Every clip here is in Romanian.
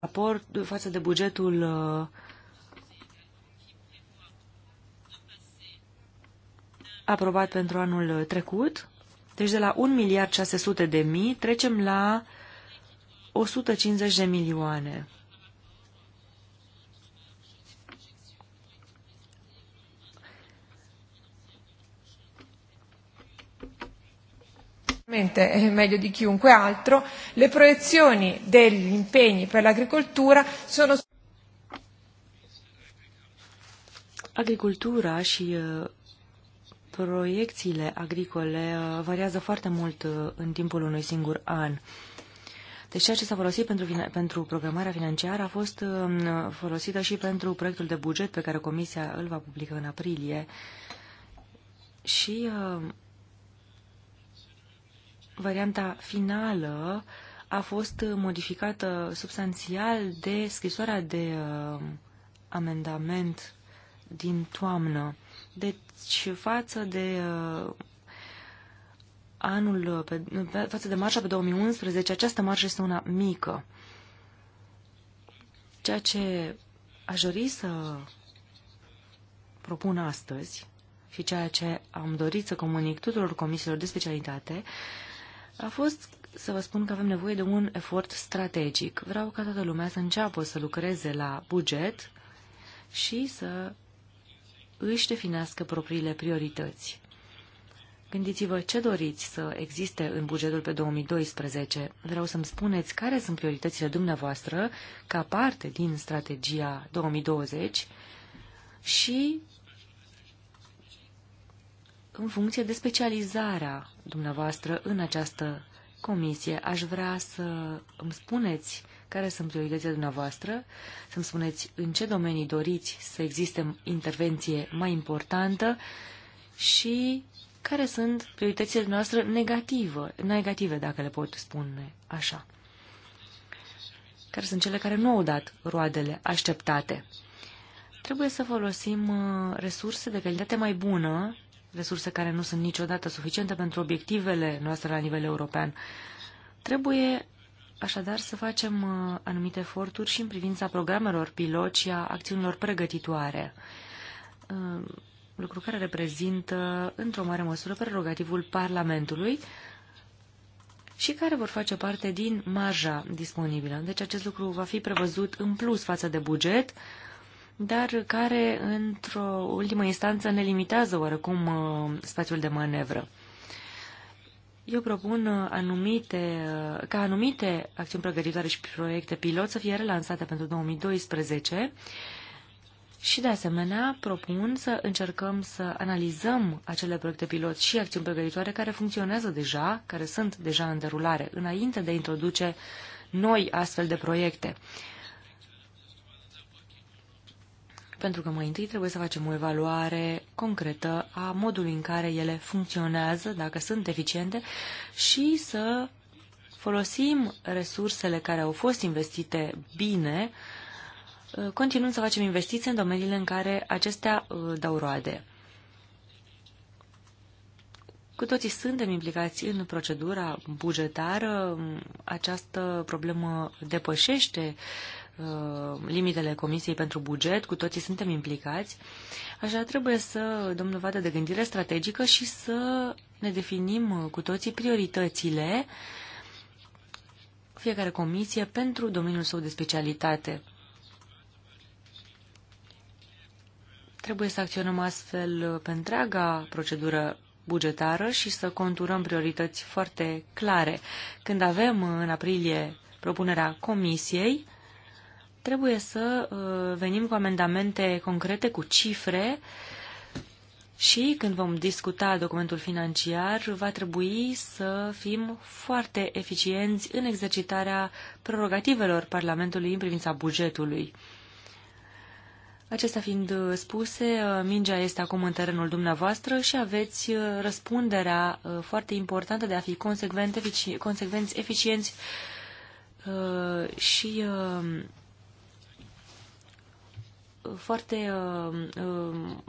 raport față de bugetul uh, aprobat pentru anul trecut. Deci de la 1 miliard 600 de mii trecem la 150 de milioane. sicuramente meglio di chiunque altro, le proiezioni degli impegni per l'agricoltura sono. Agricultura și uh, proiecțiile agricole uh, variază foarte mult uh, în timpul unui singur an. Deci ceea ce s-a folosit pentru, pentru programarea financiară a fost um, folosită și pentru proiectul de buget pe care Comisia îl va publica în aprilie și varianta finală a fost modificată substanțial de scrisoarea de uh, amendament din toamnă. Deci, față de uh, anul, pe, față de marșa pe 2011, această marșă este una mică. Ceea ce aș dori să propun astăzi și ceea ce am dorit să comunic tuturor comisiilor de specialitate a fost să vă spun că avem nevoie de un efort strategic. Vreau ca toată lumea să înceapă să lucreze la buget și să își definească propriile priorități. Gândiți-vă ce doriți să existe în bugetul pe 2012. Vreau să-mi spuneți care sunt prioritățile dumneavoastră ca parte din strategia 2020 și în funcție de specializarea dumneavoastră în această comisie, aș vrea să îmi spuneți care sunt prioritățile dumneavoastră, să-mi spuneți în ce domenii doriți să existe intervenție mai importantă și care sunt prioritățile noastre negative, negative, dacă le pot spune așa. Care sunt cele care nu au dat roadele așteptate. Trebuie să folosim uh, resurse de calitate mai bună resurse care nu sunt niciodată suficiente pentru obiectivele noastre la nivel european. Trebuie așadar să facem uh, anumite eforturi și în privința programelor pilot și a acțiunilor pregătitoare, uh, lucru care reprezintă într-o mare măsură prerogativul Parlamentului și care vor face parte din marja disponibilă. Deci acest lucru va fi prevăzut în plus față de buget, dar care, într-o ultimă instanță, ne limitează oarecum uh, spațiul de manevră. Eu propun uh, anumite, uh, ca anumite acțiuni pregătitoare și proiecte pilot să fie relansate pentru 2012 și, de asemenea, propun să încercăm să analizăm acele proiecte pilot și acțiuni pregătitoare care funcționează deja, care sunt deja în derulare, înainte de a introduce noi astfel de proiecte. Uh, pentru că mai întâi trebuie să facem o evaluare concretă a modului în care ele funcționează, dacă sunt eficiente, și să folosim resursele care au fost investite bine, continuând să facem investiții în domeniile în care acestea uh, dau roade. Cu toții suntem implicați în procedura bugetară, această problemă depășește Uh, limitele Comisiei pentru buget, cu toții suntem implicați, așa trebuie să dăm dovadă de gândire strategică și să ne definim uh, cu toții prioritățile fiecare comisie pentru domeniul său de specialitate. Trebuie să acționăm astfel uh, pe întreaga procedură bugetară și să conturăm priorități foarte clare. Când avem în aprilie propunerea comisiei, trebuie să uh, venim cu amendamente concrete, cu cifre și când vom discuta documentul financiar, va trebui să fim foarte eficienți în exercitarea prerogativelor Parlamentului în privința bugetului. Acestea fiind uh, spuse, uh, mingea este acum în terenul dumneavoastră și aveți răspunderea foarte importantă de a fi consecvenți, eficienți și foarte uh, um,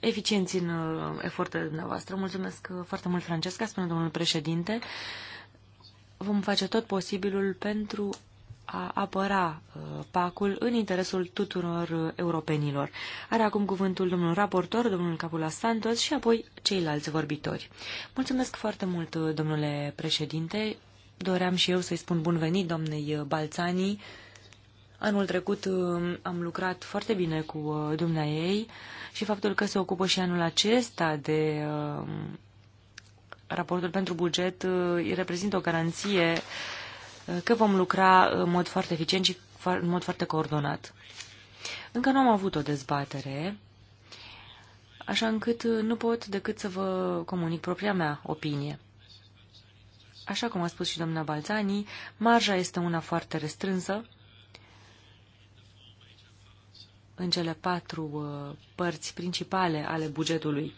eficienți în uh, efortele dumneavoastră. Mulțumesc uh, foarte mult, Francesca, spune domnul președinte. Vom face tot posibilul pentru a apăra pacul în interesul tuturor europenilor. Are acum cuvântul domnul raportor, domnul Capula Santos și apoi ceilalți vorbitori. Mulțumesc foarte mult, domnule președinte. Doream și eu să-i spun bun venit domnei Balțanii Anul trecut um, am lucrat foarte bine cu uh, dumnea ei și faptul că se ocupă și anul acesta de um, raportul pentru buget uh, îi reprezintă o garanție uh, că vom lucra în mod foarte eficient și în mod foarte coordonat. Încă nu am avut o dezbatere, așa încât nu pot decât să vă comunic propria mea opinie. Așa cum a spus și doamna Balzani, marja este una foarte restrânsă, în cele patru uh, părți principale ale bugetului.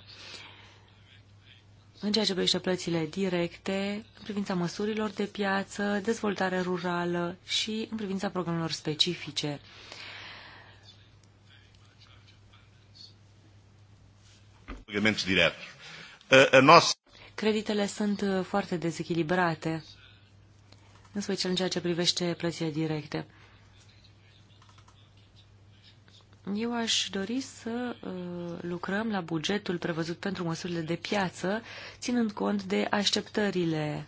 În ceea ce privește plățile directe, în privința măsurilor de piață, dezvoltare rurală și în privința programelor specifice. Uh, uh, Creditele sunt foarte dezechilibrate, în special în ceea ce privește plățile directe. Eu aș dori să uh, lucrăm la bugetul prevăzut pentru măsurile de piață, ținând cont de așteptările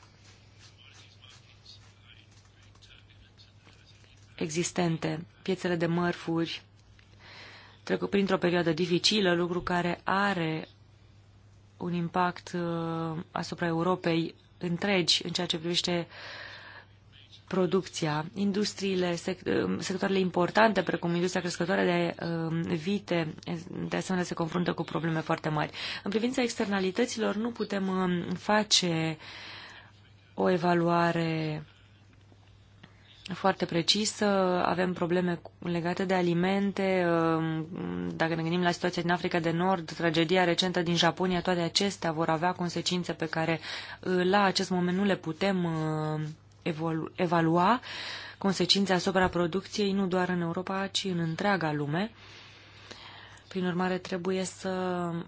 existente. Piețele de mărfuri trec printr-o perioadă dificilă, lucru care are un impact uh, asupra Europei întregi în ceea ce privește uh, producția. Industriile, um, sectoarele importante, precum industria crescătoare de um, vite, de asemenea se confruntă cu probleme foarte mari. În privința externalităților, nu putem um, face o evaluare foarte precisă, avem probleme legate de alimente, dacă ne gândim la situația din Africa de Nord, tragedia recentă din Japonia, toate acestea vor avea consecințe pe care uh, la acest moment nu le putem evalua consecințe asupra producției nu doar în Europa, ci în întreaga lume prin urmare, trebuie să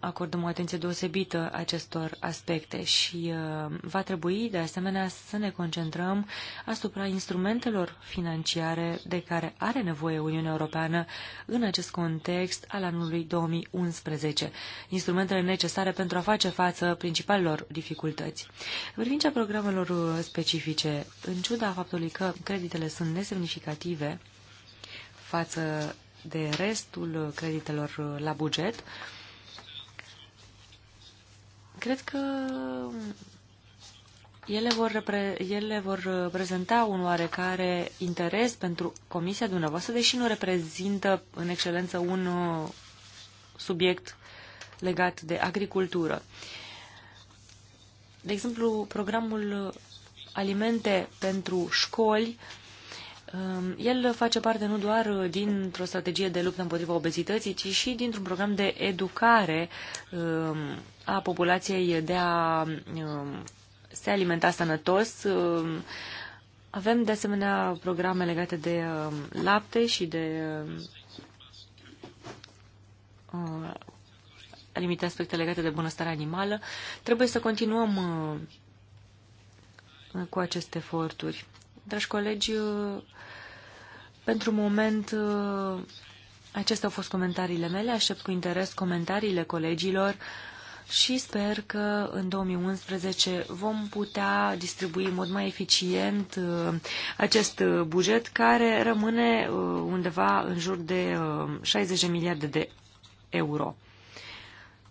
acordăm o atenție deosebită acestor aspecte și uh, va trebui, de asemenea, să ne concentrăm asupra instrumentelor financiare de care are nevoie Uniunea Europeană în acest context al anului 2011, instrumentele necesare pentru a face față principalelor dificultăți. În privința programelor uh, specifice, în ciuda faptului că creditele sunt nesemnificative față de restul creditelor la buget, cred că ele vor, repre- ele vor prezenta un oarecare interes pentru comisia dumneavoastră, deși nu reprezintă în excelență un subiect legat de agricultură. De exemplu, programul Alimente pentru școli Um, el face parte nu doar uh, dintr-o strategie de luptă împotriva obezității, ci și dintr-un program de educare um, a populației de a um, se alimenta sănătos. Avem de asemenea programe legate de lapte și de uh, anumite aspecte legate de bunăstare animală. Trebuie să continuăm uh, cu aceste eforturi. Dragi colegi, uh, pentru moment uh, acestea au fost comentariile mele. Aștept cu interes comentariile colegilor și sper că în 2011 vom putea distribui în mod mai eficient uh, acest buget care rămâne undeva în jur de 60 de miliarde de euro.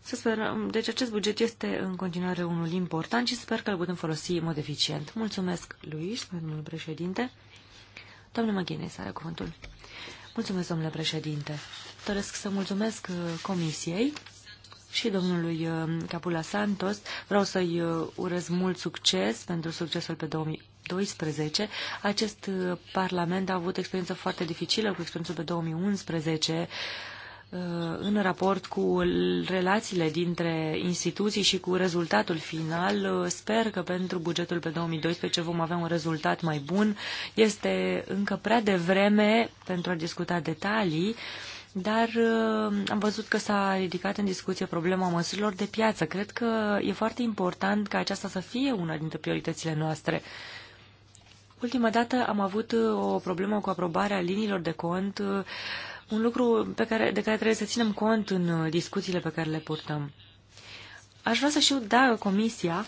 Să sperăm. Deci acest buget este în continuare unul important și sper că îl putem folosi în mod eficient. Mulțumesc, Luis, domnul președinte. Doamne McGuinness are cuvântul. Mulțumesc, domnule președinte. Doresc să mulțumesc uh, comisiei și domnului uh, Capula Santos. Vreau să-i uh, urez mult succes pentru succesul pe 2012. Acest parlament a avut experiență foarte dificilă cu experiența pe 2011 Uh, în raport cu relațiile dintre instituții și cu rezultatul final. Uh, sper că pentru bugetul pe 2012 vom avea un rezultat mai bun. Este încă prea devreme pentru a discuta detalii, dar uh, am văzut că s-a ridicat în discuție problema măsurilor de piață. Cred că e foarte important ca aceasta să fie una dintre prioritățile noastre. Ultima dată am avut o problemă cu aprobarea liniilor de cont uh, un lucru pe care, de care trebuie să ținem cont în uh, discuțiile pe care le purtăm. Aș vrea să știu dacă Comisia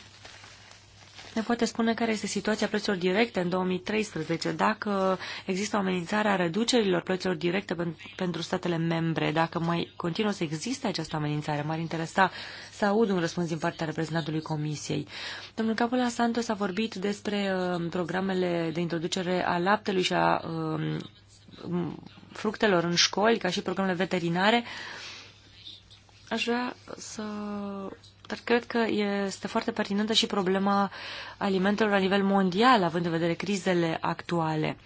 ne poate spune care este situația plăților directe în 2013, dacă există o amenințare a reducerilor plăților directe pentru statele membre, dacă mai continuă să existe această amenințare. M-ar interesa să aud un răspuns din partea reprezentantului Comisiei. Domnul Capola Santos a vorbit despre uh, programele de introducere a laptelui și a um, fructelor în școli, ca și programele veterinare. Aș vrea să... Dar cred că este foarte pertinentă și problema alimentelor la nivel mondial, având în vedere crizele actuale.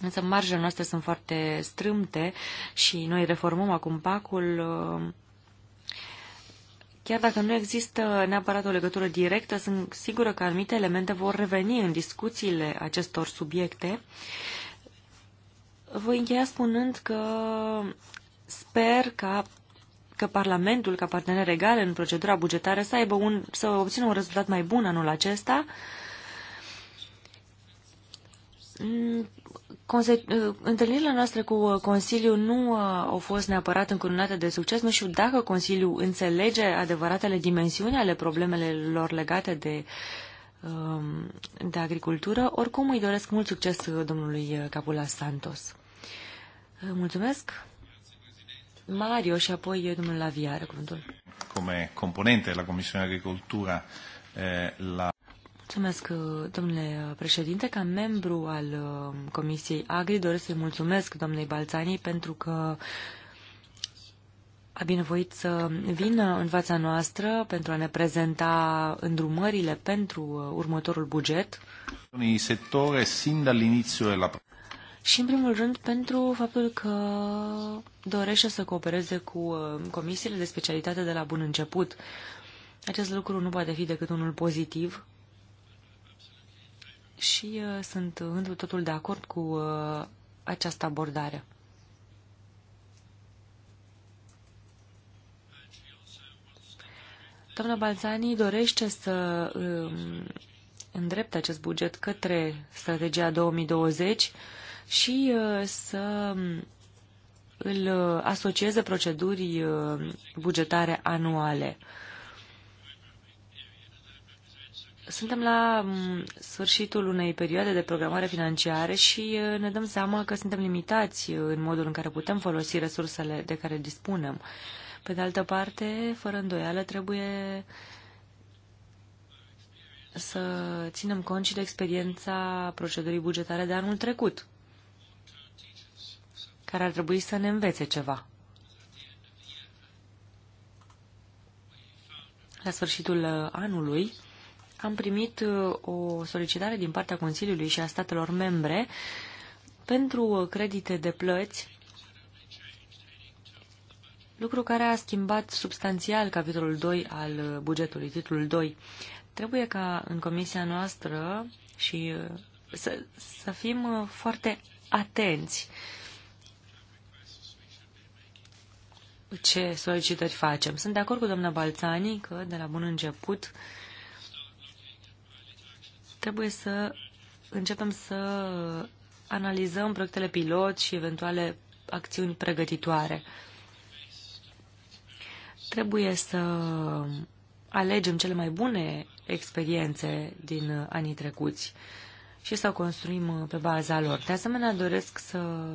Însă marjele noastre sunt foarte strâmte și noi reformăm acum pacul. Uh, chiar dacă nu există neapărat o legătură directă, sunt sigură că anumite elemente vor reveni în discuțiile acestor subiecte voi încheia spunând că sper ca că Parlamentul, ca partener egal în procedura bugetară, să, aibă un, să obțină un rezultat mai bun anul acesta. Conse întâlnirile noastre cu Consiliul nu uh, au fost neapărat încununate de succes. Nu știu dacă Consiliul înțelege adevăratele dimensiuni ale problemelor legate de, um, de agricultură. Oricum îi doresc mult succes uh, domnului uh, Capula Santos. Mulțumesc. Mario și apoi domnul Lavia are cuvântul. Come componente la Comisiunea Agricultura eh, la... Mulțumesc, eh, domnule președinte. Ca membru al eh, Comisiei Agri doresc să-i mulțumesc domnului Balțanii pentru că a binevoit să vină în fața noastră pentru a ne prezenta îndrumările pentru următorul buget. Sectore, sin dall'inizio della și, în primul rând, pentru faptul că dorește să coopereze cu uh, comisiile de specialitate de la bun început. Acest lucru nu poate fi decât unul pozitiv și uh, sunt într totul de acord cu uh, această abordare. Doamna Balzani dorește să uh, îndrepte acest buget către strategia 2020 și uh, să um, îl uh, asocieze procedurii uh, bugetare anuale. Suntem la um, sfârșitul unei perioade de programare financiare și ne dăm seama că suntem limitați în modul în care putem folosi resursele de care dispunem. Pe de altă parte, fără îndoială, trebuie să ținem cont și de experiența procedurii bugetare de anul trecut care ar trebui să ne învețe ceva. La sfârșitul uh, anului am primit uh, o solicitare din partea Consiliului și a statelor membre pentru uh, credite de plăți, lucru care a schimbat substanțial capitolul 2 al bugetului, titlul 2. Trebuie ca în comisia noastră și să, să fim foarte atenți uh, ce solicitări facem. Sunt de acord cu doamna Balțani că de la bun început trebuie să începem să analizăm proiectele pilot și eventuale acțiuni pregătitoare. Trebuie să alegem cele mai bune experiențe din anii trecuți și să o construim pe baza lor. De asemenea, doresc să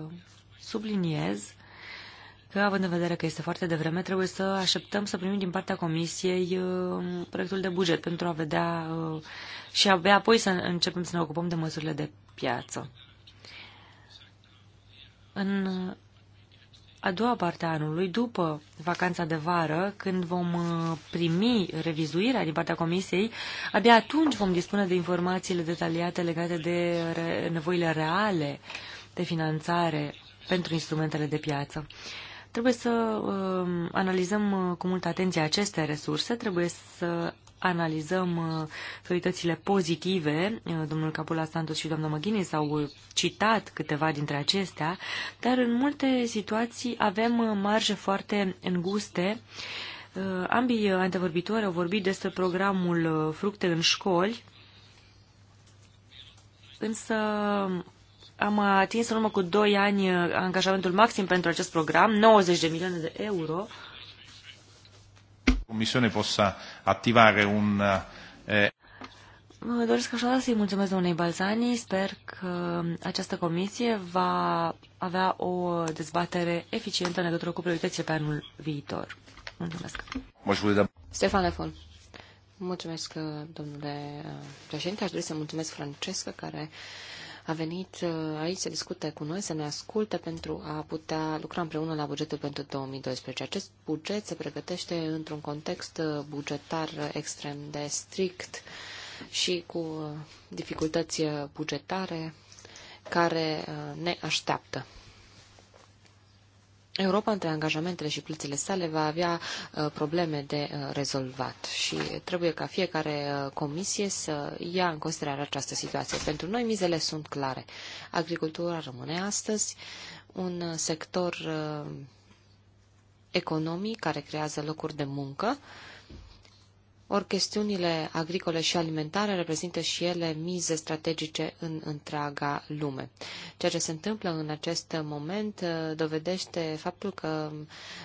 subliniez că, având în vedere că este foarte devreme, trebuie să așteptăm să primim din partea Comisiei uh, proiectul de buget pentru a vedea uh, și abia apoi să începem să ne ocupăm de măsurile de piață. În a doua parte a anului, după vacanța de vară, când vom uh, primi revizuirea din partea Comisiei, abia atunci vom dispune de informațiile detaliate legate de nevoile reale de finanțare pentru instrumentele de piață. Trebuie să um, uh, analizăm cu multă atenție aceste resurse, trebuie să analizăm uh, prioritățile pozitive. Uh, domnul Capula Santos și doamna Măghini s-au citat câteva dintre acestea, dar în multe situații avem uh, marje foarte înguste. Uh, ambii antevorbitori au vorbit despre programul Fructe în școli, însă am atins în urmă cu 2 ani uh, angajamentul maxim pentru acest program, 90 de milioane de euro. Comisiune possa activare un... Uh, eh. Mă doresc așadar să-i mulțumesc domnului Balzani. Sper că uh, această comisie va avea o dezbatere eficientă în legătură cu prioritățile pe anul viitor. Mulțumesc. Stefan Lefon. Mulțumesc, domnule președinte. Aș dori să mulțumesc Francesca, care a venit uh, aici să discute cu noi, să ne asculte pentru a putea lucra împreună la bugetul pentru 2012. Acest buget se pregătește într-un context uh, bugetar extrem de strict și cu uh, dificultăți bugetare care ne așteaptă. Europa, între angajamentele și plățile sale, va avea uh, probleme de uh, rezolvat și trebuie ca fiecare uh, comisie să ia în considerare această situație. Pentru noi, mizele sunt clare. Agricultura rămâne astăzi un sector economic care creează locuri de muncă, ori chestiunile agricole și alimentare reprezintă și ele mize strategice în întreaga lume. Ceea ce se întâmplă în acest moment uh, dovedește faptul că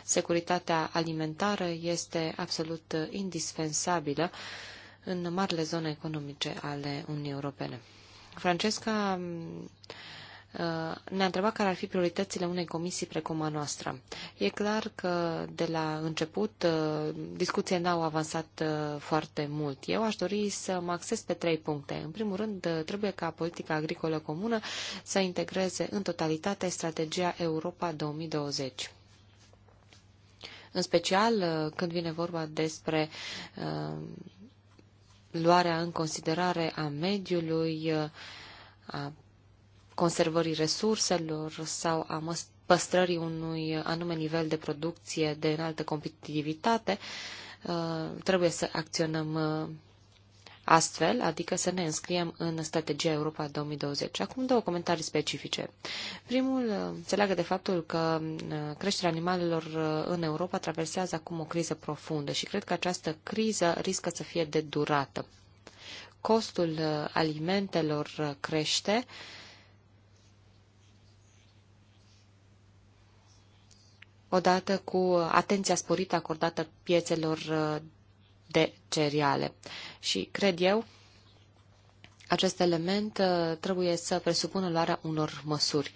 securitatea alimentară este absolut indispensabilă în marile zone economice ale Uniunii Europene. Francesca Uh, ne-a întrebat care ar fi prioritățile unei comisii precum a noastră. E clar că de la început uh, discuțiile n-au avansat uh, foarte mult. Eu aș dori să mă acces pe trei puncte. În primul rând, trebuie ca politica agricolă comună să integreze în totalitate strategia Europa 2020 în special când vine vorba despre luarea în considerare a mediului, a conservării resurselor sau a păstrării unui anume nivel de producție de înaltă competitivitate, uh, trebuie să acționăm uh, astfel, adică să ne înscriem în strategia Europa 2020. Acum două comentarii specifice. Primul uh, se leagă de faptul că creșterea animalelor în Europa traversează acum o criză profundă și cred că această criză riscă să fie de durată. Costul alimentelor crește, uh, odată cu atenția sporită acordată piețelor uh, de cereale. Și cred eu, acest element uh, trebuie să presupună luarea unor măsuri.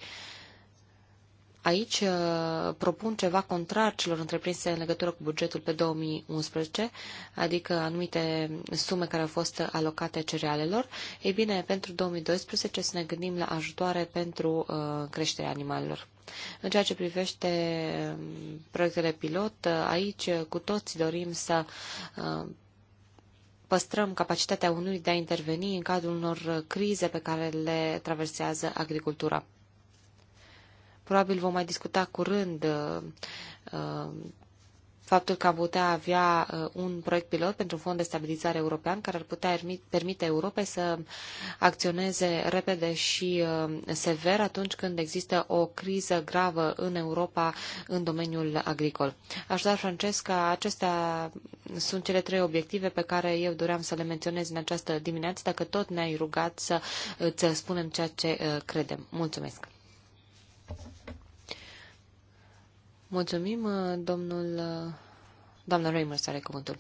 Aici uh, propun ceva contrar celor întreprinse în legătură cu bugetul pe 2011, adică anumite sume care au fost alocate cerealelor. Ei bine, pentru 2012 să ne gândim la ajutoare pentru uh, creșterea animalelor. În ceea ce privește um, proiectele pilot, uh, aici cu toți dorim să păstrăm capacitatea unui de a interveni în cadrul unor crize pe care le traversează agricultura. Probabil vom mai discuta curând uh, uh, faptul că am putea avea uh, un proiect pilot pentru un fond de stabilizare european care ar putea permite Europei să acționeze repede și sever atunci când există o criză gravă în Europa în domeniul agricol. Așadar, Francesca, acestea sunt cele trei obiective pe care eu doream să le menționez în această dimineață, dacă tot ne-ai rugat să îți spunem ceea ce credem. Mulțumesc! Mulțumim, uh, domnul... Uh, doamna Reimers are cuvântul.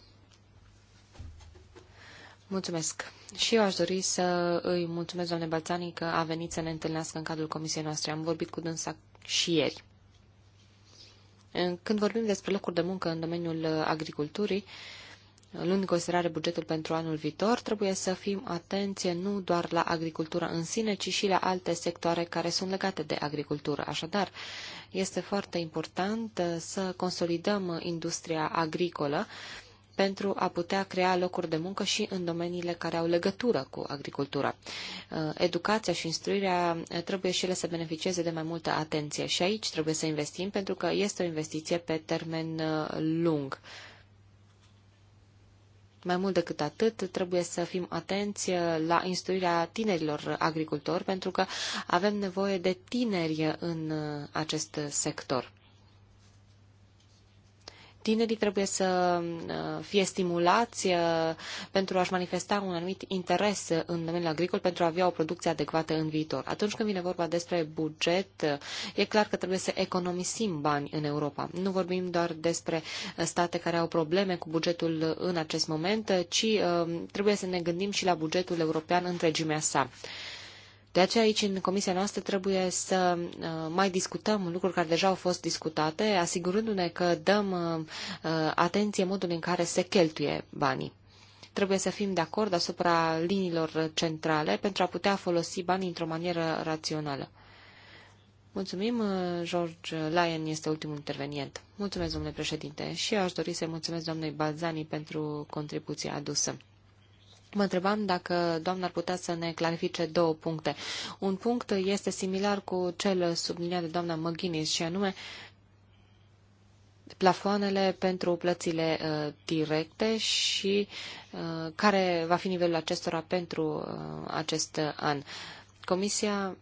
Mulțumesc. Și eu aș dori să îi mulțumesc, doamne Balțani, că a venit să ne întâlnească în cadrul comisiei noastre. Am vorbit cu dânsa și ieri. Când vorbim despre locuri de muncă în domeniul uh, agriculturii, uh, luând în considerare bugetul pentru anul viitor, trebuie să fim atenție nu doar la agricultura în sine, ci și la alte sectoare care sunt legate de agricultură. Așadar, este foarte important uh, să consolidăm industria agricolă pentru a putea crea locuri de muncă și în domeniile care au legătură cu agricultura. Uh, educația și instruirea uh, trebuie și ele să beneficieze de mai multă atenție și aici trebuie să investim pentru că este o investiție pe termen lung mai mult decât atât, trebuie să fim atenți uh, la instruirea tinerilor agricultori, pentru că avem nevoie de tineri în uh, acest sector. Tinerii trebuie să uh, fie stimulați uh, pentru a-și manifesta un anumit interes în domeniul agricol pentru a avea o producție adecvată în viitor. Atunci când vine vorba despre buget, uh, e clar că trebuie să economisim bani în Europa. Nu vorbim doar despre state care au probleme cu bugetul în acest moment, ci trebuie să ne gândim și la bugetul european întregimea sa. De aceea aici, în comisia noastră, trebuie să uh, mai discutăm lucruri care deja au fost discutate, asigurându-ne că dăm uh, uh, atenție modului în care se cheltuie banii trebuie să fim de acord asupra liniilor centrale pentru a putea folosi banii într-o manieră rațională. Mulțumim, George Lyon este ultimul intervenient. Mulțumesc, domnule președinte, și eu aș dori să mulțumesc doamnei Balzani pentru contribuția adusă. Mă întrebam dacă doamna ar putea să ne clarifice două puncte. Un punct este similar cu cel subliniat de doamna McGuinness și anume plafoanele pentru plățile uh, directe și uh, care va fi nivelul acestora pentru uh, acest an. Comisia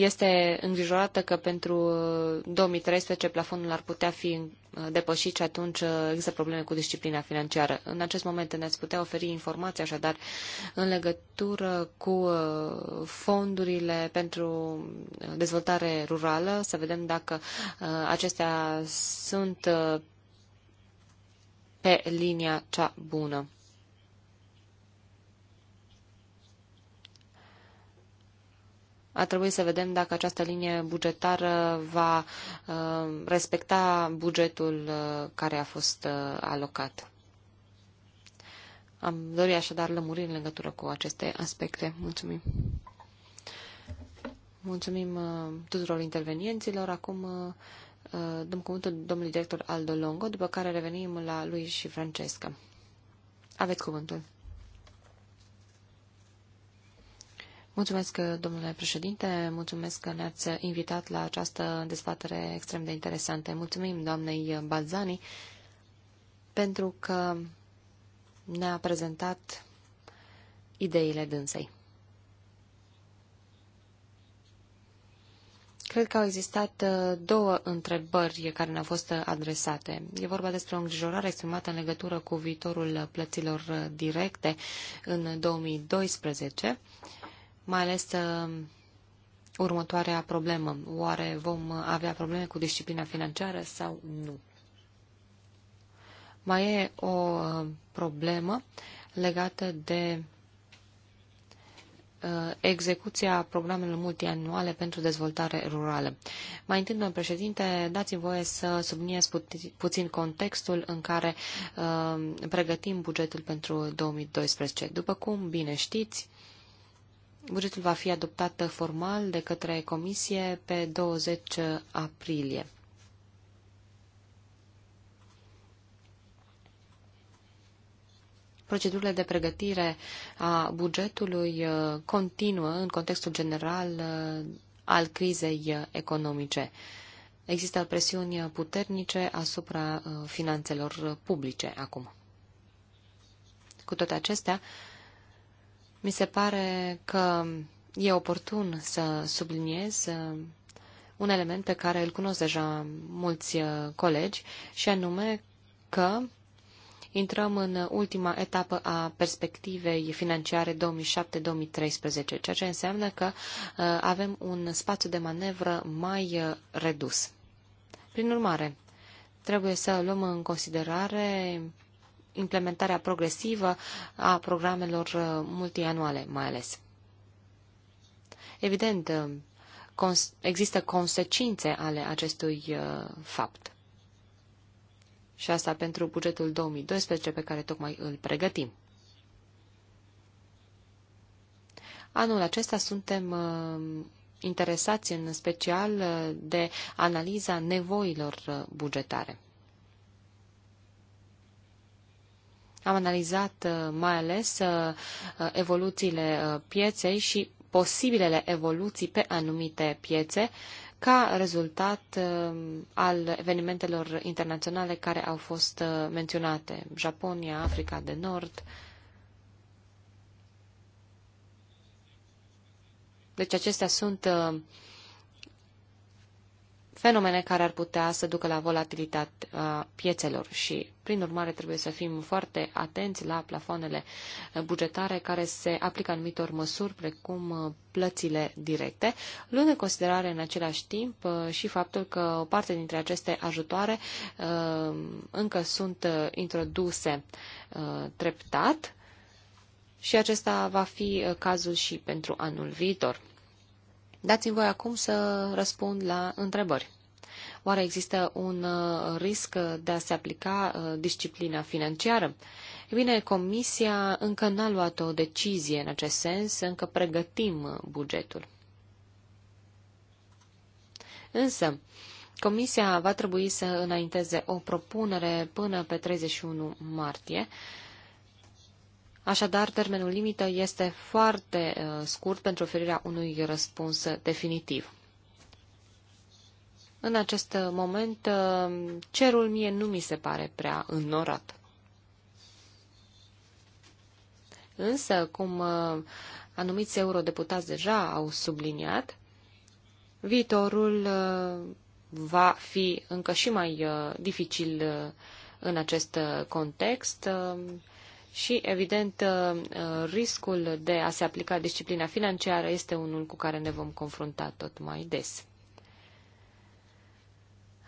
este îngrijorată că pentru 2013 uh, plafonul ar putea fi uh, depășit și atunci uh, există probleme cu disciplina financiară. În acest moment ne-ați putea oferi informații așadar în legătură cu fondurile pentru dezvoltare rurală, să vedem dacă acestea sunt pe linia cea bună. a trebuit să vedem dacă această linie bugetară va uh, respecta bugetul uh, care a fost uh, alocat. Am dorit așadar lămuriri în legătură cu aceste aspecte. Mulțumim! Mulțumim tuturor intervenienților. Acum dăm cuvântul domnului director Aldo Longo, după care revenim la lui și Francesca. Aveți cuvântul. Mulțumesc, domnule președinte, mulțumesc că ne-ați invitat la această dezbatere extrem de interesantă. Mulțumim doamnei Balzani pentru că ne-a prezentat ideile dânsei. Cred că au existat uh, două întrebări care ne-au fost adresate. E vorba despre o îngrijorare exprimată în legătură cu viitorul plăților uh, directe în 2012 mai ales uh, următoarea problemă. Oare vom avea probleme cu disciplina financiară sau nu? Mai e o uh, problemă legată de uh, execuția programelor multianuale pentru dezvoltare rurală. Mai întâi, domnul președinte, dați-mi voie să subliniez puțin contextul în care uh, pregătim bugetul pentru 2012. După cum bine știți, Bugetul va fi adoptat formal de către Comisie pe 20 aprilie. Procedurile de pregătire a bugetului uh, continuă în contextul general uh, al crizei economice. Există presiuni puternice asupra uh, finanțelor publice acum. Cu toate acestea, mi se pare că e oportun să subliniez uh, un element pe care îl cunosc deja mulți uh, colegi, și anume că intrăm în ultima etapă a perspectivei financiare 2007-2013, ceea ce înseamnă că uh, avem un spațiu de manevră mai redus. Prin urmare, trebuie să luăm în considerare implementarea progresivă a programelor uh, multianuale, mai ales. Evident, uh, cons există consecințe ale acestui uh, fapt. Și asta pentru bugetul 2012 pe care tocmai îl pregătim. Anul acesta suntem uh, interesați în special uh, de analiza nevoilor bugetare. Am analizat uh, mai ales uh, uh, evoluțiile pieței și posibilele evoluții pe anumite piețe ca rezultat al evenimentelor internaționale care au fost menționate. Japonia, Africa de Nord. Deci acestea sunt fenomene care ar putea să ducă la volatilitatea piețelor și, prin urmare, trebuie să fim foarte atenți la plafoanele bugetare care se aplică anumitor măsuri, precum uh, plățile directe, luând în considerare în același timp uh, și faptul că o parte dintre aceste ajutoare uh, încă sunt introduse treptat și acesta va fi cazul și pentru anul viitor. Dați-mi voi acum să răspund la întrebări. Oare există un uh, risc de a se aplica uh, disciplina financiară? E bine, Comisia încă n-a luat o decizie în acest sens, încă pregătim uh, bugetul. Însă, Comisia va trebui să înainteze o propunere până pe 31 martie Așadar, termenul limită este foarte uh, scurt pentru oferirea unui răspuns definitiv. În acest uh, moment, uh, cerul mie nu mi se pare prea înnorat. Însă, cum anumiți eurodeputați deja au subliniat, viitorul va fi încă și mai dificil în acest context și, evident, uh, uh, riscul de a se aplica disciplina financiară este unul cu care ne vom confrunta tot mai des.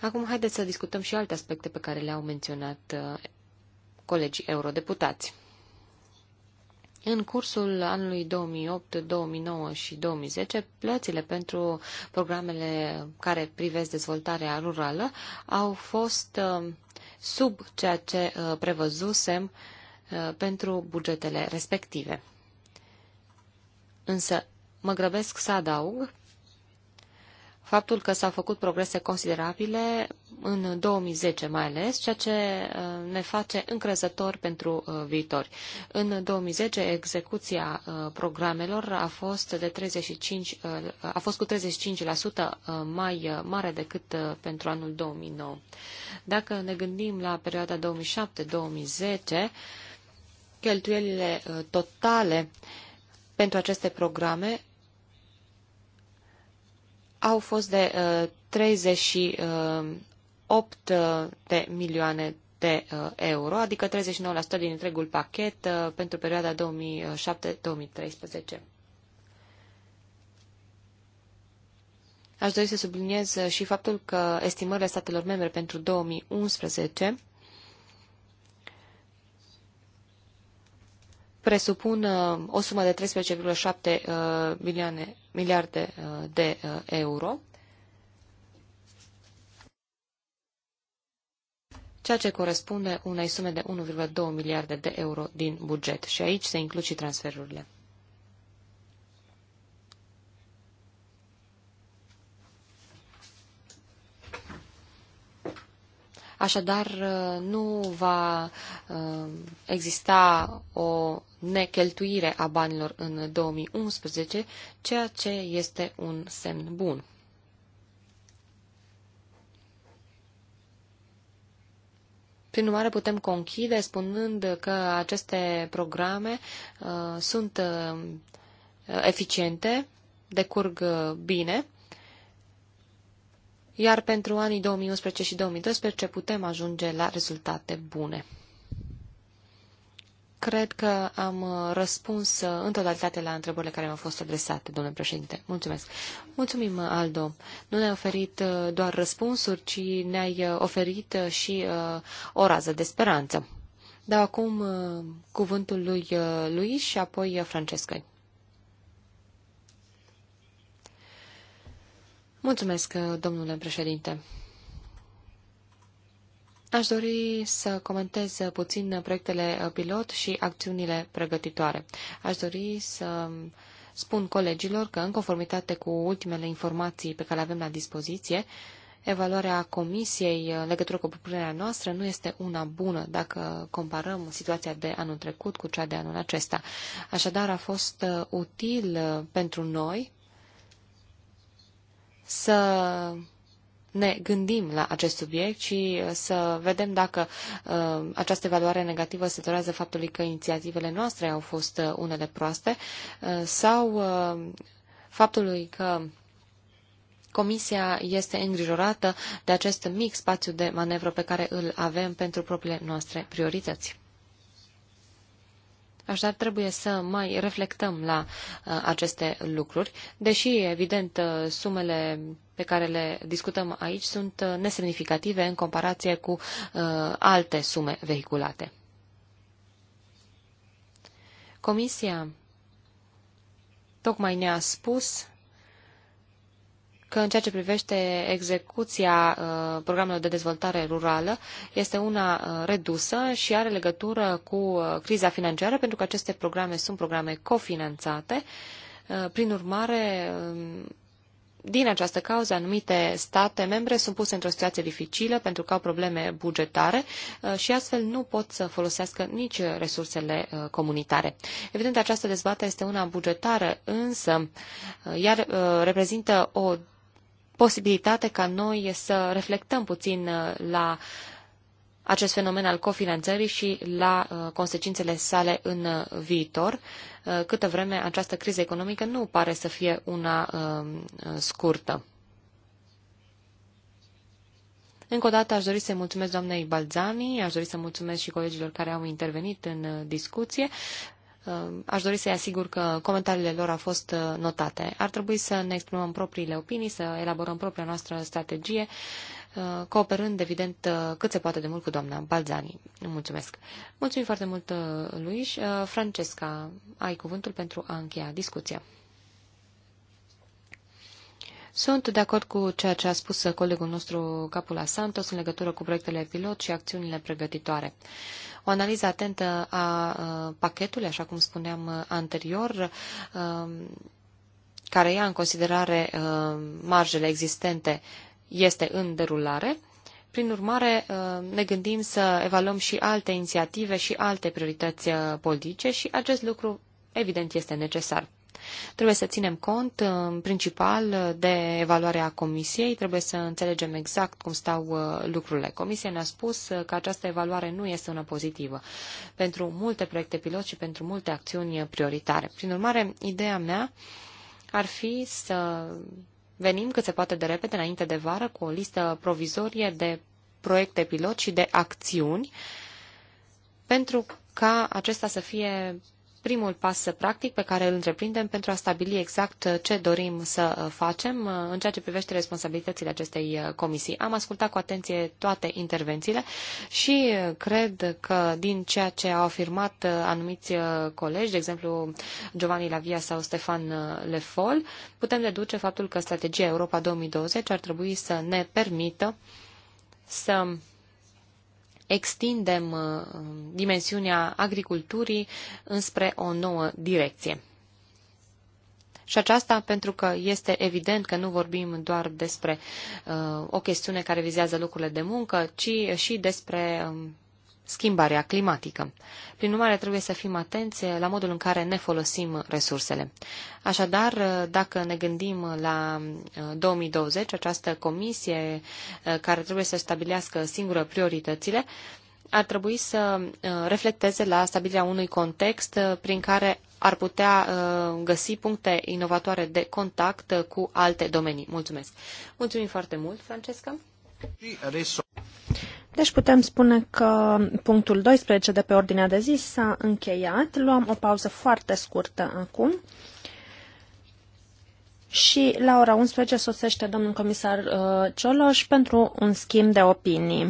Acum, haideți să discutăm și alte aspecte pe care le-au menționat uh, colegii eurodeputați. În cursul anului 2008, 2009 și 2010, plățile pentru programele care privesc dezvoltarea rurală au fost sub ceea ce prevăzusem uh, Uh, pentru bugetele respective. Însă mă grăbesc să adaug faptul că s-au făcut progrese considerabile în 2010 mai ales, ceea ce uh, ne face încrezător pentru uh, viitor. În 2010 execuția programelor a fost, de 35, a fost cu 35% mai mare decât pentru anul 2009. Dacă ne gândim la perioada 2007-2010, cheltuielile uh, totale pentru aceste programe au fost de 38 uh, uh, de milioane de euro, adică 39% din întregul pachet pentru perioada 2007-2013. Aș dori să subliniez și faptul că estimările statelor membre pentru 2011 presupun uh, o sumă de 13,7 uh, milioane, miliarde uh, de euro, ceea ce corespunde unei sume de 1,2 miliarde de euro din buget și aici se includ și transferurile. Așadar, uh, nu va uh, exista o necheltuire a banilor în 2011, ceea ce este un semn bun. Prin urmare, putem conchide spunând că aceste programe uh, sunt uh, eficiente, decurg uh, bine iar pentru anii 2011 și 2012 putem ajunge la rezultate bune. Cred că am răspuns în totalitate la întrebările care mi-au fost adresate, domnule președinte. Mulțumesc. Mulțumim, Aldo. Nu ne-ai oferit uh, doar răspunsuri, ci ne-ai uh, oferit uh, și o rază de speranță. Dau acum cuvântul lui Luis și apoi Francescăi. Mulțumesc, domnule președinte. Aș dori să comentez puțin proiectele pilot și acțiunile pregătitoare. Aș dori să spun colegilor că, în conformitate cu ultimele informații pe care le avem la dispoziție, evaluarea comisiei în legătură cu propunerea noastră nu este una bună dacă comparăm situația de anul trecut cu cea de anul acesta. Așadar, a fost util pentru noi să ne gândim la acest subiect și uh, să vedem dacă uh, această evaluare negativă se dorează faptului că inițiativele noastre au fost uh, unele proaste uh, sau uh, faptului că Comisia este îngrijorată de acest mic spațiu de manevră pe care îl avem pentru propriile noastre priorități. Așadar, trebuie să mai reflectăm la uh, aceste lucruri, deși, evident, uh, sumele pe care le discutăm aici sunt uh, nesemnificative în comparație cu uh, alte sume vehiculate. Comisia tocmai ne-a spus că în ceea ce privește execuția uh, programelor de dezvoltare rurală este una uh, redusă și are legătură cu uh, criza financiară, pentru că aceste programe sunt programe cofinanțate. Prin urmare, um, din această cauză, anumite state membre sunt puse într-o situație dificilă pentru că au probleme bugetare și astfel nu pot să folosească nici resursele comunitare. Evident, această dezbatere este una bugetară, însă iar reprezintă o posibilitate ca noi să reflectăm puțin uh, la acest fenomen al cofinanțării și la uh, consecințele sale în uh, viitor, câtă vreme această criză economică nu pare să fie una scurtă. Încă o dată aș dori să mulțumesc doamnei Balzani, aș dori să mulțumesc și colegilor care au intervenit în discuție. Ehm, aș dori să-i asigur că comentariile lor au fost uh, notate. Ar trebui să ne exprimăm propriile opinii, să elaborăm propria noastră strategie, uh, cooperând, evident, uh, cât se poate de mult cu doamna Balzani. Mulțumesc. Mulțumim foarte mult, Luis. Francesca, ai cuvântul pentru a încheia discuția. Sunt de acord cu ceea ce a spus colegul nostru Capula Santos în legătură cu proiectele pilot și acțiunile pregătitoare. O analiză atentă a pachetului, așa cum spuneam anterior, care ia în considerare marjele existente, este în derulare. Prin urmare, ne gândim să evaluăm și alte inițiative și alte priorități politice și acest lucru, evident, este necesar. Trebuie să ținem cont uh, în principal uh, de evaluarea comisiei, trebuie să înțelegem exact cum stau uh, lucrurile. Comisia ne-a spus că această evaluare nu este una pozitivă pentru multe proiecte pilot și pentru multe acțiuni prioritare. Prin urmare, ideea mea ar fi să venim cât se poate de repede înainte de vară cu o listă provizorie de proiecte pilot și de acțiuni pentru ca acesta să fie primul pas practic pe care îl întreprindem pentru a stabili exact uh, ce dorim să uh, facem uh, în ceea ce privește responsabilitățile acestei comisii. Am ascultat cu atenție toate intervențiile și cred că din ceea ce au afirmat anumiți colegi, de exemplu Giovanni Lavia sau Stefan Lefol, putem deduce faptul că strategia Europa 2020 ar trebui să ne permită să extindem uh, dimensiunea agriculturii înspre o nouă direcție. Și aceasta pentru că este evident că nu vorbim doar despre uh, o chestiune care vizează lucrurile de muncă, ci și despre uh, schimbarea climatică. Prin urmare, trebuie să fim atenți la modul în care ne folosim resursele. Așadar, dacă ne gândim la 2020, uh, această comisie uh, care trebuie să stabilească singură prioritățile, ar trebui să uh, reflecteze la stabilirea unui context prin care ar putea găsi puncte inovatoare de contact cu alte domenii. Mulțumesc! Mulțumim foarte mult, Francesca! Deci putem spune că punctul 12 de pe ordinea de zi s-a încheiat. Luăm o pauză foarte scurtă acum. Și la ora 11 sosește domnul comisar uh, Cioloș pentru un schimb de opinii.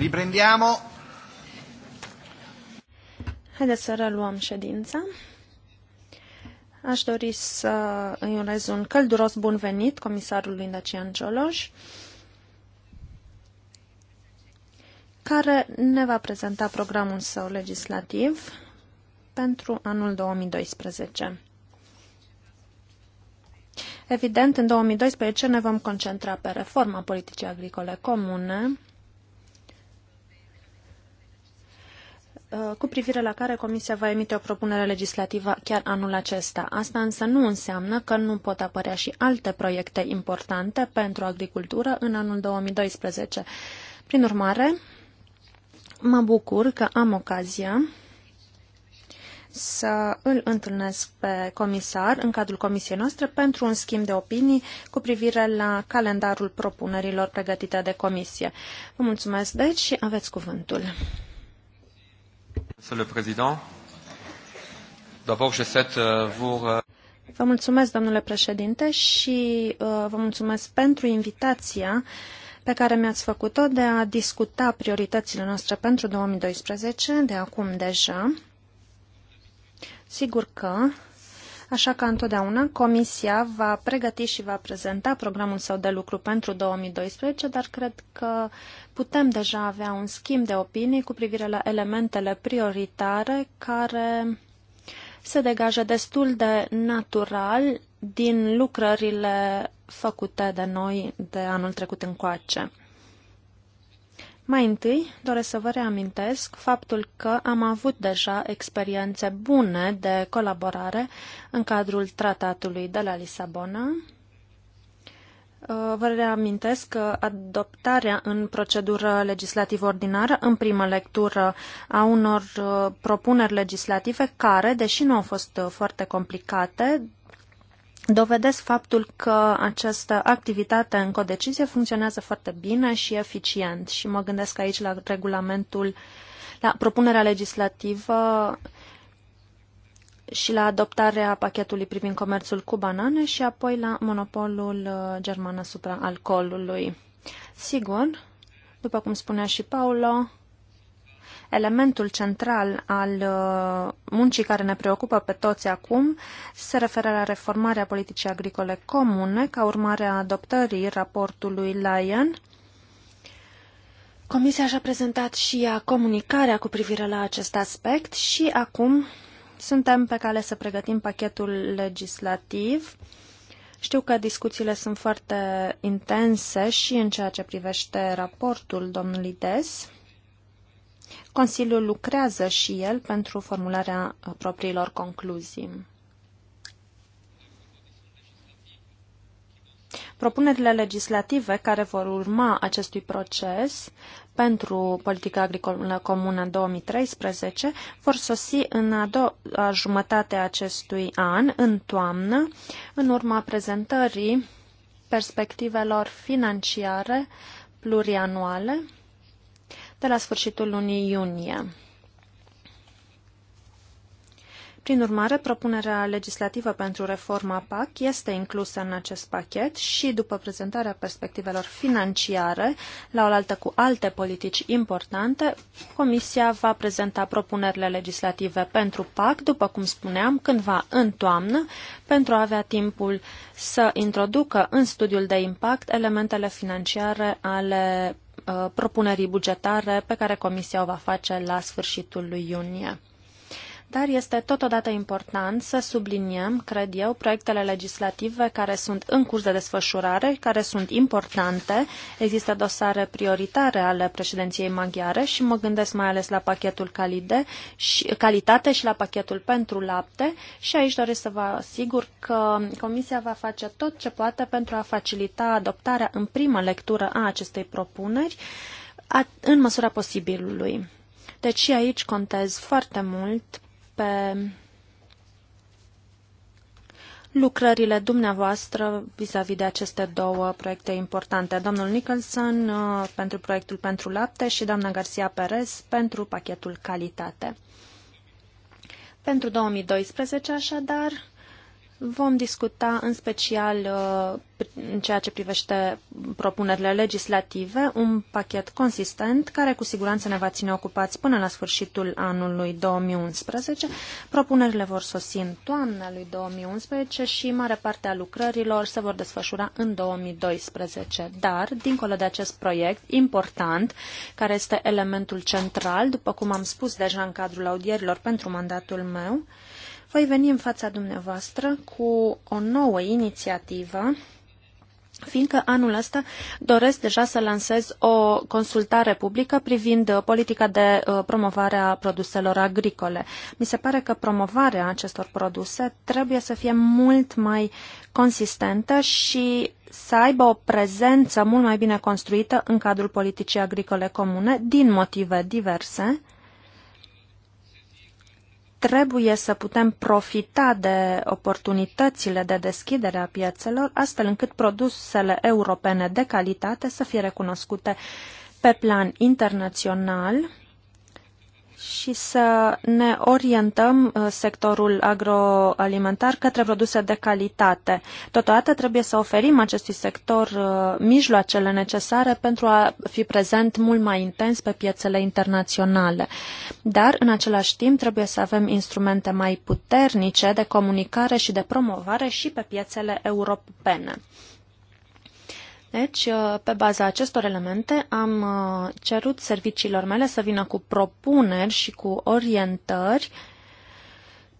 Riprendiamo. Haideți să reluăm ședința. Aș dori să îi urez un călduros bun venit comisarului Dacian Cioloș, care ne va prezenta programul său legislativ pentru anul 2012. Evident, în 2012 ne vom concentra pe reforma politicii agricole comune, cu privire la care Comisia va emite o propunere legislativă chiar anul acesta. Asta însă nu înseamnă că nu pot apărea și alte proiecte importante pentru agricultură în anul 2012. Prin urmare, mă bucur că am ocazia să îl întâlnesc pe comisar în cadrul comisiei noastre pentru un schimb de opinii cu privire la calendarul propunerilor pregătite de comisie. Vă mulțumesc deci și aveți cuvântul. Monsieur le Président, d'abord je souhaite euh, vous... Euh, vă mulțumesc, domnule președinte, și uh, vă mulțumesc pentru invitația pe care mi-ați făcut-o de a discuta prioritățile noastre pentru 2012, de acum deja. Sigur că așa că întotdeauna Comisia va pregăti și va prezenta programul său de lucru pentru 2012, dar cred că putem deja avea un schimb de opinii cu privire la elementele prioritare care se degajă destul de natural din lucrările făcute de noi de anul trecut încoace. Mai întâi, doresc să vă reamintesc faptul că am avut deja experiențe bune de colaborare în cadrul tratatului de la Lisabona. Vă reamintesc că adoptarea în procedură legislativă ordinară, în primă lectură, a unor uh, propuneri legislative care, deși nu au fost uh, foarte complicate, dovedesc faptul că această activitate în codecizie funcționează foarte bine și eficient. Și mă gândesc aici la regulamentul, la propunerea legislativă și la adoptarea pachetului privind comerțul cu banane și apoi la monopolul uh, german asupra alcoolului. Sigur, după cum spunea și Paulo, Elementul central al uh, muncii care ne preocupă pe toți acum se referă la reformarea politicii agricole comune ca urmare a adoptării raportului Lyon. Comisia și-a prezentat și ea comunicarea cu privire la acest aspect și acum suntem pe cale să pregătim pachetul legislativ. Știu că discuțiile sunt foarte intense și în ceea ce privește raportul domnului Des. Consiliul lucrează și el pentru formularea uh, propriilor concluzii. Propunerile legislative care vor urma acestui proces pentru politica agricolă comună 2013 vor sosi în a doua jumătate a acestui an, în toamnă, în urma prezentării perspectivelor financiare plurianuale de la sfârșitul lunii iunie. Prin urmare, propunerea legislativă pentru reforma PAC este inclusă în acest pachet și, după prezentarea perspectivelor financiare, la oaltă cu alte politici importante, Comisia va prezenta propunerile legislative pentru PAC, după cum spuneam, cândva în toamnă, pentru a avea timpul să introducă în studiul de impact elementele financiare ale Uh, propunerii bugetare pe care Comisia o va face la sfârșitul lui iunie. Dar este totodată important să subliniem, cred eu, proiectele legislative care sunt în curs de desfășurare, care sunt importante. Există dosare prioritare ale președinției maghiare și mă gândesc mai ales la pachetul calide și, calitate și la pachetul pentru lapte și aici doresc să vă asigur că Comisia va face tot ce poate pentru a facilita adoptarea în primă lectură a acestei propuneri în măsura posibilului. Deci și aici contez foarte mult pe lucrările dumneavoastră vis-a-vis -vis de aceste două proiecte importante. Domnul Nicholson uh, pentru proiectul pentru lapte și doamna Garcia Perez pentru pachetul calitate. Pentru 2012, așadar, Vom discuta în special uh, în ceea ce privește propunerile legislative, un pachet consistent care cu siguranță ne va ține ocupați până la sfârșitul anului 2011. Propunerile vor sosi în toamna lui 2011 și mare parte a lucrărilor se vor desfășura în 2012. Dar, dincolo de acest proiect important, care este elementul central, după cum am spus deja în cadrul audierilor pentru mandatul meu, voi veni în fața dumneavoastră cu o nouă inițiativă fiindcă anul ăsta doresc deja să lansez o consultare publică privind uh, politica de uh, promovare a produselor agricole. Mi se pare că promovarea acestor produse trebuie să fie mult mai consistentă și să aibă o prezență mult mai bine construită în cadrul politicii agricole comune din motive diverse trebuie să putem profita de oportunitățile de deschidere a piețelor, astfel încât produsele europene de calitate să fie recunoscute pe plan internațional și să ne orientăm uh, sectorul agroalimentar către produse de calitate. Totodată trebuie să oferim acestui sector uh, mijloacele necesare pentru a fi prezent mult mai intens pe piețele internaționale. Dar, în același timp, trebuie să avem instrumente mai puternice de comunicare și de promovare și pe piețele europene. Deci, uh, pe baza acestor elemente, am uh, cerut serviciilor mele să vină cu propuneri și cu orientări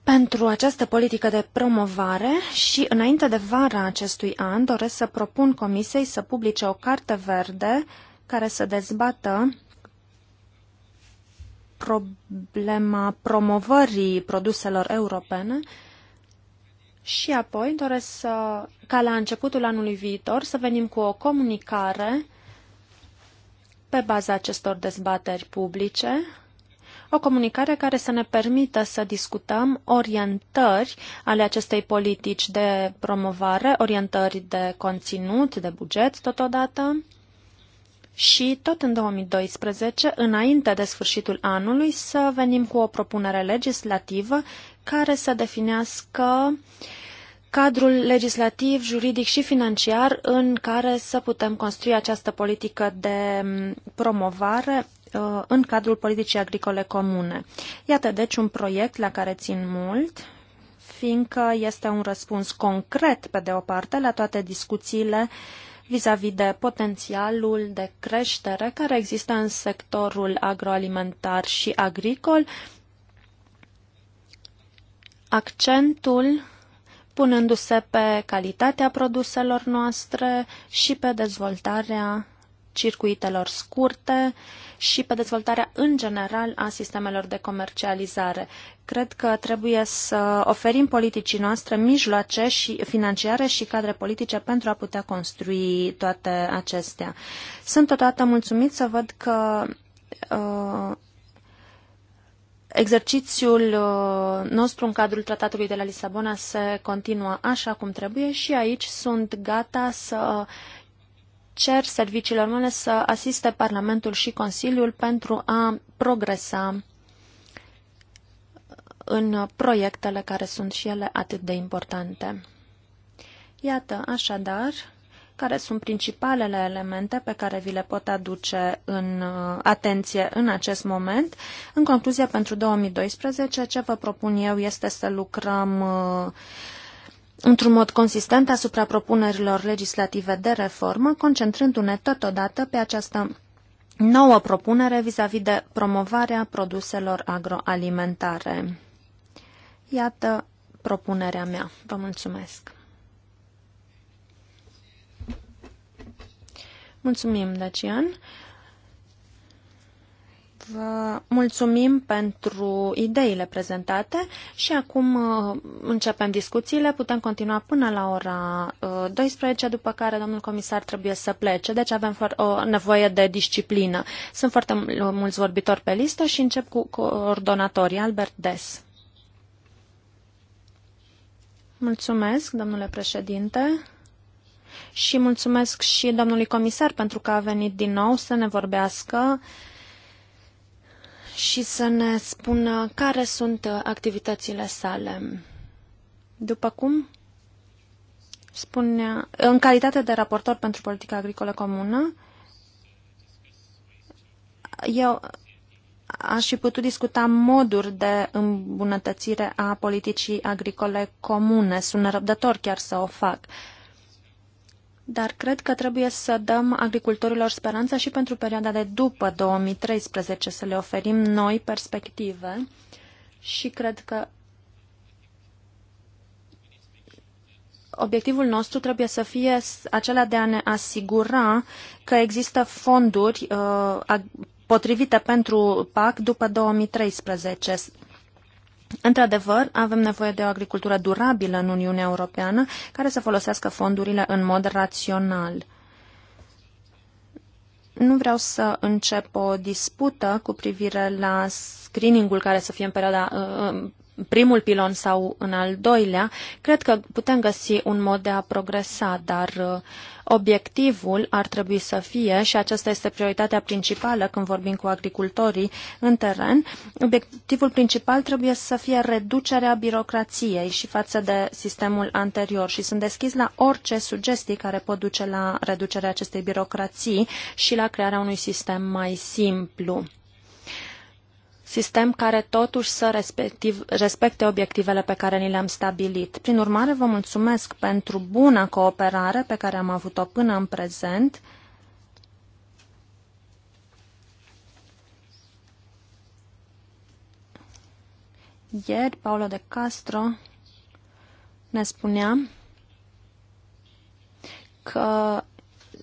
pentru această politică de promovare și, înainte de vara acestui an, doresc să propun Comisiei să publice o carte verde care să dezbată problema promovării produselor europene și apoi doresc să, ca la începutul anului viitor să venim cu o comunicare pe baza acestor dezbateri publice, o comunicare care să ne permită să discutăm orientări ale acestei politici de promovare, orientări de conținut, de buget totodată. Și tot în 2012, înainte de sfârșitul anului, să venim cu o propunere legislativă care să definească cadrul legislativ, juridic și financiar în care să putem construi această politică de mm, promovare uh, în cadrul politicii agricole comune. Iată deci un proiect la care țin mult, fiindcă este un răspuns concret, pe de o parte, la toate discuțiile vis-a-vis -vis de potențialul de creștere care există în sectorul agroalimentar și agricol accentul punându-se pe calitatea produselor noastre și pe dezvoltarea circuitelor scurte și pe dezvoltarea în general a sistemelor de comercializare. Cred că trebuie să oferim politicii noastre mijloace și financiare și cadre politice pentru a putea construi toate acestea. Sunt totodată mulțumit să văd că uh, Exercițiul uh, nostru în cadrul tratatului de la Lisabona se continuă așa cum trebuie și aici sunt gata să cer serviciilor mele să asiste Parlamentul și Consiliul pentru a progresa în proiectele care sunt și ele atât de importante. Iată, așadar, care sunt principalele elemente pe care vi le pot aduce în uh, atenție în acest moment. În concluzie, pentru 2012, ce vă propun eu este să lucrăm uh, într-un mod consistent asupra propunerilor legislative de reformă, concentrându-ne totodată pe această nouă propunere vis-a-vis -vis de promovarea produselor agroalimentare. Iată propunerea mea. Vă mulțumesc! Mulțumim, Dacian. Vă mulțumim pentru ideile prezentate și acum uh, începem discuțiile. Putem continua până la ora 12, uh, după care domnul comisar trebuie să plece, deci avem o nevoie de disciplină. Sunt foarte uh, mulți vorbitori pe listă și încep cu coordonatorii Albert Des. Mulțumesc, domnule președinte și mulțumesc și domnului comisar pentru că a venit din nou să ne vorbească și să ne spună care sunt activitățile sale. După cum spunea, în calitate de raportor pentru politica agricolă comună, eu aș fi putut discuta moduri de îmbunătățire a politicii agricole comune. Sunt răbdător chiar să o fac. Uh, dar cred că trebuie să dăm agricultorilor speranța și pentru perioada de după 2013, să le oferim noi perspective și cred că obiectivul nostru trebuie să fie acela de a ne asigura că există fonduri uh, potrivite pentru PAC după 2013. Într-adevăr, avem nevoie de o agricultură durabilă în Uniunea Europeană, care să folosească fondurile în mod rațional. Nu vreau să încep o dispută cu privire la screeningul care să fie în perioada uh, uh, primul pilon sau în al doilea, cred că putem găsi un mod de a progresa, dar uh, obiectivul ar trebui să fie, și aceasta este prioritatea principală când vorbim cu agricultorii în teren, obiectivul principal trebuie să fie reducerea birocrației și față de sistemul anterior și sunt deschis la orice sugestii care pot duce la reducerea acestei birocrații și la crearea unui sistem mai simplu sistem care totuși să respectiv, respecte obiectivele pe care ni le-am stabilit. Prin urmare, vă mulțumesc pentru buna cooperare pe care am avut-o până în prezent. Ieri, Paolo de Castro ne spunea că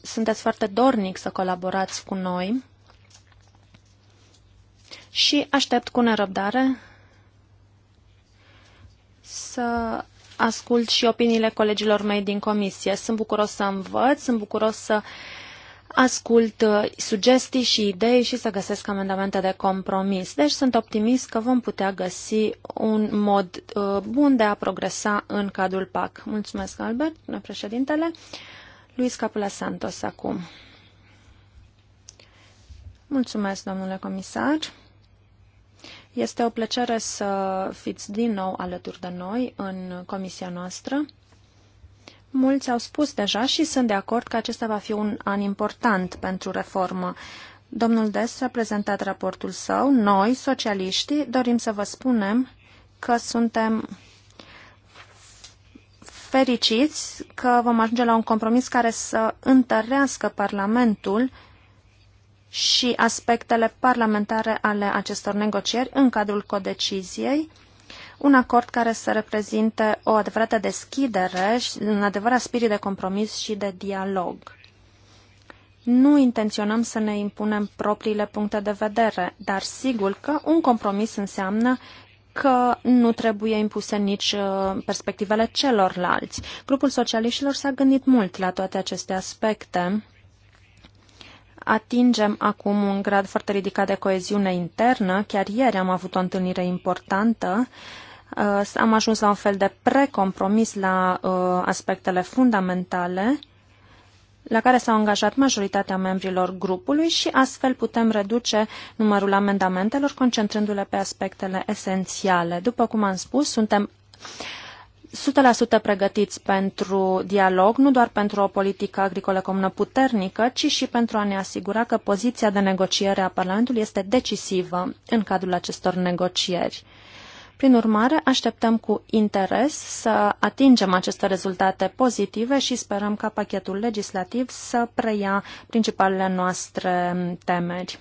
sunteți foarte dornic să colaborați cu noi și aștept cu nerăbdare să ascult și opiniile colegilor mei din comisie. Sunt bucuros să învăț, sunt bucuros să ascult uh, sugestii și idei și să găsesc amendamente de compromis. Deci sunt optimist că vom putea găsi un mod uh, bun de a progresa în cadrul PAC. Mulțumesc, Albert, președintele. Luis Capula Santos acum. Mulțumesc, domnule comisar. Este o plăcere să fiți din nou alături de noi în comisia noastră. Mulți au spus deja și sunt de acord că acesta va fi un an important pentru reformă. Domnul Des a prezentat raportul său. Noi, socialiștii, dorim să vă spunem că suntem fericiți că vom ajunge la un compromis care să întărească Parlamentul și aspectele parlamentare ale acestor negocieri în cadrul codeciziei, un acord care să reprezinte o adevărată deschidere și un adevărat spirit de compromis și de dialog. Nu intenționăm să ne impunem propriile puncte de vedere, dar sigur că un compromis înseamnă că nu trebuie impuse nici uh, perspectivele celorlalți. Grupul socialiștilor s-a gândit mult la toate aceste aspecte Atingem acum un grad foarte ridicat de coeziune internă. Chiar ieri am avut o întâlnire importantă. Uh, am ajuns la un fel de precompromis la uh, aspectele fundamentale la care s-au angajat majoritatea membrilor grupului și astfel putem reduce numărul amendamentelor concentrându-le pe aspectele esențiale. După cum am spus, suntem uh, 100% pregătiți pentru dialog, nu doar pentru o politică agricolă comună puternică, ci și pentru a ne asigura că poziția de negociere a Parlamentului este decisivă în cadrul acestor negocieri. Prin urmare, așteptăm cu interes să atingem aceste rezultate pozitive și sperăm ca pachetul legislativ să preia principalele noastre temeri.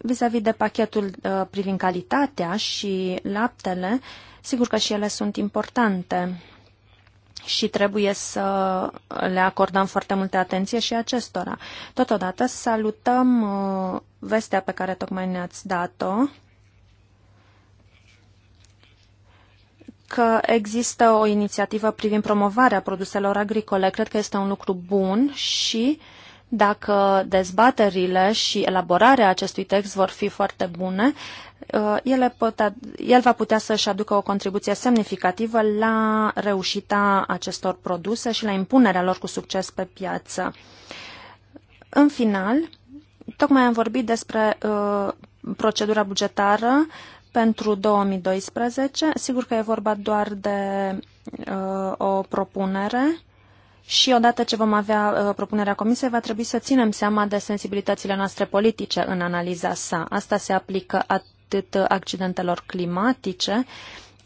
Vis-a-vis -vis de pachetul uh, privind calitatea și laptele, sigur că și ele sunt importante și trebuie să le acordăm foarte multă atenție și acestora. Totodată salutăm uh, vestea pe care tocmai ne-ați dat-o, că există o inițiativă privind promovarea produselor agricole. Cred că este un lucru bun și uh, dacă dezbaterile și elaborarea acestui text vor fi foarte bune, uh, ele pot, el va putea să-și aducă o contribuție semnificativă la reușita acestor produse și la impunerea lor cu succes pe piață. În final, tocmai am vorbit despre uh, procedura bugetară pentru 2012. Sigur că e vorba doar de uh, o propunere și odată ce vom avea uh, propunerea comisiei, va trebui să ținem seama de sensibilitățile noastre politice în analiza sa. Asta se aplică atât accidentelor climatice,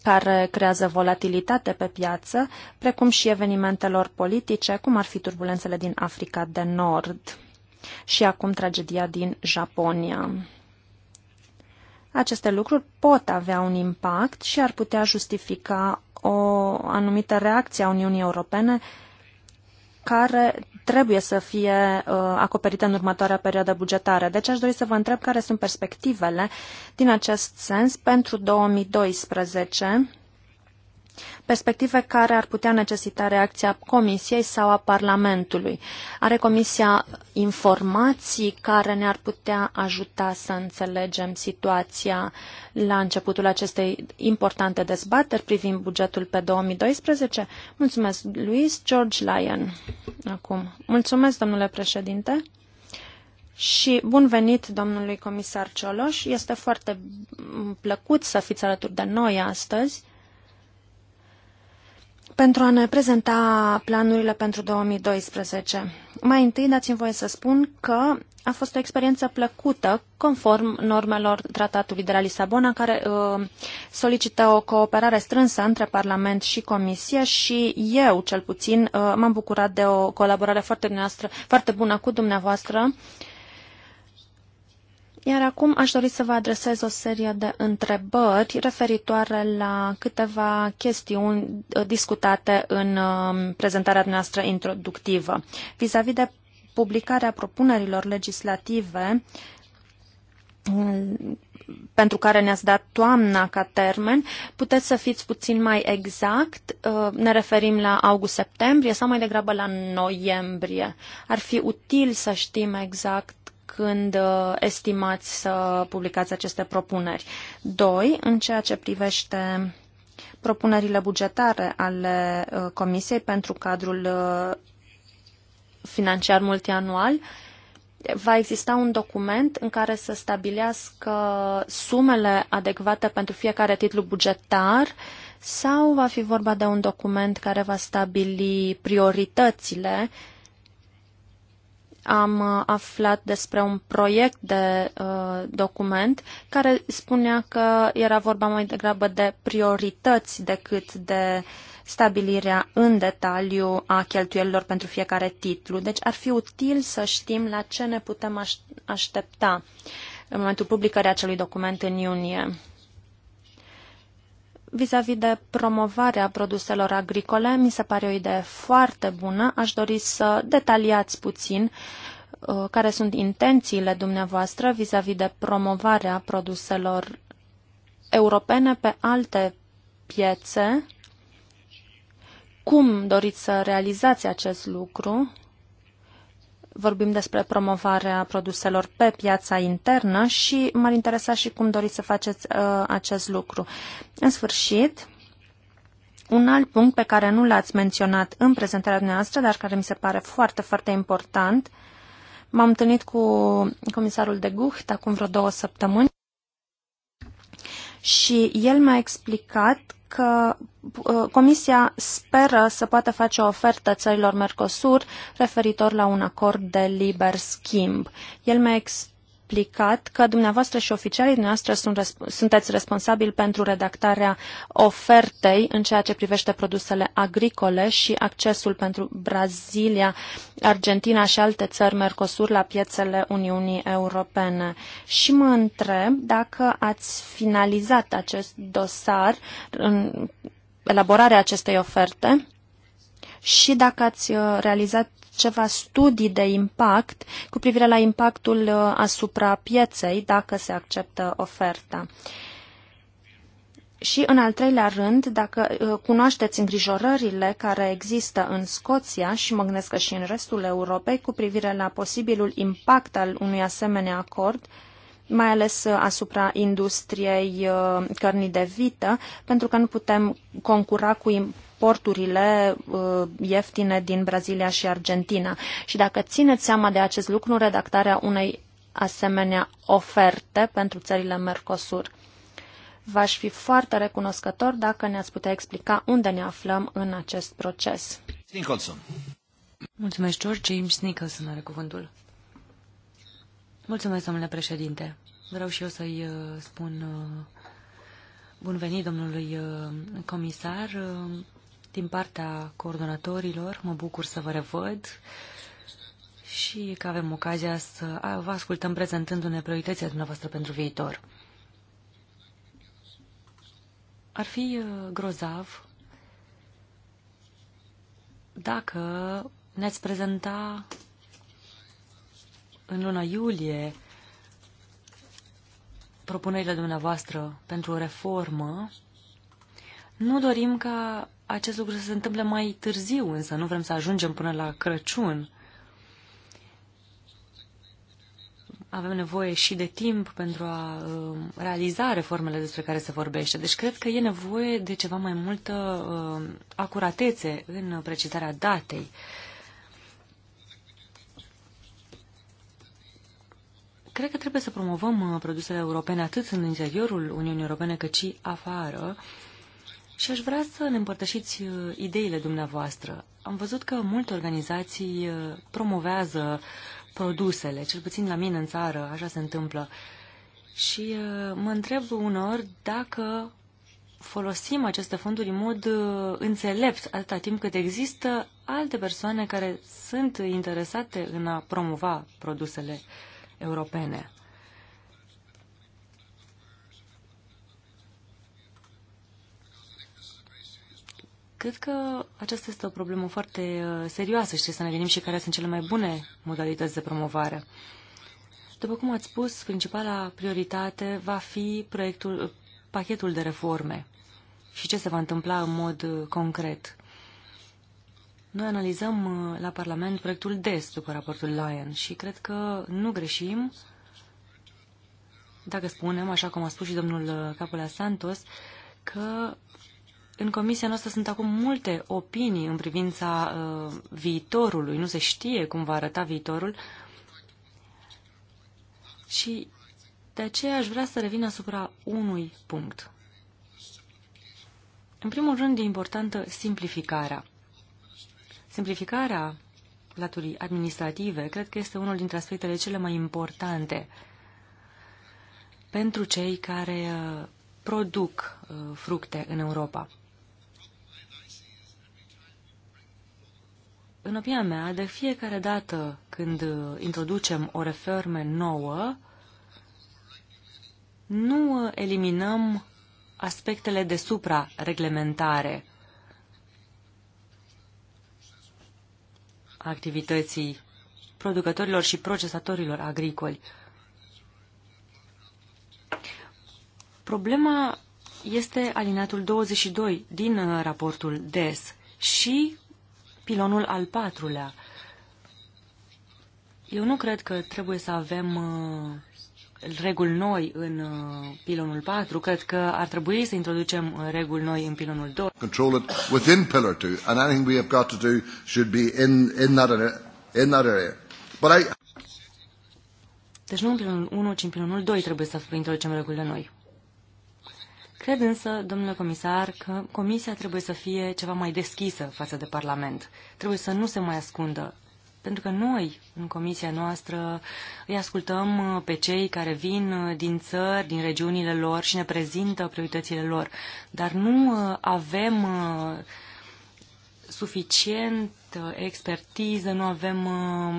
care creează volatilitate pe piață, precum și evenimentelor politice, cum ar fi turbulențele din Africa de Nord și acum tragedia din Japonia. Aceste lucruri pot avea un impact și ar putea justifica o anumită reacție a Uniunii Europene care trebuie să fie uh, acoperite în următoarea perioadă bugetară. Deci aș dori să vă întreb care sunt perspectivele din acest sens pentru 2012 perspective care ar putea necesita reacția Comisiei sau a Parlamentului. Are Comisia informații care ne-ar putea ajuta să înțelegem situația la începutul acestei importante dezbateri privind bugetul pe 2012? Mulțumesc, Luis George Lyon. Acum. Mulțumesc, domnule președinte. Și bun venit domnului comisar Cioloș. Este foarte plăcut să fiți alături de noi astăzi pentru a ne prezenta planurile pentru 2012. Mai întâi dați-mi voie să spun că a fost o experiență plăcută conform normelor Tratatului de la Lisabona, care uh, solicită o cooperare strânsă între Parlament și Comisie și eu, cel puțin, uh, m-am bucurat de o colaborare foarte, noastră, foarte bună cu dumneavoastră uh, iar acum aș dori să vă adresez o serie de întrebări referitoare la câteva chestiuni uh, discutate în um, prezentarea noastră introductivă. Vis-a-vis -vis de publicarea propunerilor legislative mm, pentru care ne-ați dat toamna ca termen, puteți să fiți puțin mai exact? Uh, ne referim la august-septembrie sau mai degrabă la noiembrie? Ar fi util să știm exact când uh, estimați să publicați aceste propuneri? Doi, în ceea ce privește propunerile bugetare ale uh, Comisiei pentru cadrul uh, financiar multianual, va exista un document în care să stabilească sumele adecvate pentru fiecare titlu bugetar sau va fi vorba de un document care va stabili prioritățile uh, am uh, aflat despre un proiect de uh, document care spunea că era vorba mai degrabă de priorități decât de stabilirea în detaliu a cheltuielilor pentru fiecare titlu. Deci ar fi util să știm la ce ne putem aștepta în momentul publicării acelui document în iunie. Vis-a-vis de promovarea produselor agricole, mi se pare o idee foarte bună. Aș dori să detaliați puțin uh, care sunt intențiile dumneavoastră vis a -vis de promovarea produselor europene pe alte piețe. Cum doriți să realizați acest lucru? Vorbim despre promovarea produselor pe piața internă și m-ar interesa și cum doriți să faceți uh, acest lucru. În sfârșit, un alt punct pe care nu l-ați menționat în prezentarea noastră, dar care mi se pare foarte, foarte important, m-am întâlnit cu comisarul de Gucht acum vreo două săptămâni și el m a explicat că uh, Comisia speră să poată face o ofertă țărilor Mercosur referitor la un acord de liber schimb. El mi-a implicat că dumneavoastră și oficialii dumneavoastră sunt, sunteți responsabili pentru redactarea ofertei în ceea ce privește produsele agricole și accesul pentru Brazilia, Argentina și alte țări Mercosur la piețele Uniunii Europene. Și mă întreb dacă ați finalizat acest dosar în elaborarea acestei oferte și dacă ați uh, realizat ceva studii de impact cu privire la impactul uh, asupra pieței dacă se acceptă oferta. Și în al treilea rând, dacă uh, cunoașteți îngrijorările care există în Scoția și mă gândesc că și în restul Europei cu privire la posibilul impact al unui asemenea acord, mai ales asupra industriei cărnii de vită, pentru că nu putem concura cu importurile uh, ieftine din Brazilia și Argentina. Și dacă țineți seama de acest lucru, redactarea unei asemenea oferte pentru țările Mercosur. V-aș fi foarte recunoscător dacă ne-ați putea explica unde ne aflăm în acest proces. Nicholson. Mulțumesc, George. James Nicholson are cuvântul. Mulțumesc, domnule președinte. Vreau și eu să-i uh, spun uh, bun venit domnului comisar din partea coordonatorilor. Mă bucur să vă revăd și că avem ocazia să vă ascultăm prezentându-ne prioritățile dumneavoastră pentru viitor. Ar fi uh, grozav dacă ne-ați prezenta în luna iulie propunerile dumneavoastră pentru o reformă, nu dorim ca acest lucru să se întâmple mai târziu, însă nu vrem să ajungem până la Crăciun. Avem nevoie și de timp pentru a um, realiza reformele despre care se vorbește. Deci cred că e nevoie de ceva mai multă um, acuratețe în precizarea datei. Cred că trebuie să promovăm uh, produsele europene atât în interiorul Uniunii Europene cât și afară. Uh, și aș vrea să ne împărtășiți uh, ideile dumneavoastră. Am văzut că multe organizații uh, promovează produsele, cel puțin la mine în țară, așa se întâmplă. Și uh, mă întreb uneori dacă folosim aceste fonduri în mod înțelept, atâta timp cât există alte persoane care sunt interesate în a promova produsele europene. Cred că aceasta este o problemă foarte uh, serioasă și să ne gândim și care sunt cele mai bune modalități de promovare. După cum ați spus, principala prioritate va fi proiectul, uh, pachetul de reforme și ce se va întâmpla în mod uh, concret. Noi analizăm la Parlament proiectul DES după raportul Lyon și cred că nu greșim dacă spunem, așa cum a spus și domnul Capula Santos, că în comisia noastră sunt acum multe opinii în privința uh, viitorului. Nu se știe cum va arăta viitorul. Și de aceea aș vrea să revin asupra unui punct. În primul rând, e importantă simplificarea. Simplificarea laturii administrative cred că este unul dintre aspectele cele mai importante pentru cei care uh, produc uh, fructe în Europa. În opinia mea, de fiecare dată când introducem o reformă nouă, nu eliminăm aspectele de supra-reglementare activității producătorilor și procesatorilor agricoli. Problema este alinatul 22 din raportul DES și pilonul al patrulea. Eu nu cred că trebuie să avem uh, reguli noi în uh, pilonul 4. Cred că ar trebui să introducem uh, reguli noi în pilonul 2. Control it within pillar 2 and anything we have got to do should be in, in, that, area, in that area. But I... Deci nu în pilonul 1, ci în pilonul 2 trebuie să introducem regulile noi. Cred însă, domnule comisar, că Comisia trebuie să fie ceva mai deschisă față de Parlament. Trebuie să nu se mai ascundă. Pentru că noi, în comisia noastră, îi ascultăm uh, pe cei care vin uh, din țări, din regiunile lor și ne prezintă prioritățile lor. Dar nu uh, avem suficient expertiză, nu avem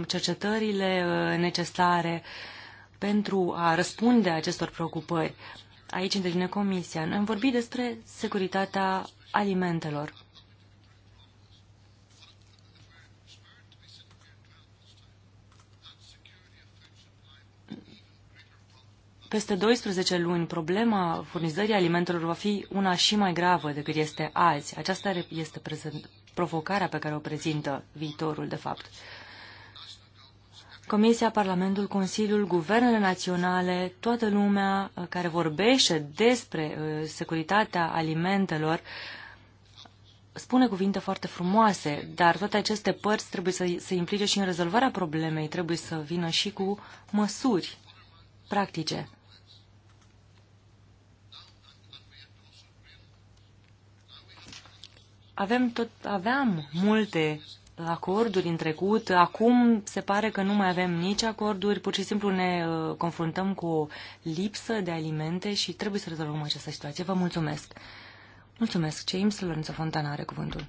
cercetările necesare pentru a răspunde acestor preocupări aici intervine Comisia. Noi am vorbit despre securitatea alimentelor. Peste 12 luni, problema furnizării alimentelor va fi una și mai gravă decât este azi. Aceasta este prezent, provocarea pe care o prezintă viitorul, de fapt. Comisia, Parlamentul, Consiliul, Guvernele Naționale, toată lumea uh, care vorbește despre uh, securitatea alimentelor, spune cuvinte foarte frumoase, dar toate aceste părți trebuie să se implice și în rezolvarea problemei, trebuie să vină și cu măsuri practice. Avem tot, aveam multe acorduri în trecut. Acum se pare că nu mai avem nici acorduri, pur și simplu ne uh, confruntăm cu o lipsă de alimente și trebuie să rezolvăm această situație. Vă mulțumesc! Mulțumesc! James Lorenzo Fontana are cuvântul.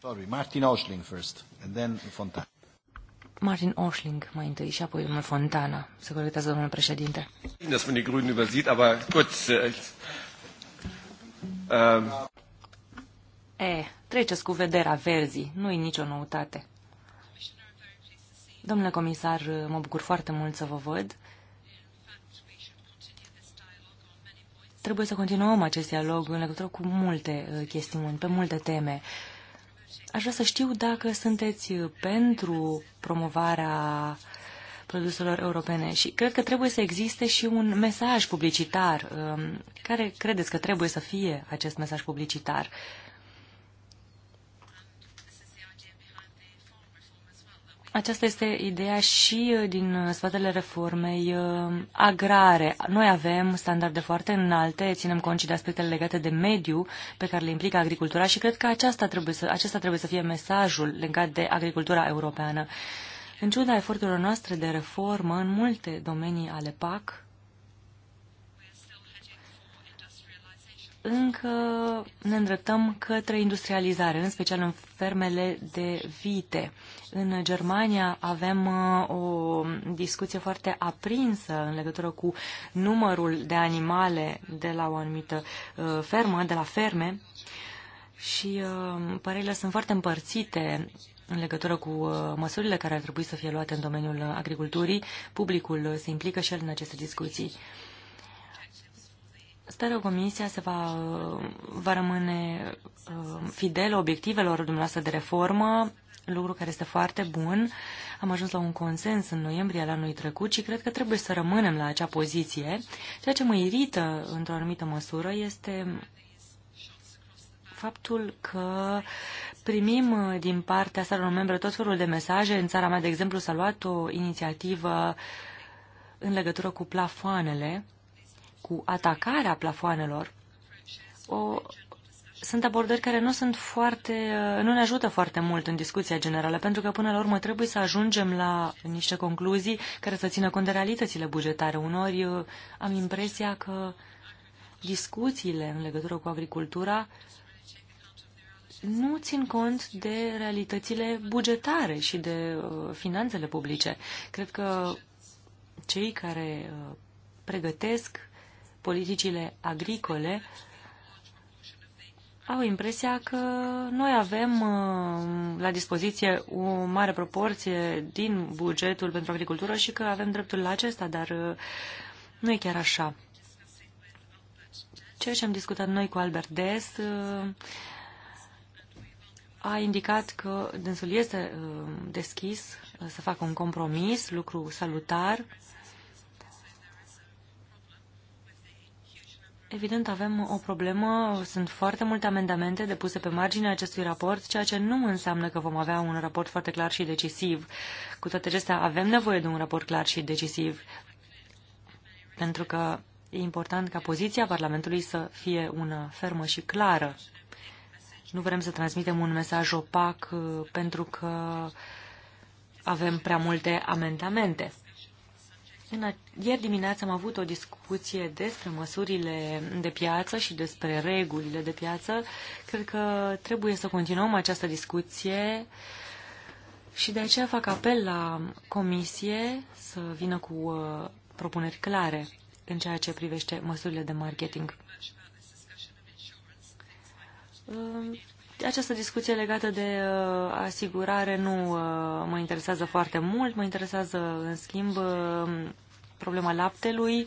Sorry, Martin Oshling first, and then Fontana. Martin Oshling mai întâi și apoi domnul Fontana. Se corectează domnul președinte. Das von die Grünen übersieht, aber kurz. Äh, ähm, E, treceți cu vederea verzii, nu-i nicio noutate. Domnule comisar, mă bucur foarte mult să vă văd. Trebuie să continuăm acest dialog în legătură cu multe uh, chestiuni, pe multe teme. Aș vrea să știu dacă sunteți pentru promovarea produselor europene și cred că trebuie să existe și un mesaj publicitar. Um, care credeți că trebuie să fie acest mesaj publicitar? Aceasta este ideea și uh, din uh, spatele reformei uh, agrare. Noi avem standarde foarte înalte, ținem cont și de aspectele legate de mediu pe care le implică agricultura și cred că aceasta trebuie să, acesta trebuie să fie mesajul legat de agricultura europeană. În ciuda eforturilor noastre de reformă în multe domenii ale PAC, încă ne îndreptăm către industrializare, în special în fermele de vite. În Germania avem uh, o discuție foarte aprinsă în legătură cu numărul de animale de la o anumită uh, fermă, de la ferme, și uh, părerile sunt foarte împărțite în legătură cu măsurile care ar trebui să fie luate în domeniul agriculturii. Publicul se implică și el în aceste discuții. Speră Comisia se va, va rămâne uh, fidelă obiectivelor dumneavoastră de reformă, lucru care este foarte bun. Am ajuns la un consens în noiembrie al anului trecut și cred că trebuie să rămânem la acea poziție. Ceea ce mă irită într-o anumită măsură este faptul că primim uh, din partea statelor membre tot felul de mesaje. În țara mea, de exemplu, s-a luat o inițiativă în legătură cu plafoanele cu atacarea plafoanelor, o, sunt abordări care nu sunt foarte, nu ne ajută foarte mult în discuția generală, pentru că până la urmă trebuie să ajungem la niște concluzii care să țină cont de realitățile bugetare. Unori uh, am impresia că discuțiile în legătură cu agricultura nu țin cont de realitățile bugetare și de uh, finanțele publice. Cred că cei care uh, pregătesc politicile agricole, au impresia că noi avem uh, la dispoziție o mare proporție din bugetul pentru agricultură și că avem dreptul la acesta, dar uh, nu e chiar așa. Ceea ce am discutat noi cu Albert Des uh, a indicat că dânsul este deschis să facă un compromis, lucru salutar, Evident, avem o problemă. Sunt foarte multe amendamente depuse pe marginea acestui raport, ceea ce nu înseamnă că vom avea un raport foarte clar și decisiv. Cu toate acestea, avem nevoie de un raport clar și decisiv, pentru că e important ca poziția Parlamentului să fie una fermă și clară. Nu vrem să transmitem un mesaj opac uh, pentru că avem prea multe amendamente. În ieri dimineață am avut o discuție despre măsurile de piață și despre regulile de piață. Cred că trebuie să continuăm această discuție și de aceea fac apel la comisie să vină cu uh, propuneri clare în ceea ce privește măsurile de marketing. Um, această discuție legată de uh, asigurare nu uh, mă interesează foarte mult, mă interesează, în schimb, uh, problema laptelui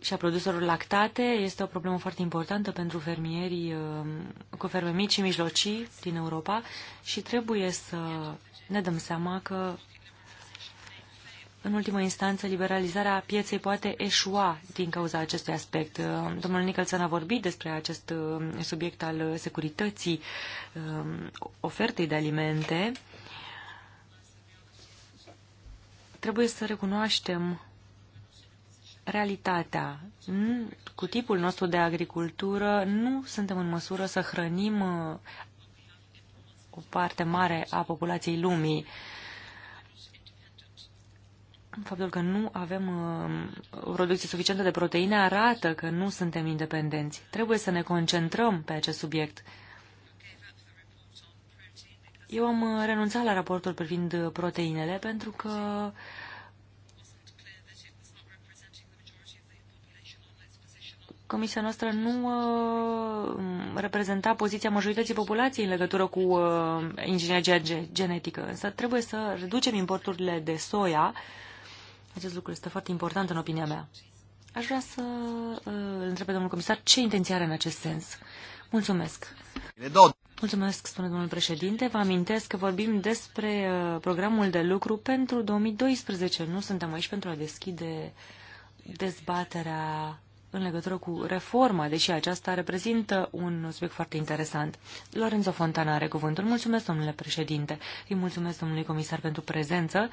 și a produselor lactate este o problemă foarte importantă pentru fermierii uh, cu ferme mici și mijlocii din Europa și trebuie să ne dăm seama că în ultimă instanță, liberalizarea pieței poate eșua din cauza acestui aspect. Uh, domnul Nicholson a vorbit despre acest uh, subiect al securității ofertei de alimente Trebuie să recunoaștem realitatea. Cu tipul nostru de agricultură nu suntem în măsură să hrănim uh, o parte mare a populației lumii. Faptul că nu avem uh, o producție suficientă de proteine arată că nu suntem independenți. Trebuie să ne concentrăm pe acest subiect. Eu am uh, renunțat la raportul privind uh, proteinele pentru că comisia noastră nu uh, reprezenta poziția majorității populației în legătură cu uh, ingineria genetică. Însă trebuie să reducem importurile de soia. Acest lucru este foarte important în opinia mea. Aș vrea să uh, întreb pe domnul comisar ce intenție are în acest sens. Mulțumesc. Mulțumesc, spune domnul președinte. Vă amintesc că vorbim despre uh, programul de lucru pentru 2012. Nu suntem aici pentru a deschide dezbaterea în legătură cu reforma, deși aceasta reprezintă un subiect foarte interesant. Lorenzo Fontana are cuvântul. Mulțumesc, domnule președinte. Îi mulțumesc, domnului comisar, pentru prezență.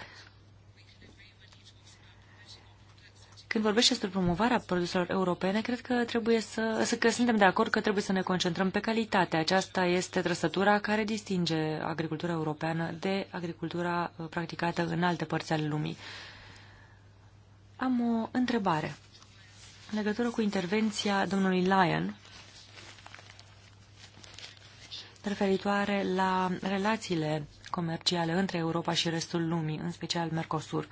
Când vorbește despre promovarea produselor europene, cred că trebuie să, să că suntem de acord că trebuie să ne concentrăm pe calitate. Aceasta este trăsătura care distinge agricultura europeană de agricultura uh, practicată în alte părți ale lumii. Am o întrebare. În legătură cu intervenția domnului Lyon, referitoare la relațiile comerciale între Europa și restul lumii, în special Mercosur. Uh,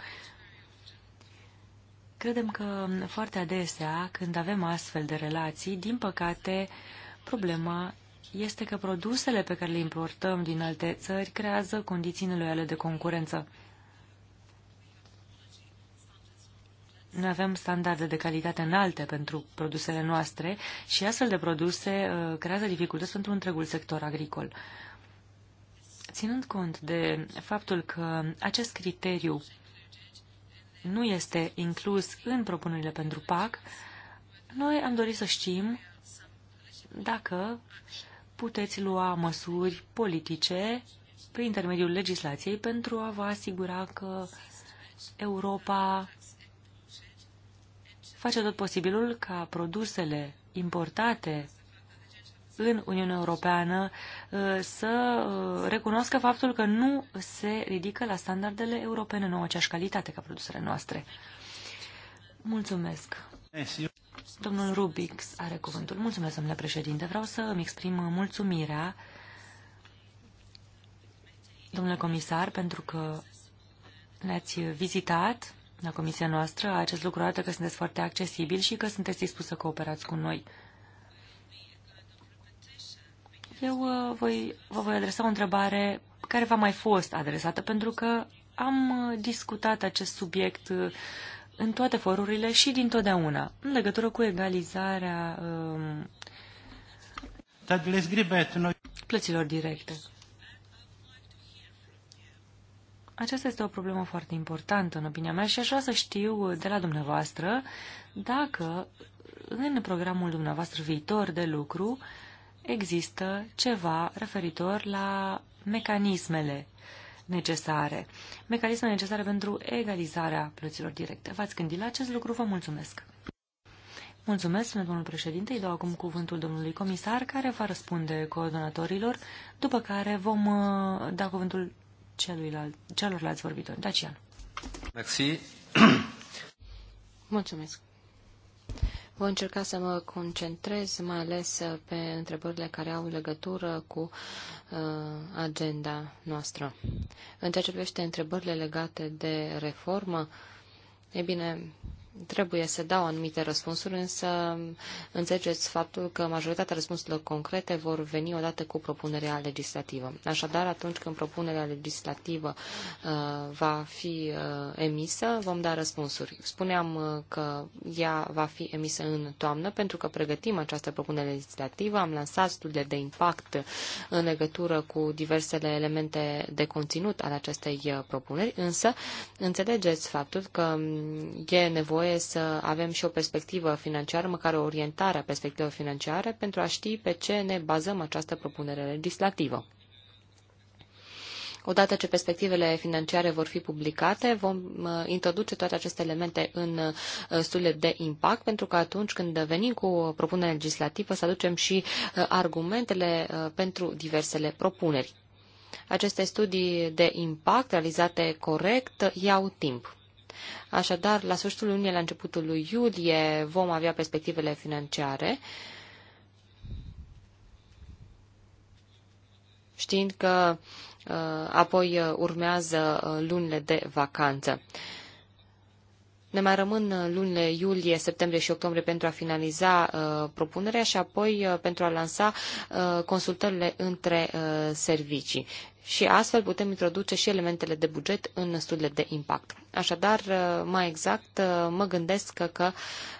Credem că foarte adesea, când avem astfel de relații, din păcate, problema este că produsele pe care le importăm din alte țări creează condiții neloiale de concurență. Noi avem standarde de calitate înalte pentru produsele noastre și astfel de produse uh, creează dificultăți pentru întregul sector agricol. Ținând cont de faptul că acest criteriu nu este inclus în propunerile pentru PAC, noi am dorit să știm dacă puteți lua măsuri politice prin intermediul legislației pentru a vă asigura că Europa face tot posibilul ca produsele importate în Uniunea Europeană uh, să uh, recunoască faptul că nu se ridică la standardele europene, nouă aceeași calitate ca produsele noastre. Mulțumesc. Domnul Rubix are cuvântul. Mulțumesc, domnule președinte. Vreau să îmi exprim mulțumirea, domnule comisar, pentru că ne-ați vizitat la comisia noastră. Acest lucru arată că sunteți foarte accesibil și că sunteți dispus să cooperați cu noi. Eu uh, voi, vă voi adresa o întrebare care v-a mai fost adresată, pentru că am uh, discutat acest subiect uh, în toate forurile și dintotdeauna, în legătură cu egalizarea um, plăților directe. Aceasta este o problemă foarte importantă, în opinia mea, și aș vrea să știu de la dumneavoastră dacă în programul dumneavoastră viitor de lucru uh, există ceva referitor la mecanismele necesare. Mecanismele necesare pentru egalizarea plăților directe. V-ați gândit la acest lucru? Vă mulțumesc! Mulțumesc, domnul președinte. Îi dau acum cuvântul domnului comisar, care va răspunde coordonatorilor, după care vom uh, da cuvântul celuilalt, celorlalți vorbitori. Dacian. Mulțumesc. Voi încerca să mă concentrez mai ales pe întrebările care au legătură cu uh, agenda noastră. În ceea ce privește întrebările legate de reformă, e bine, trebuie să dau anumite răspunsuri, însă înțelegeți faptul că majoritatea răspunsurilor concrete vor veni odată cu propunerea legislativă. Așadar, atunci când propunerea legislativă uh, va fi uh, emisă, vom da răspunsuri. Spuneam uh, că ea va fi emisă în toamnă pentru că pregătim această propunere legislativă, am lansat studii de impact în legătură cu diversele elemente de conținut al acestei uh, propuneri, însă înțelegeți faptul că um, e nevoie nevoie să avem și o perspectivă financiară, măcar o orientare a perspectivă financiară, pentru a ști pe ce ne bazăm această propunere legislativă. Odată ce perspectivele financiare vor fi publicate, vom uh, introduce toate aceste elemente în uh, studiile de impact, pentru că atunci când venim cu o propunere legislativă să aducem și uh, argumentele pentru diversele propuneri. Aceste studii de impact realizate corect iau timp. Așadar, la sfârșitul lunii, la începutul lui iulie, vom avea perspectivele financiare. Știind că uh, apoi uh, urmează uh, lunile de vacanță. Ne mai rămân lunile iulie, septembrie și octombrie pentru a finaliza uh, propunerea și apoi uh, pentru a lansa uh, consultările între servicii și astfel putem introduce și elementele de buget în studiile de impact. Așadar, uh, mai exact, uh, mă gândesc că, că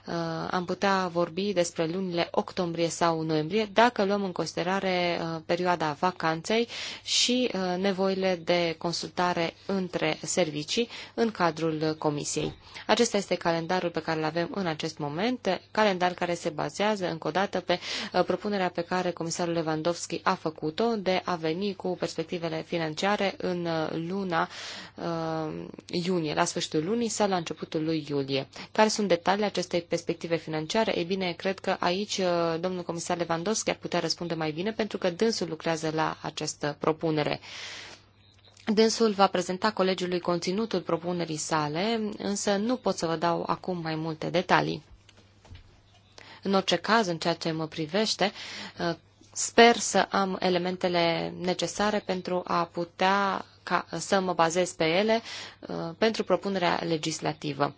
uh, am putea vorbi despre lunile octombrie sau noiembrie, dacă luăm în considerare perioada vacanței și nevoile de consultare între servicii în cadrul comisiei. Acesta este calendarul pe care îl avem în acest moment, calendar care se bazează încă o dată pe propunerea pe care comisarul Lewandowski a făcut-o de a veni cu perspective perspectivele financiare în uh, luna uh, iunie, la sfârșitul lunii sau la începutul lui iulie. Care sunt detaliile acestei perspective financiare? Ei bine, cred că aici uh, domnul comisar Lewandowski ar putea răspunde mai bine pentru că dânsul lucrează la această propunere. Dânsul va prezenta colegiului conținutul propunerii sale, însă nu pot să vă dau acum mai multe detalii. În orice caz, în ceea ce mă privește, uh, Sper să am elementele necesare pentru a putea ca, să mă bazez pe ele uh, pentru propunerea legislativă.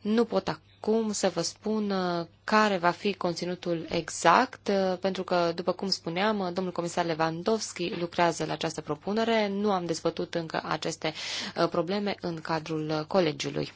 Nu pot acum să vă spun uh, care va fi conținutul exact, uh, pentru că, după cum spuneam, domnul comisar Lewandowski lucrează la această propunere. Nu am dezbătut încă aceste probleme în cadrul colegiului.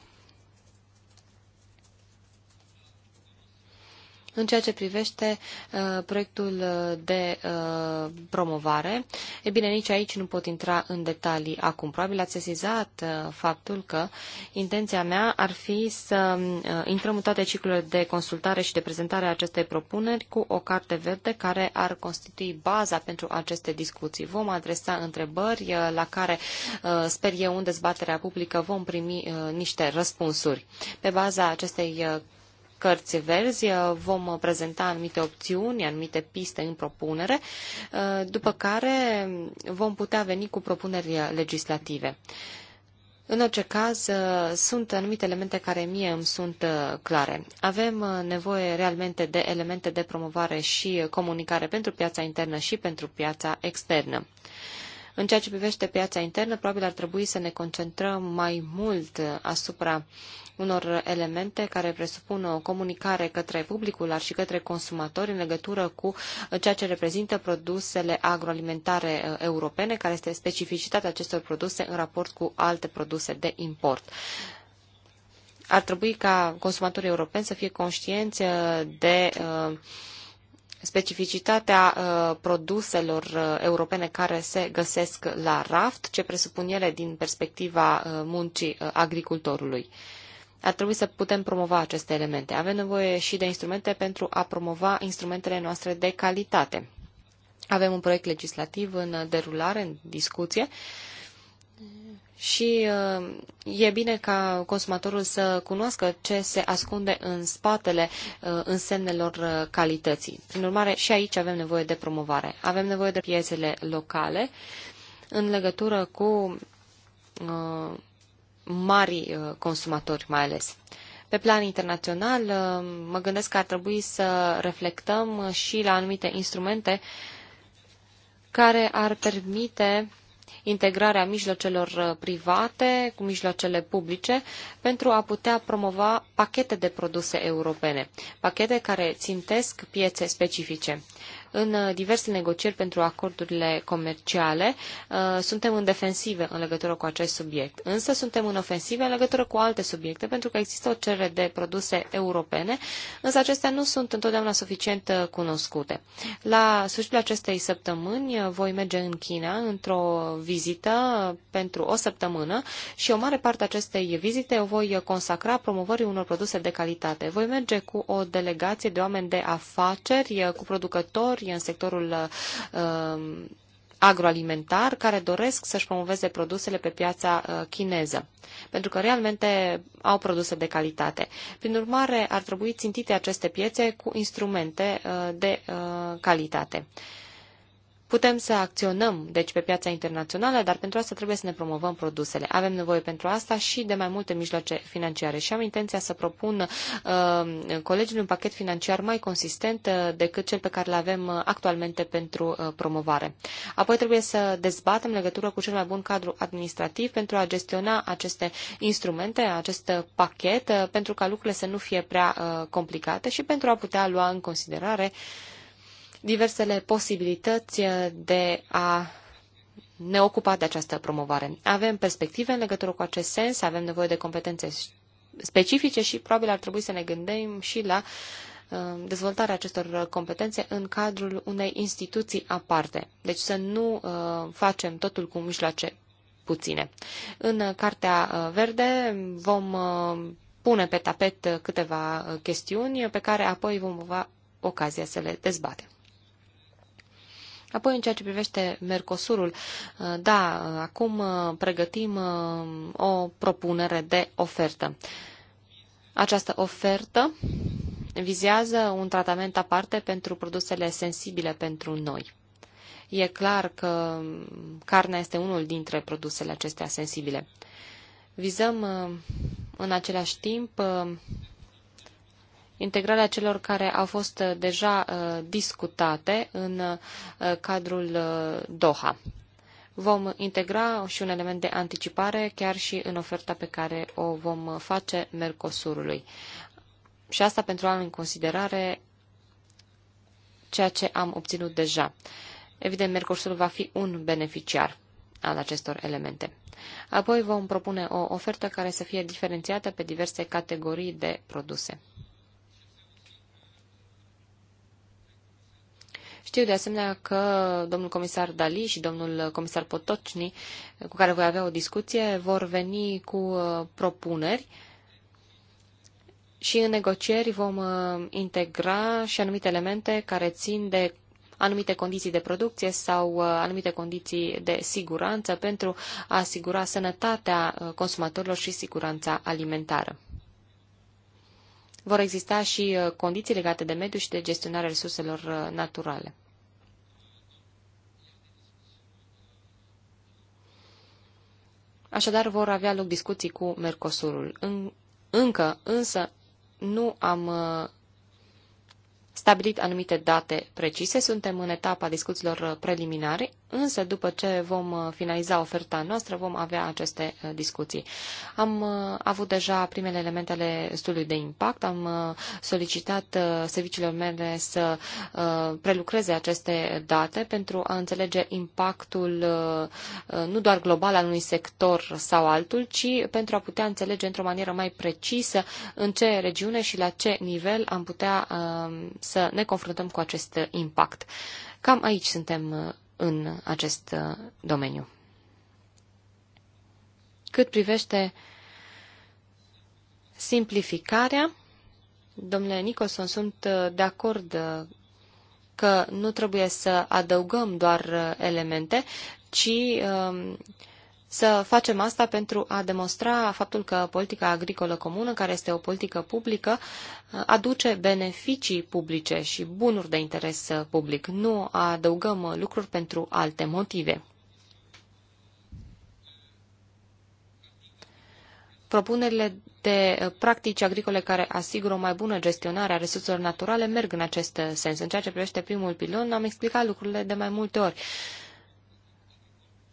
În ceea ce privește uh, proiectul uh, de uh, promovare, e bine, nici aici nu pot intra în detalii acum. Probabil ați sesizat uh, faptul că intenția mea ar fi să uh, intrăm în toate ciclurile de consultare și de prezentare a acestei propuneri cu o carte verde care ar constitui baza pentru aceste discuții. Vom adresa întrebări uh, la care uh, sper eu în dezbaterea publică vom primi uh, niște răspunsuri. Pe baza acestei uh, cărți verzi uh, vom prezenta anumite opțiuni, anumite piste în propunere, uh, după care vom putea veni cu propuneri legislative. În orice caz, uh, sunt anumite elemente care mie îmi sunt clare. Avem nevoie realmente de elemente de promovare și comunicare pentru piața internă și pentru piața externă. În ceea ce privește piața internă, probabil ar trebui să ne concentrăm mai mult asupra unor elemente care presupun o comunicare către publicul, dar și către consumatori în legătură cu ceea ce reprezintă produsele agroalimentare uh, europene, care este specificitatea acestor produse în raport cu alte produse de import ar trebui ca consumatorii europeni să fie conștienți uh, de uh, specificitatea uh, produselor uh, europene care se găsesc la raft, ce presupun ele din perspectiva uh, muncii agricultorului. Ar trebui să putem promova aceste elemente. Avem nevoie și de instrumente pentru a promova instrumentele noastre de calitate. Avem un proiect legislativ în derulare, în discuție, uh, și uh, e bine ca consumatorul să cunoască ce se ascunde în spatele uh, însemnelor uh, calității. Prin urmare, și aici avem nevoie de promovare. Avem nevoie de piețele locale în legătură cu mari consumatori mai ales. Pe plan internațional, mă gândesc că ar trebui să reflectăm și la anumite instrumente care ar permite integrarea mijloacelor uh, private cu mijloacele publice pentru a putea promova pachete de produse europene, pachete care țintesc piețe specifice în uh, diverse negocieri pentru acordurile comerciale. Uh, suntem în defensive în legătură cu acest subiect, însă suntem în ofensive în legătură cu alte subiecte, pentru că există o cerere de produse europene, însă acestea nu sunt întotdeauna suficient uh, cunoscute. La sfârșitul acestei săptămâni voi merge în China într-o vizită pentru o săptămână și o mare parte a acestei vizite o voi consacra promovării unor produse de calitate. Voi merge cu o delegație de oameni de afaceri, cu producători, industrie, în sectorul uh, agroalimentar care doresc să-și promoveze produsele pe piața uh, chineză, pentru că realmente au produse de calitate. Prin urmare, ar trebui țintite aceste piețe cu instrumente uh, de calitate. Putem să acționăm, deci, pe piața internațională, dar pentru asta trebuie să ne promovăm produsele. Avem nevoie pentru asta și de mai multe mijloace financiare și am intenția să propun uh, colegii un pachet financiar mai consistent uh, decât cel pe care îl avem uh, actualmente pentru uh, promovare. Apoi trebuie să dezbatem legătură cu cel mai bun cadru administrativ pentru a gestiona aceste instrumente, acest pachet, uh, pentru ca lucrurile să nu fie prea uh, complicate și pentru a putea lua în considerare uh, diversele posibilități de a ne ocupa de această promovare. Avem perspective în legătură cu acest sens, avem nevoie de competențe specifice și probabil ar trebui să ne gândim și la uh, dezvoltarea acestor competențe în cadrul unei instituții aparte. Deci să nu uh, facem totul cu mijloace puține. În uh, Cartea Verde vom pune pe tapet câteva chestiuni pe care apoi vom avea ocazia să le dezbatem. Apoi, în ceea ce privește Mercosurul, uh, da, uh, acum uh, pregătim o propunere de ofertă. Această ofertă vizează un tratament aparte pentru produsele sensibile pentru noi. E clar că carnea este unul dintre produsele acestea sensibile. Vizăm în același timp integrarea celor care au fost uh, deja uh, discutate în uh, cadrul Doha. Vom integra și un element de anticipare chiar și în oferta pe care o vom face Mercosurului. Și asta pentru a lua în considerare ceea ce am obținut deja. Evident, Mercosurul va fi un beneficiar al acestor elemente. Apoi vom propune o ofertă care să fie diferențiată pe diverse categorii de produse. Știu de asemenea că domnul comisar Dali și domnul comisar Potocni, cu care voi avea o discuție, vor veni cu uh, propuneri și în negocieri vom uh, integra și anumite elemente care țin de anumite condiții de producție sau uh, anumite condiții de siguranță pentru a asigura sănătatea consumatorilor și siguranța alimentară. Vor exista și condiții legate de mediu și de gestionarea resurselor naturale. Așadar, vor avea loc discuții cu Mercosurul. În, încă, însă, nu am uh, stabilit anumite date precise. Suntem în etapa discuțiilor uh, preliminare însă după ce vom uh, finaliza oferta noastră vom avea aceste uh, discuții. Am uh, avut deja primele elemente ale studiului de impact, am solicitat serviciilor mele să prelucreze aceste date pentru a înțelege impactul nu doar global al unui sector sau altul, ci pentru a putea înțelege într-o manieră mai precisă în ce regiune și la ce nivel am putea să ne confruntăm cu acest impact. Cam aici suntem în acest uh, domeniu. Cât privește simplificarea, domnule Nicholson, sunt uh, de acord uh, că nu trebuie să adăugăm doar elemente, ci um, să facem asta pentru a demonstra faptul că politica agricolă comună, care este o politică publică, aduce beneficii publice și bunuri de interes public. Nu adăugăm lucruri pentru alte motive. Propunerile de practici agricole care asigură o mai bună gestionare a resurselor naturale merg în acest sens. În ceea ce privește primul pilon, am explicat lucrurile de mai multe ori.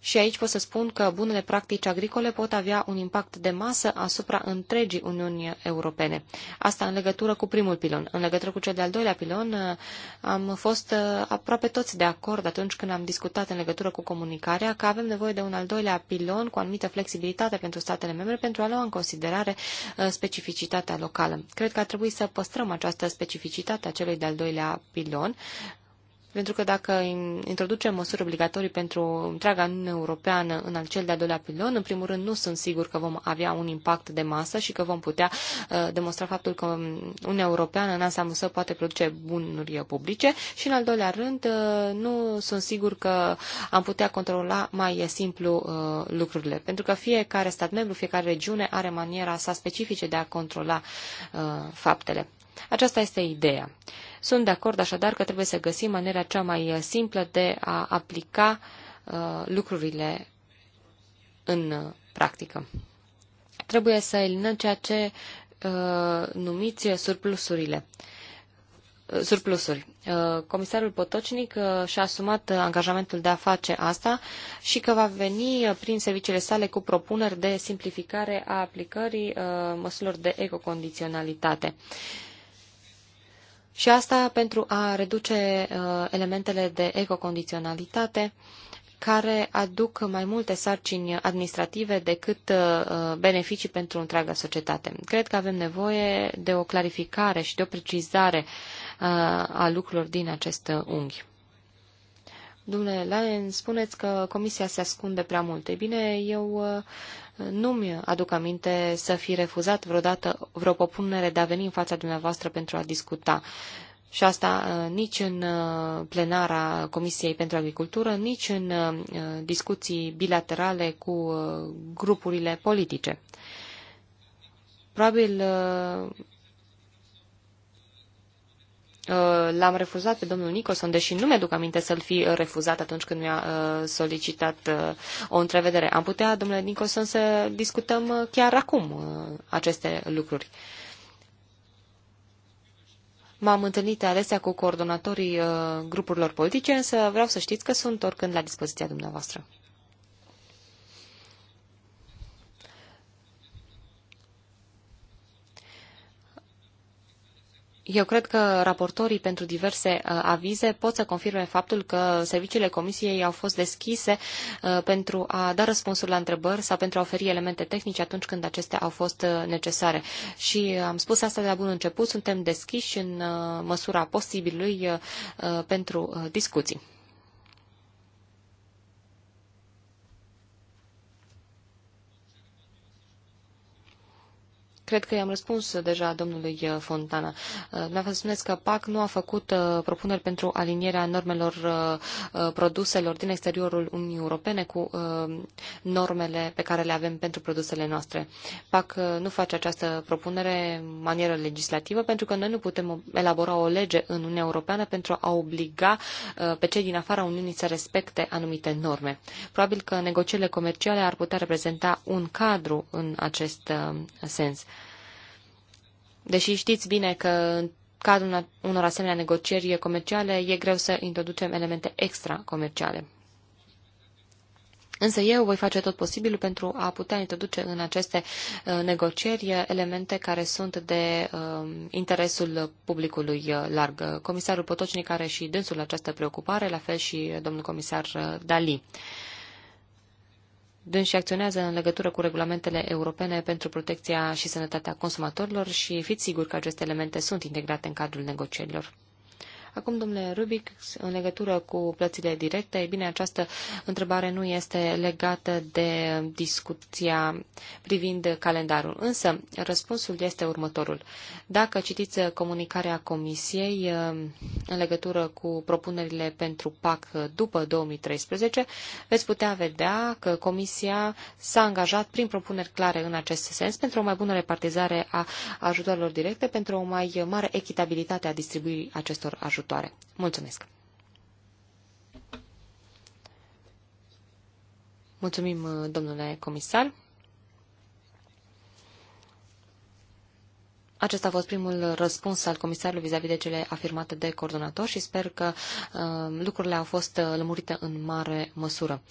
Și aici pot să spun că bunele practici agricole pot avea un impact de masă asupra întregii Uniuni Europene. Asta în legătură cu primul pilon. În legătură cu cel de-al doilea pilon, am fost uh, aproape toți de acord atunci când am discutat în legătură cu comunicarea că avem nevoie de un al doilea pilon cu anumită flexibilitate pentru statele membre pentru a lua în considerare uh, specificitatea locală. Cred că ar trebui să păstrăm această specificitate a celui de-al doilea pilon, pentru că dacă introducem măsuri obligatorii pentru întreaga Uniune Europeană în al cel de-al doilea pilon, în primul rând nu sunt sigur că vom avea un impact de masă și că vom putea uh, demonstra faptul că um, Uniunea Europeană în ansamblu său poate produce bunuri uh, publice și în al doilea rând uh, nu sunt sigur că am putea controla mai uh, simplu uh, lucrurile. Pentru că fiecare stat membru, fiecare regiune are maniera sa specifice de a controla uh, faptele. Aceasta este ideea. Sunt de acord așadar că trebuie să găsim maniera cea mai uh, simplă de a aplica uh, lucrurile în uh, practică. Trebuie să eliminăm ceea ce uh, numiți surplusurile uh, surplusuri. Comisarul Potocnic și-a asumat angajamentul de a face asta și că va veni prin serviciile sale cu propuneri de simplificare a aplicării măsurilor de ecocondiționalitate. Și asta pentru a reduce uh, elementele de ecocondiționalitate care aduc mai multe sarcini administrative decât uh, beneficii pentru întreaga societate. Cred că avem nevoie de o clarificare și de o precizare uh, a lucrurilor din acest unghi. Domnule Laen, spuneți că comisia se ascunde prea mult. Ei bine, eu uh, nu-mi aduc aminte să fi refuzat vreodată vreo propunere de a veni în fața dumneavoastră pentru a discuta. Și asta uh, nici în uh, plenara Comisiei pentru Agricultură, nici în uh, discuții bilaterale cu grupurile politice. Probabil Uh, l-am refuzat pe domnul Nicholson, deși nu mi-aduc aminte să-l fi uh, refuzat atunci când mi-a uh, solicitat o întrevedere. Am putea, domnule Nicholson, să discutăm chiar acum aceste lucruri. M-am întâlnit adesea cu coordonatorii grupurilor politice, însă vreau să știți că sunt oricând la dispoziția dumneavoastră. Eu cred că raportorii pentru diverse uh, avize pot să confirme faptul că serviciile comisiei au fost deschise uh, pentru a da răspunsuri la întrebări sau pentru a oferi elemente tehnice atunci când acestea au fost uh, necesare. Și am spus asta de la bun început, suntem deschiși în măsura posibilului pentru discuții. Cred că i-am răspuns deja domnului uh, Fontana. Uh, dumneavoastră spuneți că PAC nu a făcut uh, propuneri pentru alinierea normelor produselor din exteriorul Uniunii Europene cu normele pe care le avem pentru produsele noastre. PAC nu face această propunere în manieră legislativă pentru că noi nu putem elabora o lege în Uniunea Europeană pentru a obliga pe cei din afara Uniunii să respecte anumite norme. Probabil că negocierile comerciale ar putea reprezenta un cadru în acest sens. Deși știți bine că în cadrul unor asemenea negocieri comerciale e greu să introducem elemente extra-comerciale. Însă eu voi face tot posibilul pentru a putea introduce în aceste uh, negocieri uh, elemente care sunt de um, interesul publicului uh, larg. Comisarul Potocnic are și dânsul această preocupare, la fel și domnul comisar Dali dânsi acționează în legătură cu regulamentele europene pentru protecția și sănătatea consumatorilor și fiți siguri că aceste elemente sunt integrate în cadrul negocierilor. Acum, domnule Rubic, în legătură cu plățile directe, e bine, această întrebare nu este legată de discuția privind calendarul. Însă, răspunsul este următorul. Dacă citiți comunicarea Comisiei uh, în legătură cu propunerile pentru PAC după 2013, veți putea vedea că Comisia s-a angajat prin propuneri clare în acest sens pentru o mai bună repartizare a ajutorilor directe, pentru o mai mare echitabilitate a distribuirii acestor ajutoare ajutoare. Mulțumesc! Mulțumim, domnule comisar. Acesta a fost primul răspuns al comisarului vis-a-vis -vis de cele afirmate de coordonator și sper că uh, lucrurile au fost uh, lămurite în mare măsură.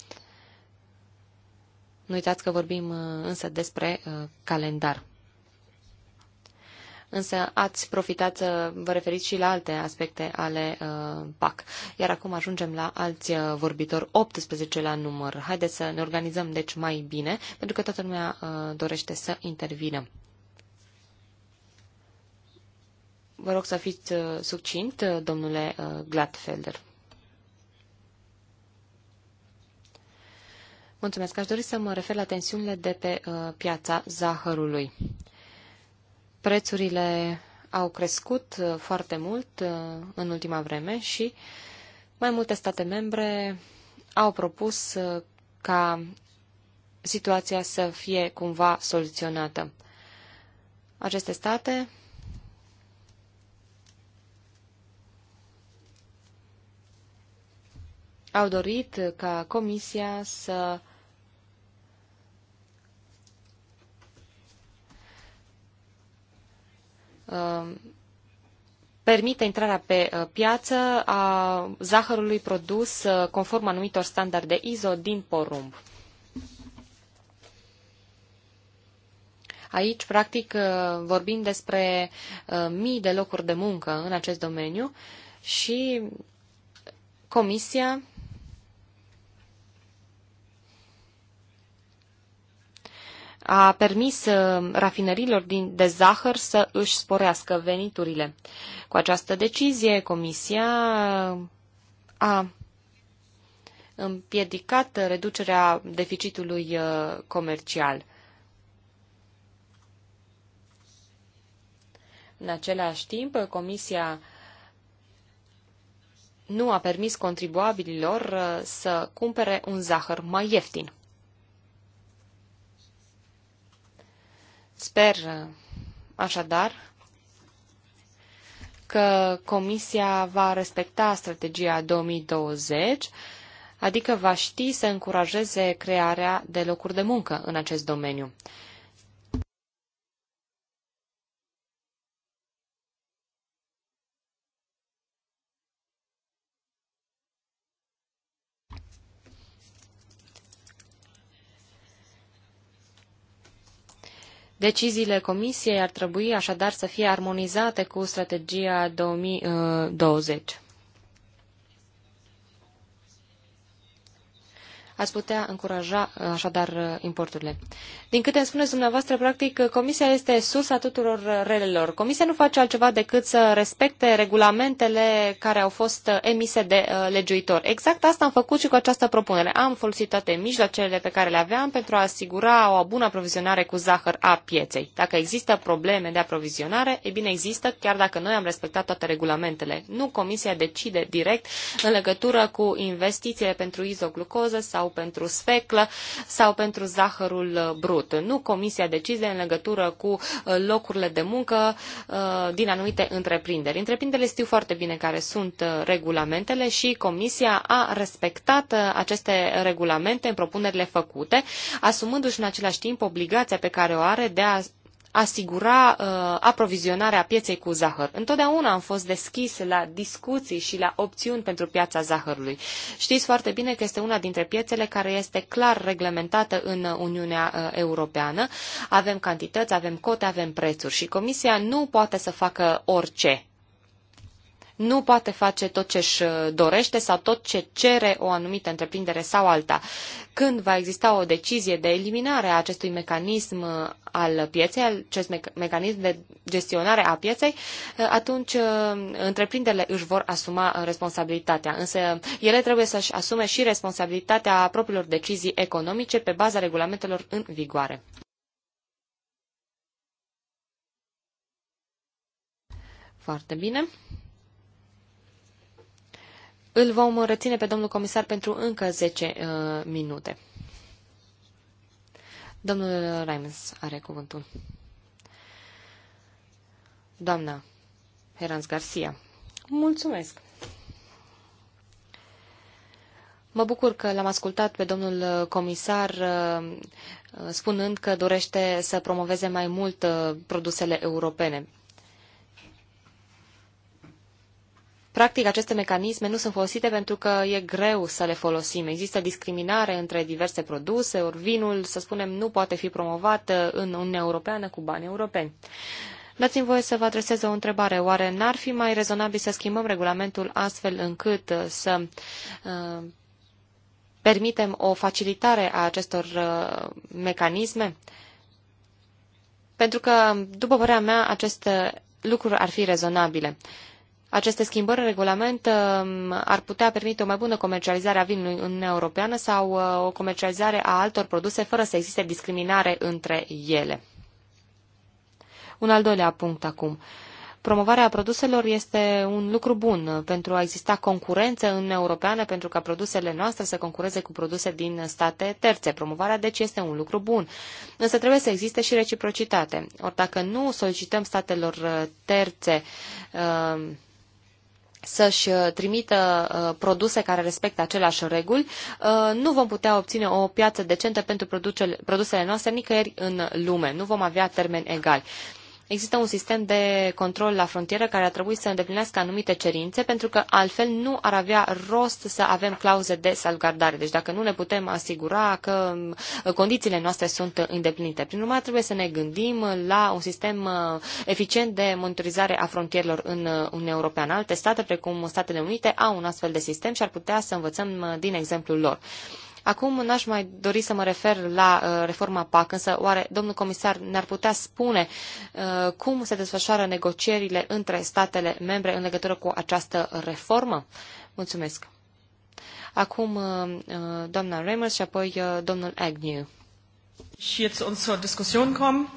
Nu uitați că vorbim uh, însă despre uh, calendar însă ați profitat să vă referiți și la alte aspecte ale uh, PAC. Iar acum ajungem la alți uh, vorbitori, 18 la număr. Haideți să ne organizăm deci mai bine, pentru că toată lumea uh, dorește să intervină. Vă rog să fiți uh, succint, uh, domnule uh, Gladfelder. Mulțumesc. Aș dori să mă refer la tensiunile de pe uh, piața zahărului. Prețurile au crescut uh, foarte mult uh, în ultima vreme și mai multe state membre au propus uh, ca situația să fie cumva soluționată. Aceste state au dorit ca Comisia să Uh, permite intrarea pe uh, piață a zahărului produs uh, conform anumitor standarde ISO din porumb. Aici, practic, vorbim despre mii de locuri de muncă în acest domeniu și Comisia a permis uh, rafinărilor din, de zahăr să își sporească veniturile. Cu această decizie, Comisia uh, a împiedicat reducerea deficitului uh, comercial. În același timp, Comisia nu a permis contribuabililor să cumpere un zahăr mai ieftin. Sper așadar că Comisia va respecta strategia 2020, adică va ști să încurajeze crearea de locuri de muncă în acest domeniu. Deciziile Comisiei ar trebui așadar să fie armonizate cu strategia 2020. ați putea încuraja așadar importurile. Din câte îmi spuneți dumneavoastră, practic, Comisia este sursa tuturor relelor. Comisia nu face altceva decât să respecte regulamentele care au fost emise de uh, legiuitor. Exact asta am făcut și cu această propunere. Am folosit toate mijloacele pe care le aveam pentru a asigura o bună aprovizionare cu zahăr a pieței. Dacă există probleme de aprovizionare, e bine există, chiar dacă noi am respectat toate regulamentele. Nu Comisia decide direct în legătură cu investițiile pentru izoglucoză sau pentru sfeclă sau pentru zahărul uh, brut. Nu comisia decide în legătură cu uh, locurile de muncă uh, din anumite întreprinderi. Întreprinderile știu foarte bine care sunt regulamentele și comisia a respectat aceste regulamente în propunerile făcute, asumându-și în același timp obligația pe care o are de a asigura uh, aprovizionarea pieței cu zahăr. Întotdeauna am fost deschis la discuții și la opțiuni pentru piața zahărului. Știți foarte bine că este una dintre piețele care este clar reglementată în Uniunea uh, Europeană. Avem cantități, avem cote, avem prețuri și Comisia nu poate să facă orice nu poate face tot ce își uh, dorește sau tot ce cere o anumită întreprindere sau alta. Când va exista o decizie de eliminare a acestui mecanism uh, al pieței, acest mecanism de gestionare a pieței, uh, atunci întreprinderile își vor asuma responsabilitatea. Însă ele trebuie să-și asume și responsabilitatea propriilor decizii economice pe baza regulamentelor în vigoare. Foarte bine. Îl vom reține pe domnul comisar pentru încă 10 uh, minute. Domnul Reims are cuvântul. Doamna Heranz Garcia. Mulțumesc! Mă bucur că l-am ascultat pe domnul comisar uh, spunând că dorește să promoveze mai mult uh, produsele europene. Practic, aceste mecanisme nu sunt folosite pentru că e greu să le folosim. Există discriminare între diverse produse, ori vinul, să spunem, nu poate fi promovat uh, în Uniunea Europeană cu bani europeni. Dați-mi voie să vă adresez o întrebare. Oare n-ar fi mai rezonabil să schimbăm regulamentul astfel încât uh, să uh, permitem o facilitare a acestor uh, mecanisme? Pentru că, după părerea mea, aceste lucruri ar fi rezonabile. Uh, aceste schimbări în regulament um, ar putea permite o mai bună comercializare a vinului în Uniunea Europeană sau uh, o comercializare a altor produse fără să existe discriminare între ele. Un al doilea punct acum. Promovarea produselor este un lucru bun pentru a exista concurență în europeană, pentru ca produsele noastre să concureze cu produse din state terțe. Promovarea, deci, este un lucru bun. Însă trebuie să existe și reciprocitate. Ori dacă nu solicităm statelor uh, terțe uh, să-și uh, trimită uh, produse care respectă aceleași reguli, uh, nu vom putea obține o piață decentă pentru produsele noastre nicăieri în lume. Nu vom avea termeni egali. Există un sistem de control la frontieră care ar trebui să îndeplinească anumite cerințe, pentru că altfel nu ar avea rost să avem clauze de salvgardare. Deci dacă nu ne putem asigura că uh, condițiile noastre sunt îndeplinite. Prin urmare, trebuie să ne gândim la un sistem uh, eficient de monitorizare a frontierelor în uh, Uniunea Europeană. Alte state, precum Statele Unite, au un astfel de sistem și ar putea să învățăm din exemplul lor. Acum n-aș mai dori să mă refer la uh, reforma PAC, însă oare domnul comisar ne-ar putea spune uh, cum se desfășoară negocierile între statele membre în legătură cu această reformă? Mulțumesc. Acum uh, uh doamna Remers și apoi uh, domnul Agnew. Și jetzt uns zur Diskussion kommen.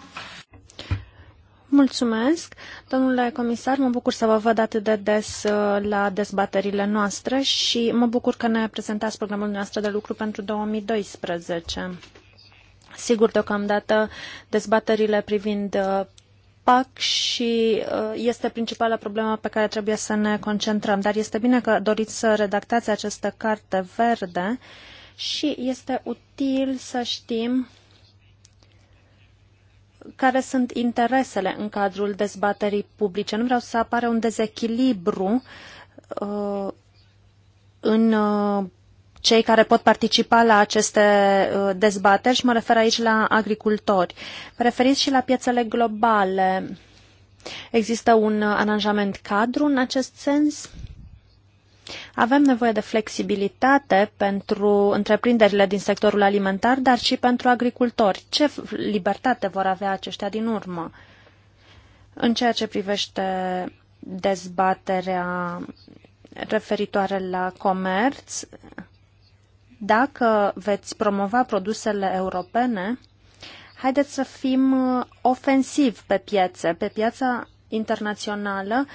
Mulțumesc, domnule comisar, mă bucur să vă văd atât de des uh, la dezbaterile noastre și mă bucur că ne prezentați programul noastră de lucru pentru 2012. Sigur, deocamdată dezbaterile privind uh, PAC și uh, este principala problemă pe care trebuie să ne concentrăm, dar este bine că doriți să redactați această carte verde și este util să știm care sunt interesele în cadrul dezbaterii publice. Nu vreau să apară un dezechilibru uh, în uh, cei care pot participa la aceste uh, dezbateri și mă refer aici la agricultori. referiți și la piețele globale. Există un aranjament cadru în acest sens? Avem nevoie de flexibilitate pentru întreprinderile din sectorul alimentar, dar și pentru agricultori. Ce libertate vor avea aceștia din urmă? În ceea ce privește dezbaterea referitoare la comerț, dacă veți promova produsele europene, haideți să fim ofensivi pe piețe, pe piața internațională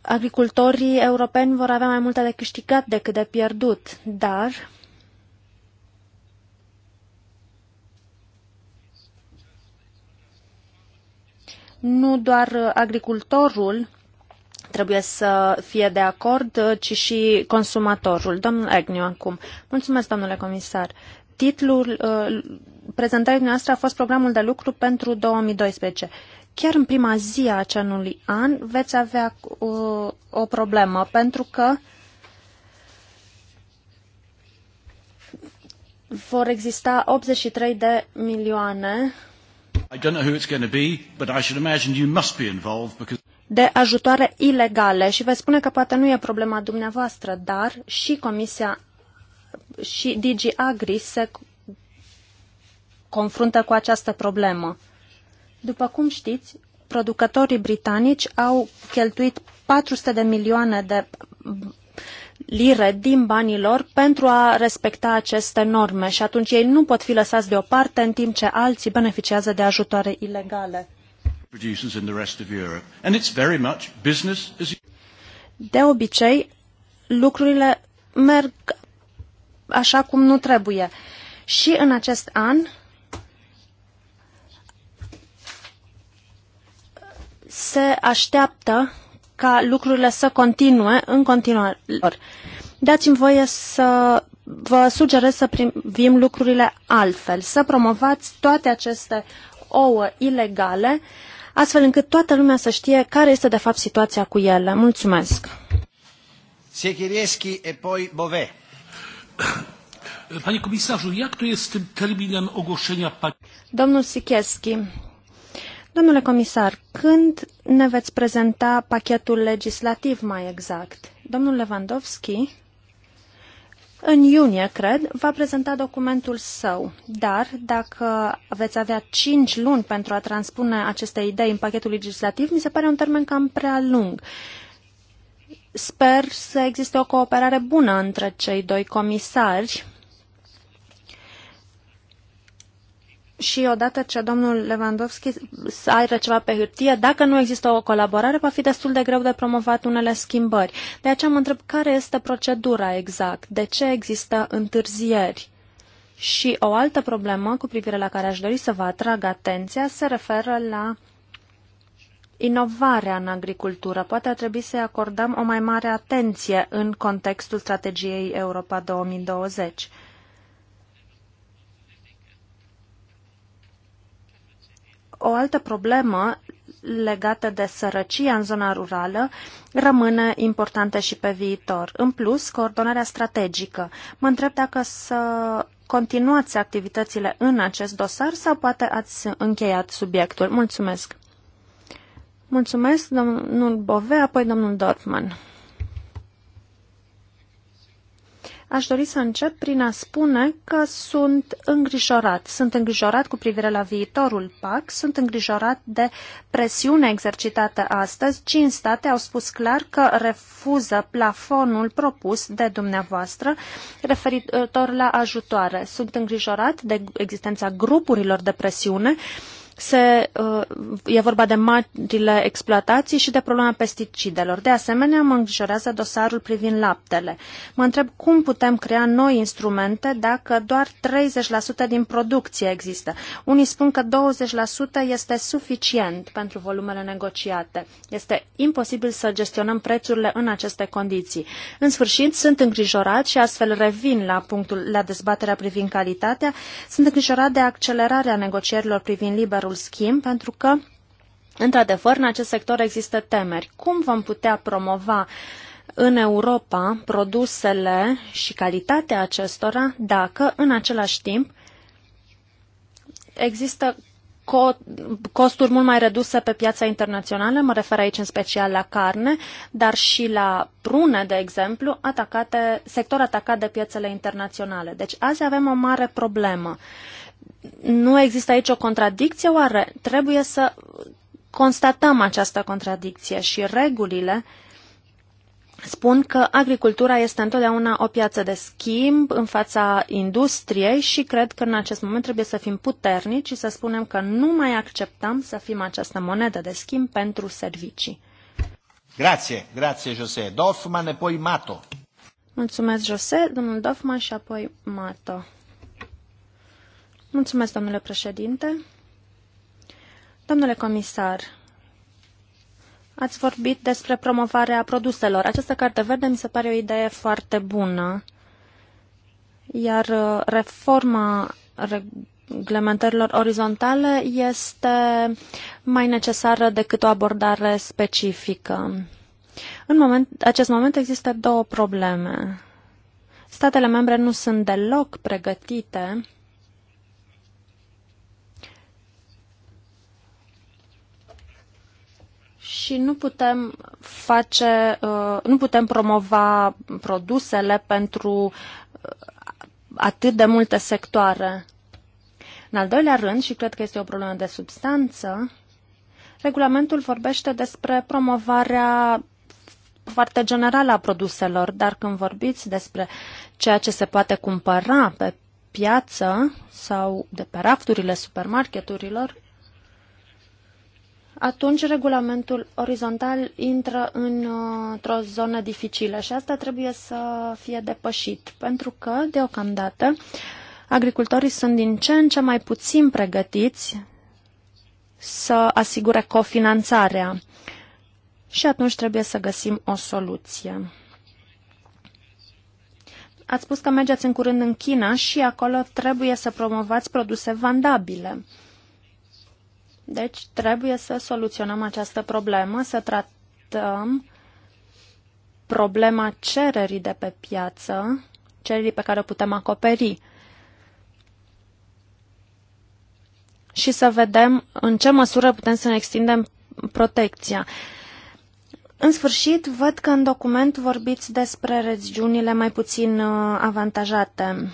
agricultorii europeni vor avea mai multe de câștigat decât de pierdut, dar nu doar agricultorul trebuie să fie de acord, ci și consumatorul. Domnul Agnew acum. Mulțumesc, domnule comisar. Titlul uh, prezentării noastre a fost programul de lucru pentru 2012 chiar în prima zi a acelui an veți avea uh, o problemă, pentru că vor exista 83 de milioane de ajutoare ilegale și vă spune că poate nu e problema dumneavoastră, dar și Comisia și DG Agri se confruntă cu această problemă. După cum știți, producătorii britanici au cheltuit 400 de milioane de lire din banii lor pentru a respecta aceste norme și atunci ei nu pot fi lăsați deoparte în timp ce alții beneficiază de ajutoare ilegale. De obicei, lucrurile merg așa cum nu trebuie. Și în acest an, se așteaptă ca lucrurile să continue în continuare. Dați-mi voie să vă sugerez să privim lucrurile altfel, să promovați toate aceste ouă ilegale, astfel încât toată lumea să știe care este de fapt situația cu ele. Mulțumesc! Siechirieschi e poi bove. Panie komisarzu, jak to jest z tym terminem ogłoszenia... Domnul Sikierski, Domnule comisar, când ne veți prezenta pachetul legislativ mai exact? Domnul Lewandowski, în iunie, cred, va prezenta documentul său, dar dacă veți avea 5 luni pentru a transpune aceste idei în pachetul legislativ, mi se pare un termen cam prea lung. Sper să existe o cooperare bună între cei doi comisari și odată ce domnul Lewandowski aibă ceva pe hârtie, dacă nu există o colaborare, va fi destul de greu de promovat unele schimbări. De aceea mă întreb care este procedura exact, de ce există întârzieri. Și o altă problemă cu privire la care aș dori să vă atrag atenția se referă la inovarea în agricultură. Poate ar trebui să-i acordăm o mai mare atenție în contextul strategiei Europa 2020. o altă problemă legată de sărăcia în zona rurală rămâne importantă și pe viitor. În plus, coordonarea strategică. Mă întreb dacă să continuați activitățile în acest dosar sau poate ați încheiat subiectul. Mulțumesc! Mulțumesc, domnul Bove, apoi domnul Dorfman. Aș dori să încep prin a spune că sunt îngrijorat. Sunt îngrijorat cu privire la viitorul PAC, sunt îngrijorat de presiunea exercitată astăzi. Cinci state au spus clar că refuză plafonul propus de dumneavoastră referitor la ajutoare. Sunt îngrijorat de existența grupurilor de presiune se, uh, e vorba de marile exploatații și de problema pesticidelor. De asemenea, mă îngrijorează dosarul privind laptele. Mă întreb cum putem crea noi instrumente dacă doar 30% din producție există. Unii spun că 20% este suficient pentru volumele negociate. Este imposibil să gestionăm prețurile în aceste condiții. În sfârșit, sunt îngrijorat și astfel revin la punctul la dezbaterea privind calitatea. Sunt îngrijorat de accelerarea negocierilor privind liberul liberul schimb, pentru că, într-adevăr, în acest sector există temeri. Cum vom putea promova în Europa produsele și calitatea acestora dacă, în același timp, există costuri mult mai reduse pe piața internațională, mă refer aici în special la carne, dar și la prune, de exemplu, atacate, sector atacat de piețele internaționale. Deci azi avem o mare problemă. Uh, nu există aici o contradicție? Oare trebuie să constatăm această contradicție și regulile spun că agricultura este întotdeauna o piață de schimb în fața industriei și cred că în acest moment trebuie să fim puternici și să spunem că nu mai acceptăm să fim această monedă de schimb pentru servicii. Grație, grație, José. Dofman, apoi poi Mato. Mulțumesc, José, domnul Dofman și apoi Mato. Mulțumesc, domnule președinte. Domnule comisar, ați vorbit despre promovarea produselor. Această carte verde mi se pare o idee foarte bună, iar uh, reforma reglementărilor orizontale este mai necesară decât o abordare specifică. În moment, acest moment există două probleme. Statele membre nu sunt deloc pregătite și nu putem face, uh, nu putem promova produsele pentru uh, atât de multe sectoare. În al doilea rând, și cred că este o problemă de substanță, regulamentul vorbește despre promovarea foarte generală a produselor, dar când vorbiți despre ceea ce se poate cumpăra pe piață sau de pe rafturile supermarketurilor, atunci regulamentul orizontal intră într-o zonă dificilă și asta trebuie să fie depășit, pentru că, deocamdată, agricultorii sunt din ce în ce mai puțin pregătiți să asigure cofinanțarea și atunci trebuie să găsim o soluție. Ați spus că mergeți în curând în China și acolo trebuie să promovați produse vandabile. Deci trebuie să soluționăm această problemă, să tratăm problema cererii de pe piață, cererii pe care o putem acoperi. Și să vedem în ce măsură putem să ne extindem protecția. În sfârșit, văd că în document vorbiți despre regiunile mai puțin uh, avantajate.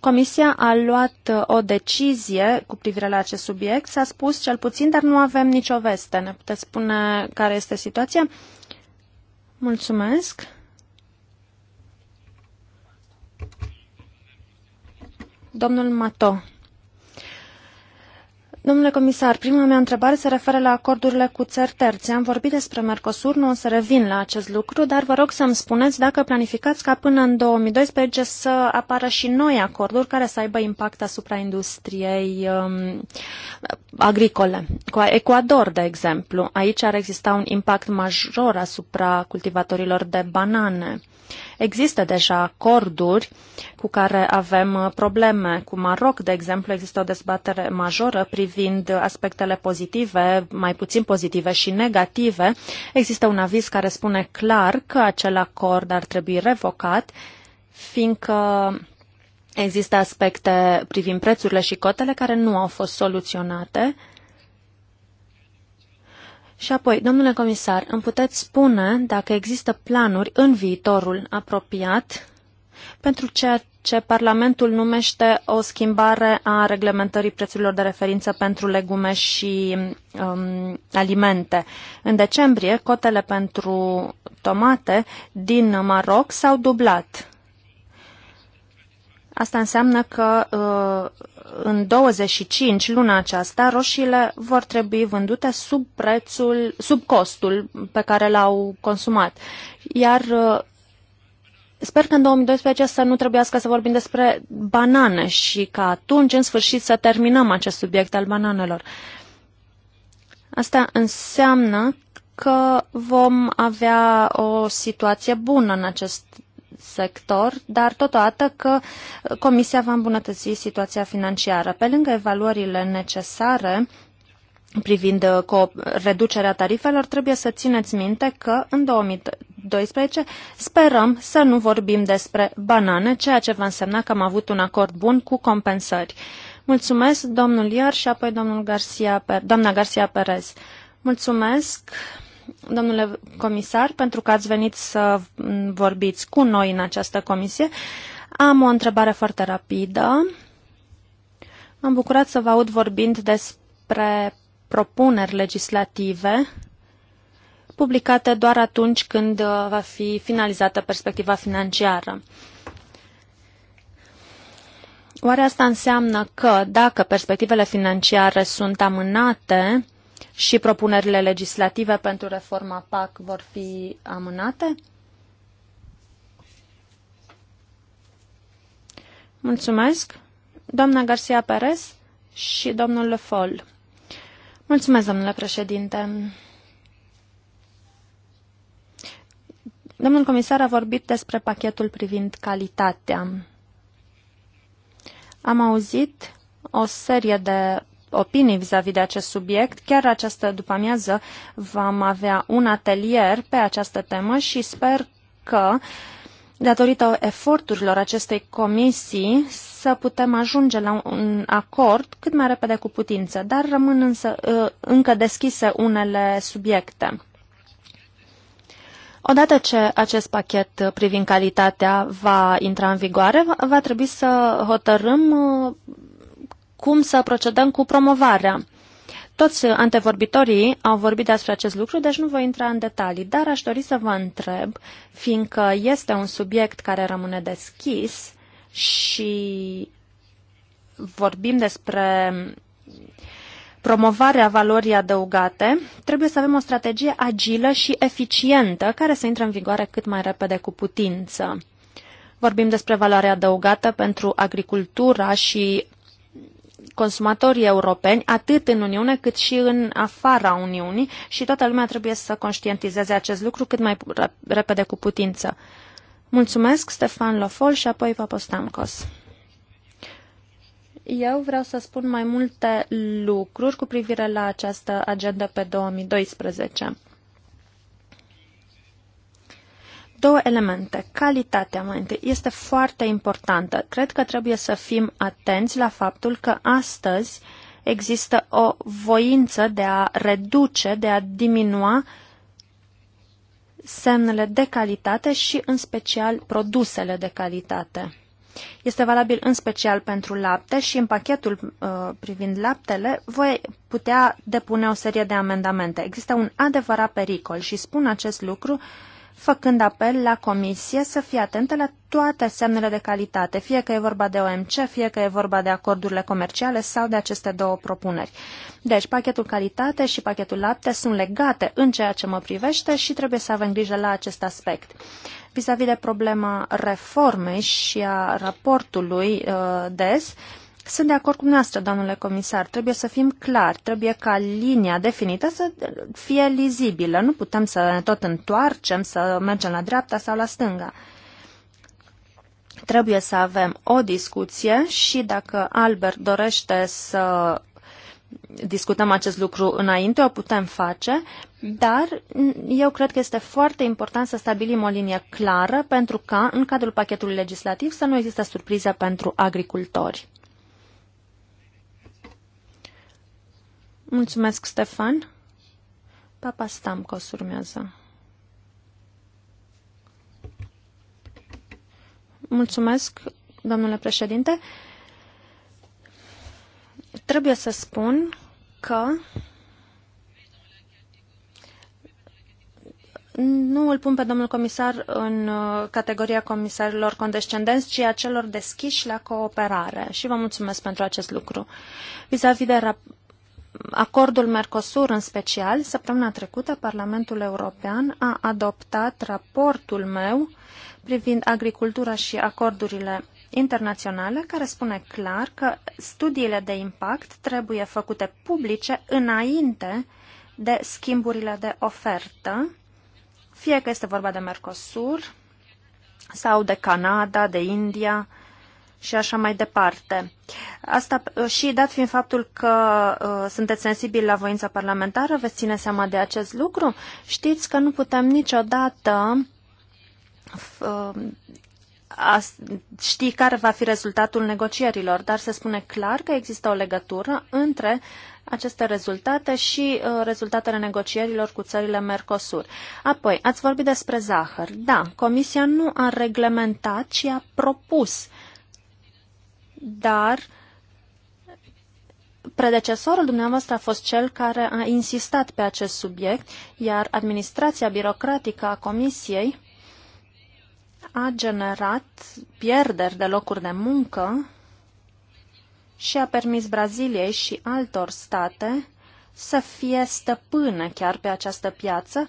Comisia a luat uh, o decizie cu privire la acest subiect, s-a spus cel puțin, dar nu avem nicio veste. Ne puteți spune care este situația? Mulțumesc. Domnul Mato. Domnule comisar, prima mea întrebare se referă la acordurile cu țări terțe. Am vorbit despre Mercosur, nu o să revin la acest lucru, dar vă rog să-mi spuneți dacă planificați ca până în 2012 să apară și noi acorduri care să aibă impact asupra industriei um, agricole. Cu Ecuador, de exemplu, aici ar exista un impact major asupra cultivatorilor de banane. Există deja acorduri cu care avem uh, probleme. Cu Maroc, de exemplu, există o dezbatere majoră privind aspectele pozitive, mai puțin pozitive și negative. Există un aviz care spune clar că acel acord ar trebui revocat, fiindcă Există aspecte privind prețurile și cotele care nu au fost soluționate și apoi, domnule comisar, îmi puteți spune dacă există planuri în viitorul apropiat pentru ceea ce Parlamentul numește o schimbare a reglementării prețurilor de referință pentru legume și um, alimente. În decembrie, cotele pentru tomate din Maroc s-au dublat Asta înseamnă că uh, în 25 luna aceasta roșiile vor trebui vândute sub prețul, sub costul pe care l-au consumat. Iar uh, Sper că în 2012 să nu trebuiască să vorbim despre banane și ca atunci, în sfârșit, să terminăm acest subiect al bananelor. Asta înseamnă că vom avea o situație bună în acest sector, dar totodată că Comisia va îmbunătăți situația financiară. Pe lângă evaluările necesare, privind reducerea tarifelor, trebuie să țineți minte că în 2012 sperăm să nu vorbim despre banane, ceea ce va însemna că am avut un acord bun cu compensări. Mulțumesc, domnul Iar și apoi domnul Garcia, doamna Garcia Perez. Mulțumesc domnule comisar, pentru că ați venit să vorbiți cu noi în această comisie. Am o întrebare foarte rapidă. Am bucurat să vă aud vorbind despre propuneri legislative publicate doar atunci când va fi finalizată perspectiva financiară. Oare asta înseamnă că dacă perspectivele financiare sunt amânate, și propunerile legislative pentru reforma PAC vor fi amânate? Mulțumesc. Doamna Garcia Perez și domnul Le Foll. Mulțumesc, domnule președinte. Domnul comisar a vorbit despre pachetul privind calitatea. Am auzit o serie de opinii vis-a-vis -vis de acest subiect. Chiar această după-amiază vom avea un atelier pe această temă și sper că, datorită eforturilor acestei comisii, să putem ajunge la un acord cât mai repede cu putință, dar rămân însă ă, încă deschise unele subiecte. Odată ce acest pachet privind calitatea va intra în vigoare, va trebui să hotărâm ă, cum să procedăm cu promovarea. Toți antevorbitorii au vorbit despre acest lucru, deci nu voi intra în detalii, dar aș dori să vă întreb, fiindcă este un subiect care rămâne deschis și vorbim despre promovarea valorii adăugate, trebuie să avem o strategie agilă și eficientă care să intre în vigoare cât mai repede cu putință. Vorbim despre valoarea adăugată pentru agricultura și consumatorii europeni, atât în Uniune cât și în afara Uniunii și toată lumea trebuie să conștientizeze acest lucru cât mai repede cu putință. Mulțumesc, Stefan Lofol și apoi Papostamcos. Eu vreau să spun mai multe lucruri cu privire la această agendă pe 2012. Două elemente. Calitatea, mai întâi, este foarte importantă. Cred că trebuie să fim atenți la faptul că astăzi există o voință de a reduce, de a diminua semnele de calitate și, în special, produsele de calitate. Este valabil în special pentru lapte și în pachetul uh, privind laptele voi putea depune o serie de amendamente. Există un adevărat pericol și spun acest lucru uh, făcând apel la Comisie să fie atentă la toate semnele de calitate, fie că e vorba de OMC, fie că e vorba de acordurile comerciale sau de aceste două propuneri. Deci, pachetul calitate și pachetul lapte sunt legate în ceea ce mă privește și trebuie să avem grijă la acest aspect. Vis-a-vis -vis de problema reformei și a raportului uh, DES, sunt de acord cu dumneavoastră, domnule comisar. Trebuie să fim clari, trebuie ca linia definită să fie lizibilă. Nu putem să ne tot întoarcem, să mergem la dreapta sau la stânga. Trebuie să avem o discuție și dacă Albert dorește să discutăm acest lucru înainte, o putem face, dar eu cred că este foarte important să stabilim o linie clară pentru ca, în cadrul pachetului legislativ, să nu există surprize pentru agricultori. Mulțumesc, Stefan. Papa Stamcos urmează. Mulțumesc, domnule președinte. Trebuie să spun că nu îl pun pe domnul comisar în uh, categoria comisarilor condescendenți, ci a celor deschiși la cooperare. Și vă mulțumesc pentru acest lucru. Vis-a-vis -vis de acordul Mercosur în special, săptămâna trecută Parlamentul European a adoptat raportul meu privind agricultura și acordurile internaționale, care spune clar că studiile de impact trebuie făcute publice înainte de schimburile de ofertă, fie că este vorba de Mercosur sau de Canada, de India și așa mai departe. Asta uh, și dat fiind faptul că uh, sunteți sensibili la voința parlamentară, veți ține seama de acest lucru. Știți că nu putem niciodată uh, a ști care va fi rezultatul negocierilor, dar se spune clar că există o legătură între aceste rezultate și uh, rezultatele negocierilor cu țările Mercosur. Apoi, ați vorbit despre zahăr. Da, Comisia nu a reglementat, ci a propus dar predecesorul dumneavoastră a fost cel care a insistat pe acest subiect, iar administrația birocratică a Comisiei a generat pierderi de locuri de muncă și a permis Braziliei și altor state să fie stăpâne chiar pe această piață,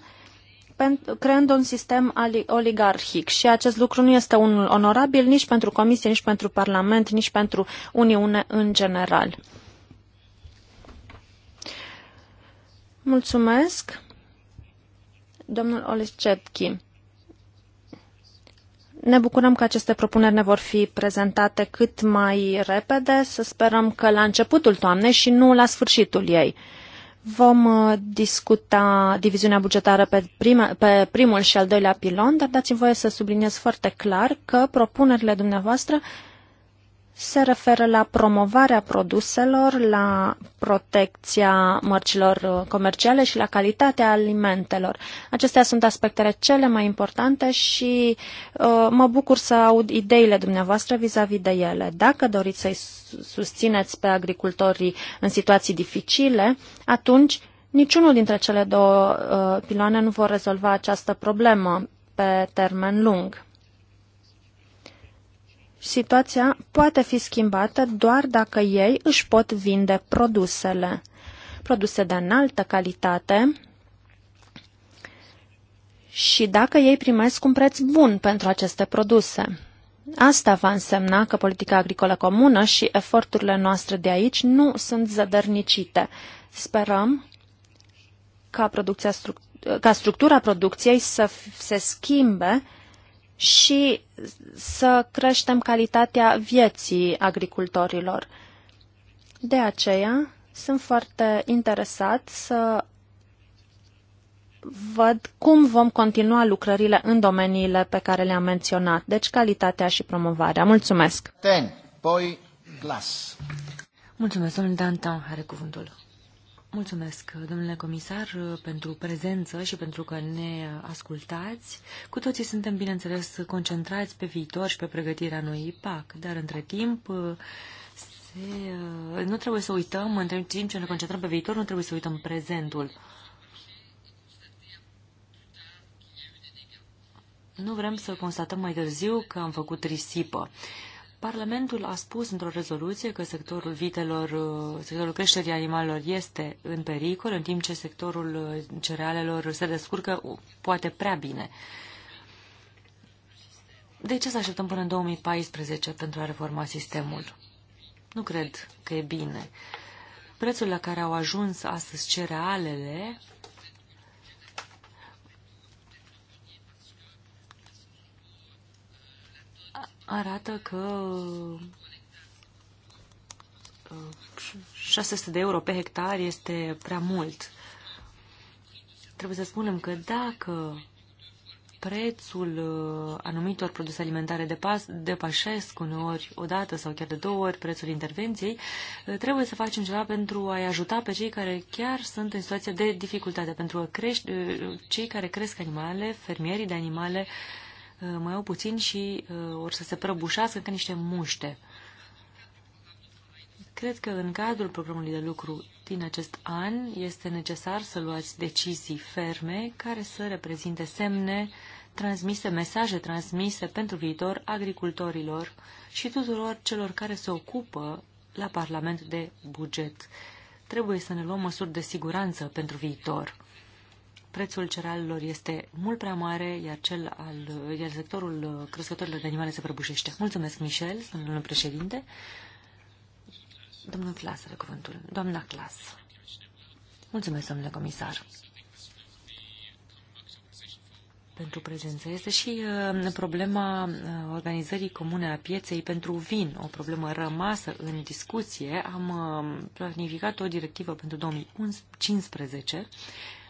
creând un sistem oligarhic și acest lucru nu este unul onorabil nici pentru Comisie, nici pentru Parlament, nici pentru Uniune în general. Mulțumesc. Domnul Olescetchi. Ne bucurăm că aceste propuneri ne vor fi prezentate cât mai repede, să sperăm că la începutul toamnei și nu la sfârșitul ei. Vom uh, discuta diviziunea bugetară pe, prima, pe primul și al doilea pilon, dar dați-mi voie să subliniez foarte clar că propunerile dumneavoastră se referă la promovarea produselor, la protecția mărcilor uh, comerciale și la calitatea alimentelor. Acestea sunt aspectele cele mai importante și uh, mă bucur să aud ideile dumneavoastră vis-a-vis de ele. Dacă doriți să-i susțineți pe agricultorii în situații dificile, atunci niciunul dintre cele două uh, piloane nu vor rezolva această problemă pe termen lung situația poate fi schimbată doar dacă ei își pot vinde produsele. Produse de înaltă calitate și dacă ei primesc un preț bun pentru aceste produse. Asta va însemna că politica agricolă comună și eforturile noastre de aici nu sunt zădărnicite. Sperăm ca, producția, ca structura producției să se schimbe și să creștem calitatea vieții agricultorilor. De aceea, sunt foarte interesat să văd cum vom continua lucrările în domeniile pe care le-am menționat, deci calitatea și promovarea. Mulțumesc! Ten, poi, glass. Mulțumesc, domnul Dantan, are cuvântul. Mulțumesc, domnule comisar, pentru prezență și pentru că ne ascultați. Cu toții suntem, bineînțeles, concentrați pe viitor și pe pregătirea noii PAC, dar între timp se, nu trebuie să uităm, între timp ce ne concentrăm pe viitor, nu trebuie să uităm prezentul. Nu vrem să constatăm mai târziu că am făcut risipă. Uh, Parlamentul a spus într-o rezoluție că sectorul vitelor, uh, sectorul creșterii animalelor este în pericol, în timp ce sectorul uh, cerealelor se descurcă uh, poate prea bine. De ce să așteptăm până în 2014 pentru a reforma sistemul? Nu cred că e bine. Prețul la care au ajuns astăzi cerealele arată că 600 uh, de euro pe hectar este prea mult. Trebuie să spunem că dacă prețul uh, anumitor produse alimentare depas, depășesc uneori o dată sau chiar de două ori prețul intervenției, uh, trebuie să facem ceva pentru a-i ajuta pe cei care chiar sunt în situație de dificultate, pentru a crește, cei care cresc animale, fermierii de animale, uh, Uh, mai au puțin și uh, or să se prăbușească ca niște muște. Cred că în cadrul programului de lucru din acest an este necesar să luați decizii ferme care să reprezinte semne transmise, mesaje transmise pentru viitor agricultorilor și tuturor celor care se ocupă la Parlament de buget. Trebuie să ne luăm măsuri de siguranță pentru viitor prețul cerealelor este mult prea mare, iar, cel al, iar sectorul uh, crescătorilor de animale se prăbușește. Mulțumesc, Michel, domnul președinte. Domnul Clas are cuvântul. Doamna Clas. Mulțumesc, domnule comisar pentru prezență. Este și uh, problema uh, organizării comune a pieței pentru vin, o problemă rămasă în discuție. Am uh, planificat o directivă pentru 2015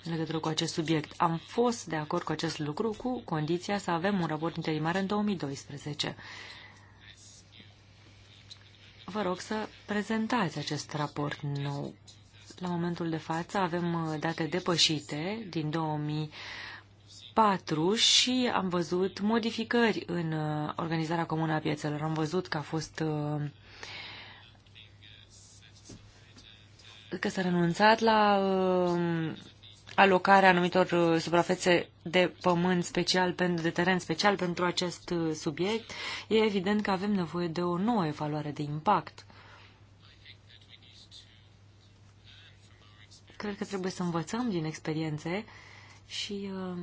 în legătură cu acest subiect. Am fost de acord cu acest lucru cu condiția să avem un raport interimar în 2012. Vă rog să prezentați acest raport nou. La momentul de față avem uh, date depășite din 2004 și am văzut modificări în uh, organizarea comună a piețelor. Am văzut că a fost uh, că s-a renunțat la alocarea anumitor uh, suprafețe de pământ special, pentru, de teren special pentru acest uh, subiect, e evident că avem nevoie de o nouă evaluare de impact. Cred că trebuie să învățăm din experiențe și uh,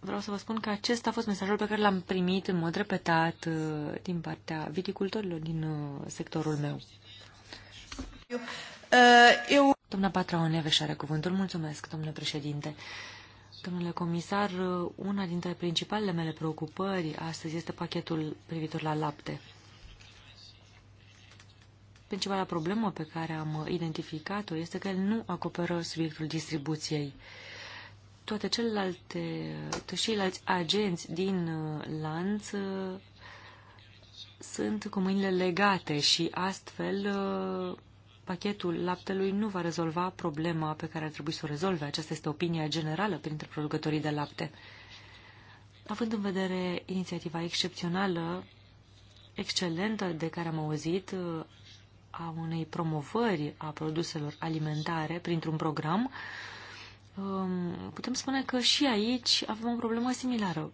vreau să vă spun că acesta a fost mesajul pe care l-am primit în mod repetat din partea viticultorilor din sectorul meu. Uh, eu... Doamna Patraon Neveș are cuvântul. Mulțumesc, domnule președinte. Domnule comisar, una dintre principalele mele preocupări astăzi este pachetul privitor la lapte. Principala problemă pe care am identificat-o este că el nu acoperă subiectul distribuției. Toate celelalte, toți ceilalți agenți din uh, lanț uh, sunt cu mâinile legate și astfel pachetul laptelui nu va rezolva problema pe care ar trebui să o rezolve. Aceasta este opinia generală printre producătorii de lapte. Având în vedere inițiativa excepțională, excelentă de care am auzit, a unei promovări a produselor alimentare printr-un program, um, putem spune că și aici avem o problemă similară.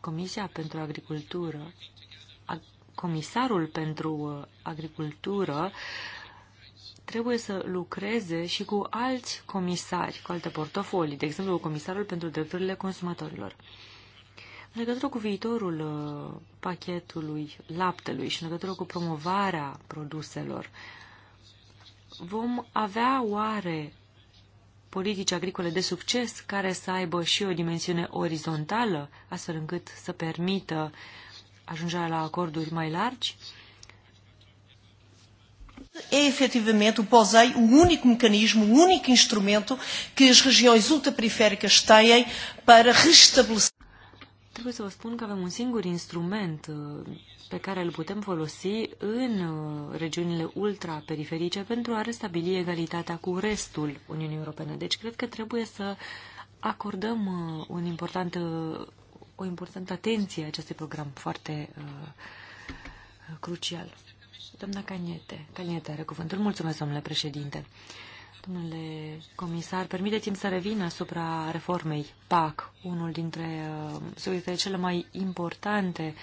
Comisia pentru Agricultură, comisarul pentru uh, agricultură trebuie să lucreze și cu alți comisari, cu alte portofolii, de exemplu cu Comisarul pentru Drepturile Consumatorilor. În legătură cu viitorul uh, pachetului laptelui și în legătură cu promovarea produselor, vom avea oare politici agricole de succes care să aibă și o dimensiune orizontală, astfel încât să permită ajungerea la acorduri mai largi? É efetivamente o POSEI o único mecanismo, o único instrumento que as regiões ultraperiféricas têm para restabelecer. Trebuie să vă spun că avem un singur instrument uh, pe care îl putem folosi în uh, regiunile ultraperiferice pentru a restabili egalitatea cu restul Uniunii Europene. Deci cred că trebuie să acordăm uh, un important, o importantă atenție acestui program foarte uh, crucial. Doamna Caniete, Caniete are cuvântul. Mulțumesc, domnule președinte. Domnule comisar, permiteți-mi să revin asupra reformei PAC, unul dintre uh, subiectele cele mai importante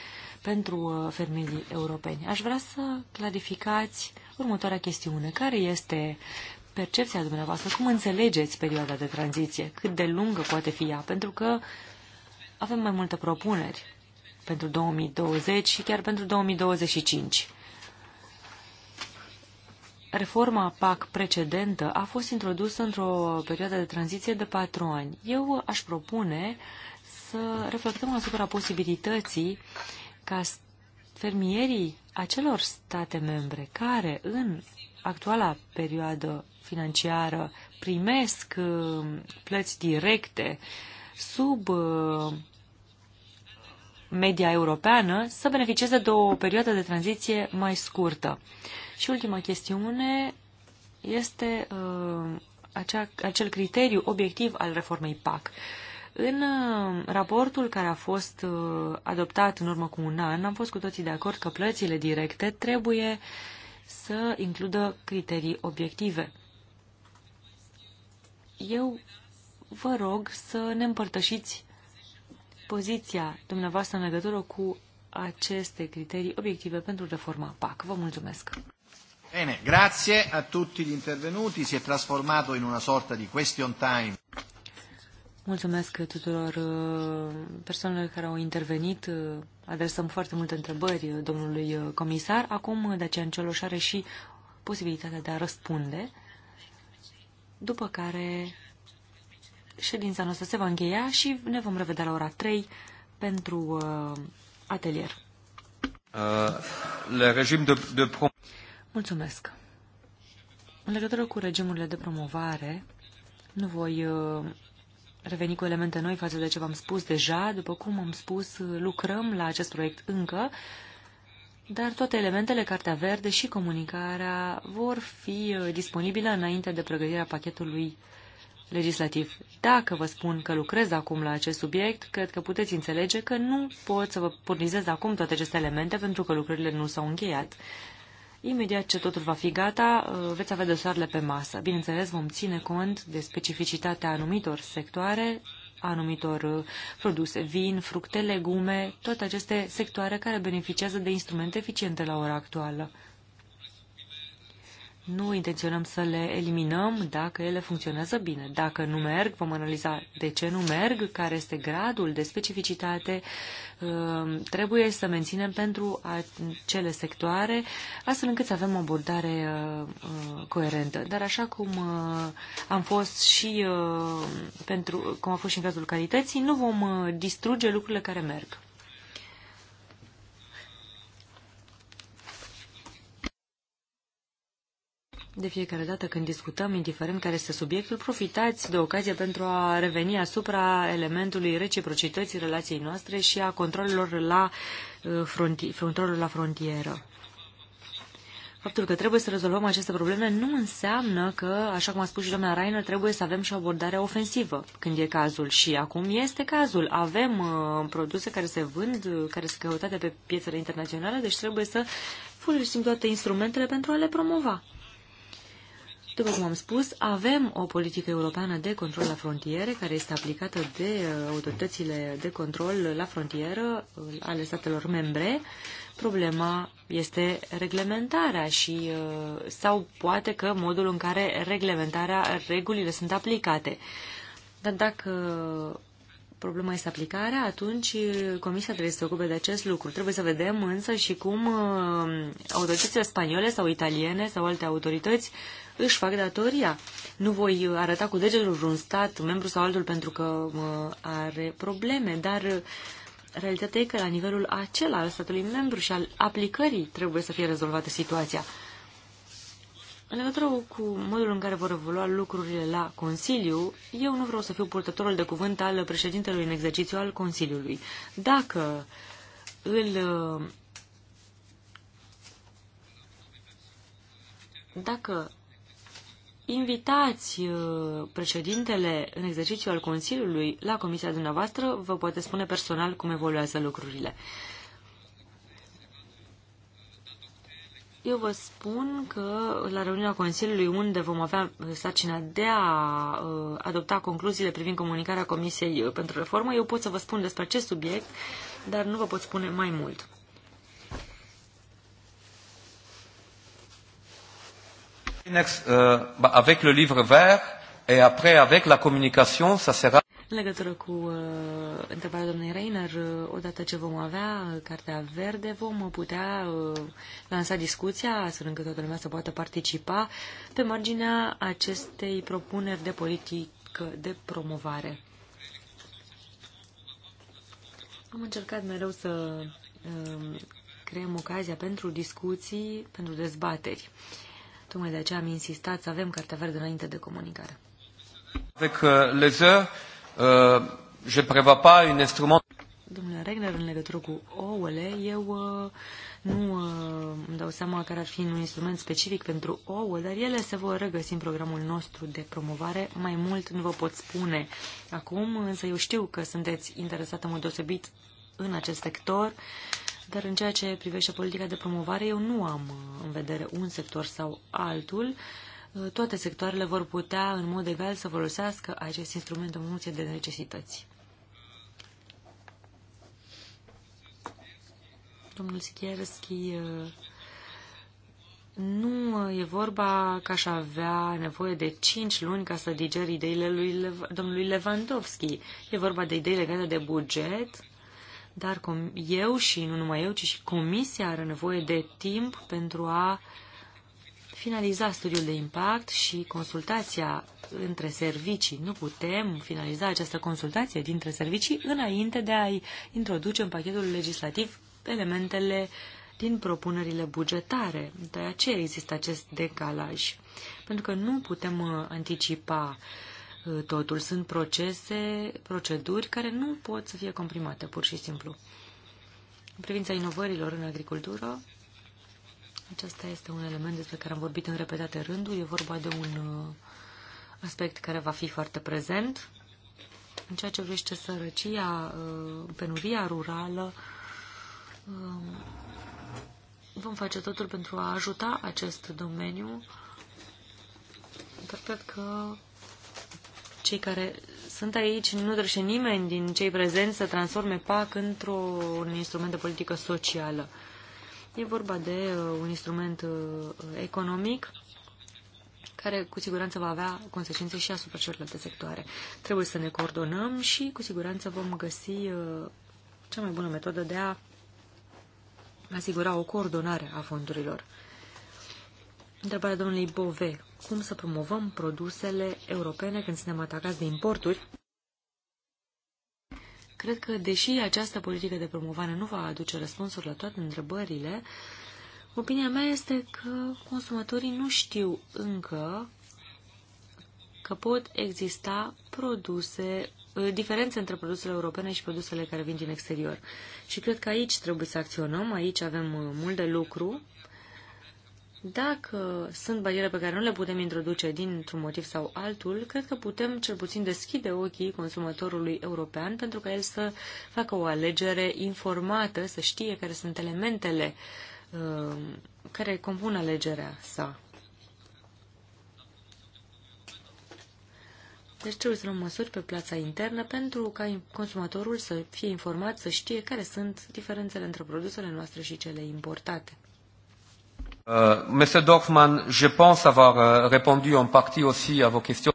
pentru uh, fermierii europeni. Aș vrea să clarificați următoarea chestiune. Care este percepția dumneavoastră? Cum înțelegeți perioada de tranziție? Cât de lungă poate fi ea? Pentru că avem mai multe propuneri pentru 2020 și chiar pentru 2025. Reforma PAC precedentă a fost introdusă într-o perioadă de tranziție de patru ani. Eu aș propune să reflectăm asupra posibilității ca fermierii acelor state membre care în actuala perioadă financiară primesc uh, plăți directe sub uh, media europeană să beneficieze de o perioadă de tranziție mai scurtă. Și ultima chestiune este uh, acea, acel criteriu obiectiv al reformei PAC. În uh, raportul care a fost uh, adoptat în urmă cu un an, am fost cu toții de acord că plățile directe trebuie să includă criterii obiective. Eu vă rog să ne împărtășiți poziția dumneavoastră în legătură cu aceste criterii obiective pentru reforma PAC. Vă mulțumesc! Bine, grazie a tutti gli intervenuti, si è trasformato in una sorta di question time. Mulțumesc tuturor uh, persoanelor care au intervenit. Uh, adresăm foarte multe întrebări uh, domnului comisar. Acum Dacian Cioloș are și posibilitatea de a răspunde, după care ședința noastră se va încheia și ne vom revedea la ora 3 pentru uh, atelier. Uh, le regim de, de prom- Mulțumesc. În legătură cu regimurile de promovare, nu voi uh, reveni cu elemente noi față de ce v-am spus deja. După cum am spus, lucrăm la acest proiect încă, dar toate elementele, Cartea Verde și comunicarea, vor fi uh, disponibile înainte de pregătirea pachetului legislativ. Dacă vă spun că lucrez acum la acest subiect, cred că puteți înțelege că nu pot să vă pornizez acum toate aceste elemente pentru că lucrările nu s-au încheiat. Imediat ce totul va fi gata, uh, veți avea dosarele pe masă. Bineînțeles, vom ține cont de specificitatea anumitor sectoare, anumitor uh, produse, vin, fructe, legume, toate aceste sectoare care beneficiază de instrumente eficiente la ora actuală. Nu intenționăm să le eliminăm dacă ele funcționează bine. Dacă nu merg, vom analiza de ce nu merg, care este gradul de specificitate. Ehm, trebuie să menținem pentru acele sectoare, astfel încât să avem o abordare ehm, coerentă. Dar așa cum ehm, am fost și pentru, cum a fost și în cazul calității, nu vom distruge lucrurile care merg. De fiecare dată când discutăm, indiferent care este subiectul, profitați de ocazie pentru a reveni asupra elementului reciprocității relației noastre și a controlelor la, uh, fronti la frontieră. Faptul că trebuie să rezolvăm aceste probleme nu înseamnă că, așa cum a spus și doamna Rainer, trebuie să avem și o abordare ofensivă când e cazul. Și acum este cazul. Avem uh, produse care se vând, uh, care sunt căutate pe piețele internaționale, deci trebuie să folosim toate instrumentele pentru a le promova. După cum am spus, avem o politică europeană de control la frontiere care este aplicată de uh, autoritățile de control la frontieră uh, ale statelor membre. Problema este reglementarea și uh, sau poate că modul în care reglementarea, regulile sunt aplicate. Dar dacă problema este aplicarea, atunci Comisia trebuie să se ocupe de acest lucru. Trebuie să vedem însă și cum autoritățile spaniole sau italiene sau alte autorități își fac datoria. Nu voi arăta cu degetul un stat, membru sau altul, pentru că are probleme, dar uh, realitatea e că la nivelul acela al statului membru și al aplicării trebuie să fie rezolvată situația. În legătură cu modul în care vor evolua lucrurile la Consiliu, eu nu vreau să fiu purtătorul de cuvânt al președintelui în exercițiu al Consiliului. Dacă îl uh, dacă invitați uh, președintele în exercițiu al Consiliului la comisia dumneavoastră, vă poate spune personal cum evoluează lucrurile. Eu vă spun că la reuniunea Consiliului, unde vom avea sarcina de a uh, adopta concluziile privind comunicarea Comisiei uh, pentru Reformă, eu pot să vă spun despre acest subiect, dar nu vă pot spune mai mult. Euh, avec le livre vert et après avec la communication, ça sera... În legătură cu uh, întrebarea doamnei Reiner, uh, odată ce vom avea uh, cartea verde, vom putea uh, lansa discuția astfel încât toată lumea să poată participa pe marginea acestei propuneri de politică de promovare. Am încercat mereu să uh, creăm ocazia pentru discuții, pentru dezbateri. Uh, Tocmai de aceea am insistat să avem cartea verde înainte de comunicare. Avec euh, les heures, je prévois pas un instrument Domnule Regner, în legătură cu ouăle, eu uh, nu uh, îmi dau seama care ar fi un instrument specific pentru ouă, dar ele se vor regăsi în programul nostru de promovare. Mai mult nu vă pot spune acum, însă eu știu că sunteți interesat în mod deosebit în acest sector. Dar în ceea ce privește politica de promovare, eu nu am uh, în vedere un sector sau altul. Uh, toate sectoarele vor putea, în mod egal, să folosească acest instrument în funcție de necesități. Domnul Schierski, uh, nu e vorba că aș avea nevoie de 5 luni ca să diger ideile lui Lev- domnului Lewandowski. E vorba de idei legate de buget, dar eu și nu numai eu, ci și Comisia are nevoie de timp pentru a finaliza studiul de impact și consultația între servicii. Nu putem finaliza această consultație dintre servicii înainte de a-i introduce în pachetul legislativ elementele din propunerile bugetare. De aceea există acest decalaj. Pentru că nu putem uh, anticipa uh, totul. Sunt procese, proceduri care nu pot să fie comprimate, pur și simplu. În privința inovărilor în agricultură, acesta este un element despre care am vorbit în repetate rânduri. E vorba de un uh, aspect care va fi foarte prezent. În ceea ce privește sărăcia, uh, penuria rurală, uh, vom face totul pentru a ajuta acest domeniu, dar cred că cei care sunt aici, nu dorește nimeni din cei prezenți să transforme PAC într-un instrument de politică socială. E vorba de uh, un instrument uh, economic care cu siguranță va avea consecințe și asupra celorlalte sectoare. Trebuie să ne coordonăm și cu siguranță vom găsi uh, cea mai bună metodă de a asigura o coordonare a fondurilor. Întrebarea domnului Bove. Cum să promovăm produsele europene când suntem atacați de importuri? Cred că, deși această politică de promovare nu va aduce răspunsuri la toate întrebările, opinia mea este că consumatorii nu știu încă că pot exista produse, ă, diferențe între produsele europene și produsele care vin din exterior. Și cred că aici trebuie să acționăm, aici avem ă, mult de lucru dacă sunt bariere pe care nu le putem introduce dintr-un motiv sau altul, cred că putem cel puțin deschide ochii consumatorului european pentru ca el să facă o alegere informată, să știe care sunt elementele uh, care compun alegerea sa. Deci trebuie să luăm măsuri pe plața internă pentru ca consumatorul să fie informat, să știe care sunt diferențele între produsele noastre și cele importate. Euh, Monsieur Dorfman, je pense avoir euh, répondu en partie aussi à vos questions.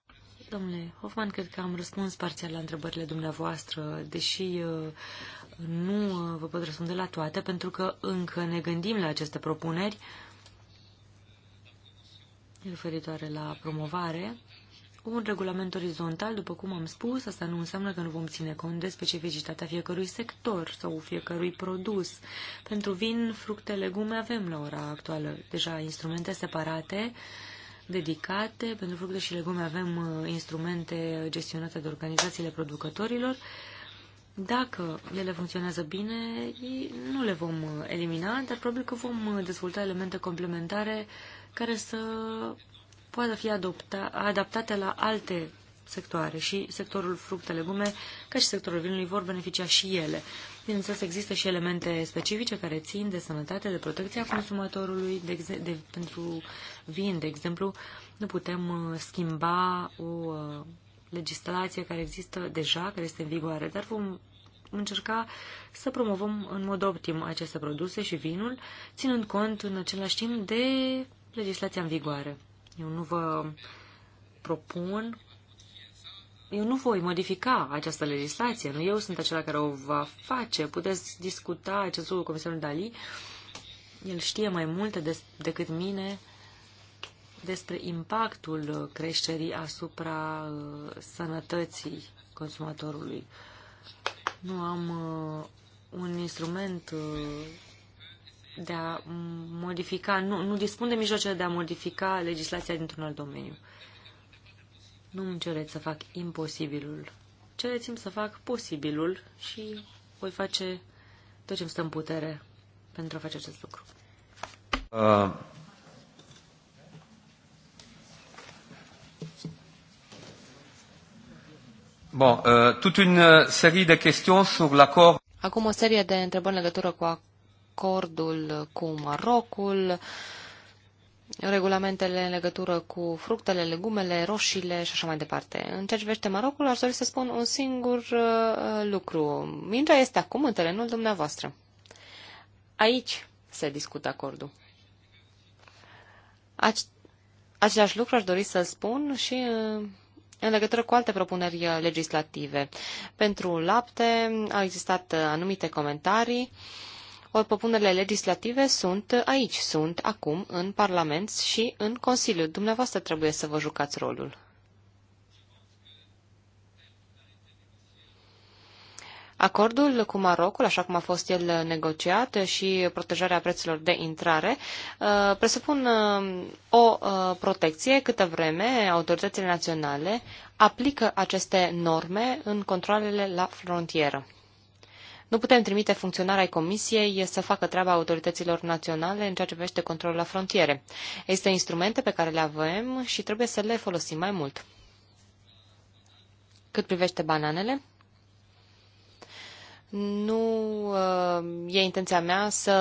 Domnule Hoffman, cred că am răspuns parțial la întrebările dumneavoastră, deși uh, nu uh, vă pot răspunde la toate, pentru că încă ne gândim la aceste propuneri referitoare la promovare un regulament orizontal, după cum am spus, asta nu înseamnă că nu vom ține cont de specificitatea fiecărui sector sau fiecărui produs. Pentru vin, fructe, legume avem la ora actuală deja instrumente separate, dedicate. Pentru fructe și legume avem uh, instrumente gestionate de organizațiile producătorilor. Dacă ele funcționează bine, nu le vom uh, elimina, dar probabil că vom uh, dezvolta elemente complementare care să poată fi adopta, adaptate la alte sectoare și sectorul fructe, legume, ca și sectorul vinului vor beneficia și ele. Bineînțeles, există și elemente specifice care țin de sănătate, de protecția consumatorului, de, de, pentru vin, de exemplu, nu putem uh, schimba o uh, legislație care există deja, care este în vigoare, dar vom încerca să promovăm în mod optim aceste produse și vinul, ținând cont în același timp de legislația în vigoare. Eu nu vă propun, eu nu voi modifica această legislație, nu eu sunt acela care o va face. Puteți discuta acest lucru cu comisarul Dali. El știe mai multe des, decât mine despre impactul creșterii asupra uh, sănătății consumatorului. Nu am uh, un instrument uh, de a modifica, nu, nu dispun de mijloacele de a modifica legislația dintr-un alt domeniu. Nu îmi cereți să fac imposibilul. Cereți-mi să fac posibilul și voi face tot ce îmi stă în putere pentru a face acest lucru. Uh. Bon, euh, toute une uh, série de questions sur l'accord. Acum o serie de întrebări în legătură cu acordul cu Marocul, regulamentele în legătură cu fructele, legumele, roșiile și așa mai departe. În ceea ce vește Marocul, aș dori să spun un singur uh, lucru. Mingea este acum în terenul dumneavoastră. Aici se discută acordul. Același lucru aș dori să spun și uh, în legătură cu alte propuneri uh, legislative. Pentru lapte au existat anumite comentarii. Uh, ori propunerile legislative sunt aici, sunt acum în Parlament și în Consiliu. Dumneavoastră trebuie să vă jucați rolul. Acordul cu Marocul, așa cum a fost el negociat și protejarea prețurilor de intrare, uh, presupun uh, o uh, protecție câtă vreme autoritățile naționale aplică aceste norme în controlele la frontieră. Nu putem trimite funcționarea Comisiei să facă treaba autorităților naționale în ceea ce privește controlul la frontiere. Există instrumente pe care le avem și trebuie să le folosim mai mult. Cât privește bananele, nu uh, e intenția mea să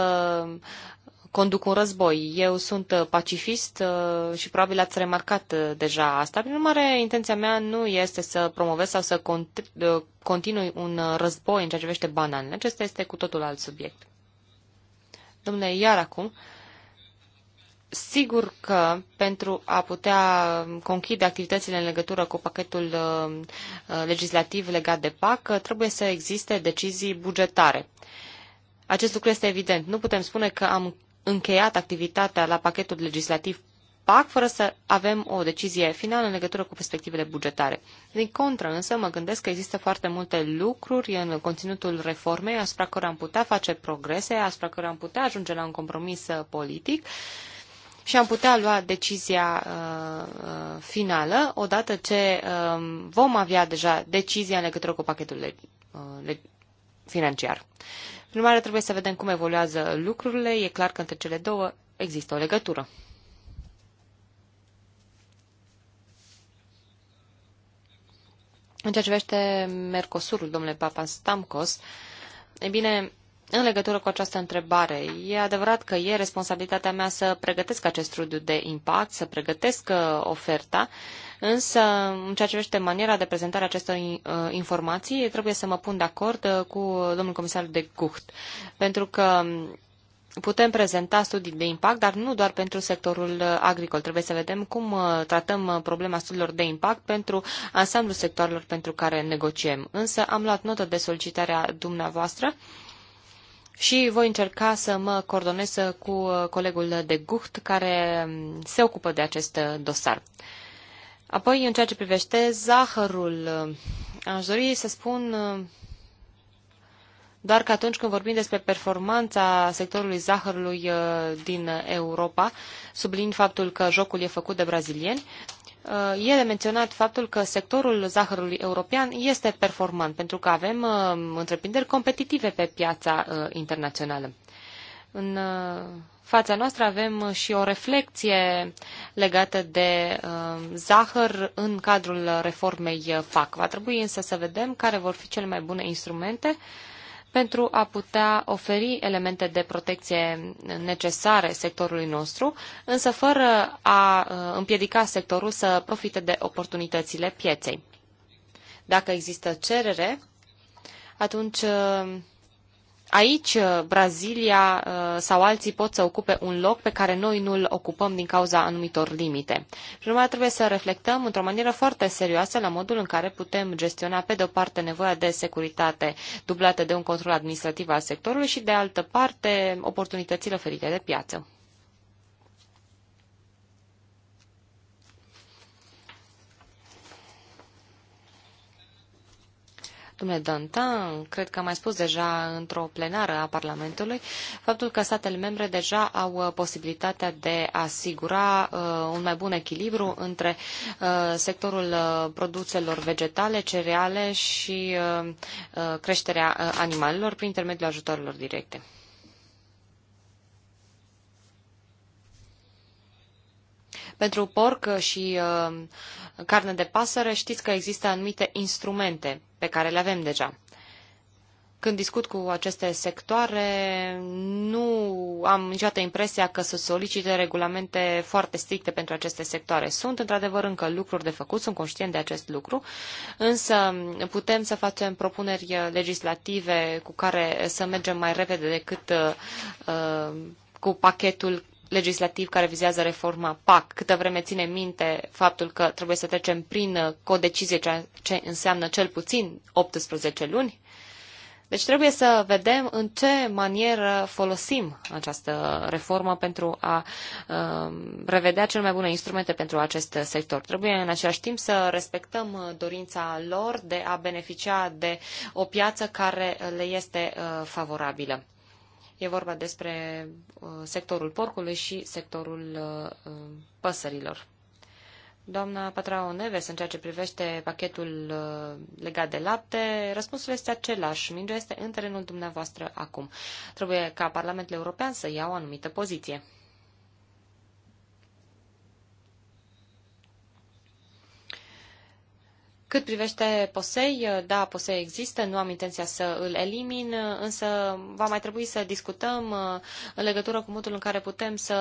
conduc un război. Eu sunt uh, pacifist uh, și probabil ați remarcat uh, deja asta. Prin urmare, intenția mea nu este să promovez sau să continui un război în ceea ce privește bananele. Acesta este cu totul alt subiect. Domnule, iar acum, sigur că pentru a putea conchide activitățile în legătură cu pachetul legislativ legat de PAC, trebuie să existe decizii bugetare. Acest lucru este evident. Nu putem spune că am încheiat activitatea la pachetul legislativ PAC fără să avem o decizie finală în legătură cu perspectivele bugetare. Din contră, însă, mă gândesc că există foarte multe lucruri în conținutul reformei asupra care am putea face progrese, asupra care am putea ajunge la un compromis uh, politic și am putea lua decizia uh, uh finală odată ce uh, vom avea deja decizia în legătură cu pachetul uh, financiar. Prin urmare, trebuie să vedem cum evoluează lucrurile. E clar că între cele două există o legătură. În ceea ce privește Mercosurul, domnule Papa Stamkos, e bine, în legătură cu această întrebare, e adevărat că e responsabilitatea mea să pregătesc acest studiu de impact, să pregătesc uh, oferta, însă în ceea ce vește maniera de prezentare acestor uh, informații, trebuie să mă pun de acord uh, cu domnul comisar de Gucht, pentru că putem prezenta studii de impact, dar nu doar pentru sectorul agricol. Trebuie să vedem cum tratăm problema studiilor de impact pentru ansamblul sectoarelor pentru care negociem. Însă am luat notă de solicitarea dumneavoastră și voi încerca să mă coordonez cu colegul de Gucht care mm, se ocupă de acest dosar. Apoi, în ceea ce privește zahărul, mm, aș dori să spun mm, doar că atunci când vorbim despre performanța sectorului zahărului din Europa, sublin faptul că jocul e făcut de brazilieni, Uh, e de menționat faptul că sectorul zahărului european este performant, pentru că avem uh, întreprinderi competitive pe piața uh, internațională. În fața noastră avem și o reflecție legată de zahăr în cadrul reformei PAC. Va trebui însă să vedem care vor fi cele mai bune instrumente pentru a putea oferi elemente de protecție necesare sectorului nostru, însă fără a uh, împiedica sectorul să profite de oportunitățile pieței. Dacă există cerere, atunci uh, Aici uh, Brazilia uh, sau alții pot să ocupe un loc pe care noi nu-l ocupăm din cauza anumitor limite. Prima trebuie să reflectăm într-o manieră foarte serioasă la modul în care putem gestiona, pe de o parte, nevoia de securitate dublată de un control administrativ al sectorului și, de altă parte, oportunitățile oferite de piață. Domnule Dantin, cred că am mai spus deja într-o plenară a Parlamentului, faptul că statele membre deja au uh, posibilitatea de a asigura uh, un mai bun echilibru între uh, sectorul produselor vegetale, cereale și creșterea animalelor prin intermediul ajutorilor directe. Pentru porc și uh, carne de pasăre știți că există anumite instrumente pe care le avem deja. Când discut cu aceste sectoare, nu am niciodată impresia că să solicite regulamente foarte stricte pentru aceste sectoare. Sunt, într-adevăr, încă lucruri de făcut, sunt conștient de acest lucru, însă putem să facem propuneri legislative cu care să mergem mai repede decât uh, uh cu pachetul legislativ care vizează reforma PAC, câtă vreme ține minte faptul că trebuie să trecem prin uh, codecizie, ceea ce înseamnă cel puțin 18 luni. Deci trebuie să vedem în ce manieră folosim această reformă pentru a uh, revedea cele mai bune instrumente pentru acest sector. Trebuie în același timp să respectăm uh, dorința lor de a beneficia de o piață care le este uh, favorabilă. E vorba despre uh, sectorul porcului și sectorul uh, uh, păsărilor. Doamna Patrao Neves, în ceea ce privește pachetul legat de lapte, răspunsul este același. Mingea este în terenul dumneavoastră acum. Trebuie ca Parlamentul European să ia o anumită poziție. Cât privește POSEI, uh, da, POSEI există, nu am intenția să îl elimin, uh, însă va mai trebui să discutăm uh, în legătură cu modul în care putem să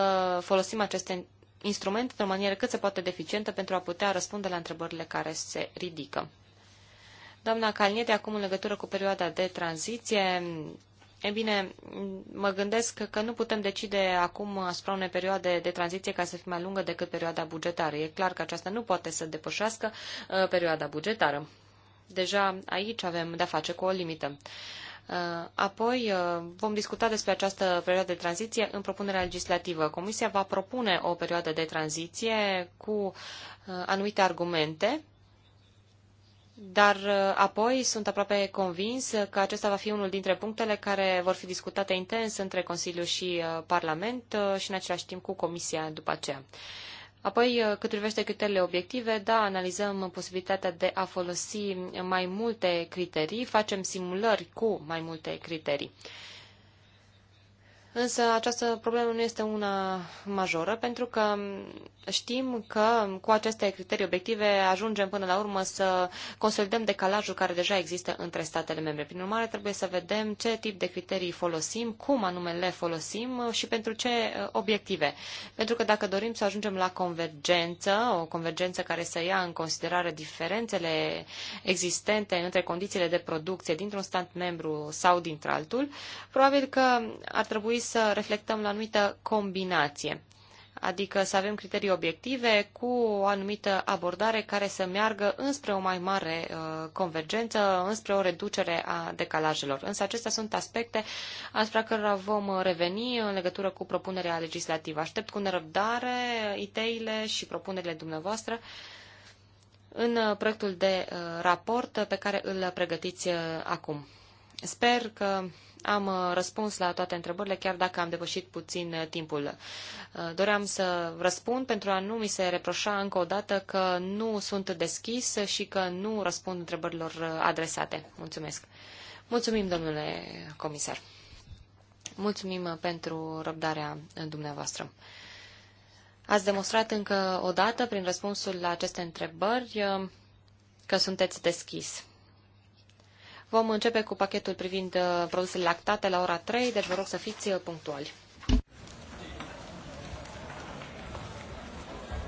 folosim aceste instrumente într o manieră cât se poate deficientă pentru a putea răspunde la întrebările care se ridică. Doamna Calniete, acum în legătură cu perioada de tranziție, E bine, mă gândesc că nu putem decide acum asupra unei perioade de tranziție care să fie mai lungă decât perioada bugetară. E clar că aceasta nu poate să depășească uh, perioada bugetară. Deja aici avem de-a face cu o limită. Uh, apoi uh, vom discuta despre această perioadă de tranziție în propunerea legislativă. Comisia va propune o perioadă de tranziție cu anumite argumente dar uh, apoi sunt aproape convins că acesta va fi unul dintre punctele care vor fi discutate intens între Consiliu și uh, Parlament uh, și în același timp cu Comisia după aceea. Apoi, cât privește criteriile obiective, da, analizăm posibilitatea de a folosi mai multe criterii, facem simulări cu mai multe criterii. Însă această problemă nu este una majoră, pentru că știm că cu aceste criterii obiective ajungem până la urmă să consolidăm decalajul care deja există între statele membre. Prin urmare, trebuie să vedem ce tip de criterii folosim, cum anume le folosim și pentru ce uh, obiective. Pentru că dacă dorim să ajungem la convergență, o convergență care să ia în considerare diferențele existente între condițiile de producție dintr-un stat membru sau dintr-altul, probabil că ar trebui să reflectăm la anumită combinație adică să avem criterii obiective cu o anumită abordare care să meargă înspre o mai mare uh, convergență, înspre o reducere a decalajelor. Însă acestea sunt aspecte asupra cărora vom reveni în legătură cu propunerea legislativă. Aștept cu nerăbdare ideile și propunerile dumneavoastră în uh, proiectul de uh, raport pe care îl pregătiți acum. Sper că am uh, răspuns la toate întrebările, chiar dacă am depășit puțin uh, timpul. Uh, doream să răspund pentru a nu mi se reproșa încă o dată că nu sunt deschis și că nu răspund întrebărilor adresate. Mulțumesc. Mulțumim, domnule comisar. Mulțumim pentru răbdarea dumneavoastră. Ați demonstrat încă o dată, prin răspunsul la aceste întrebări, că sunteți deschis. Vom începe cu pachetul privind uh, produsele lactate la ora 3, deci vă rog să fiți uh, punctuali.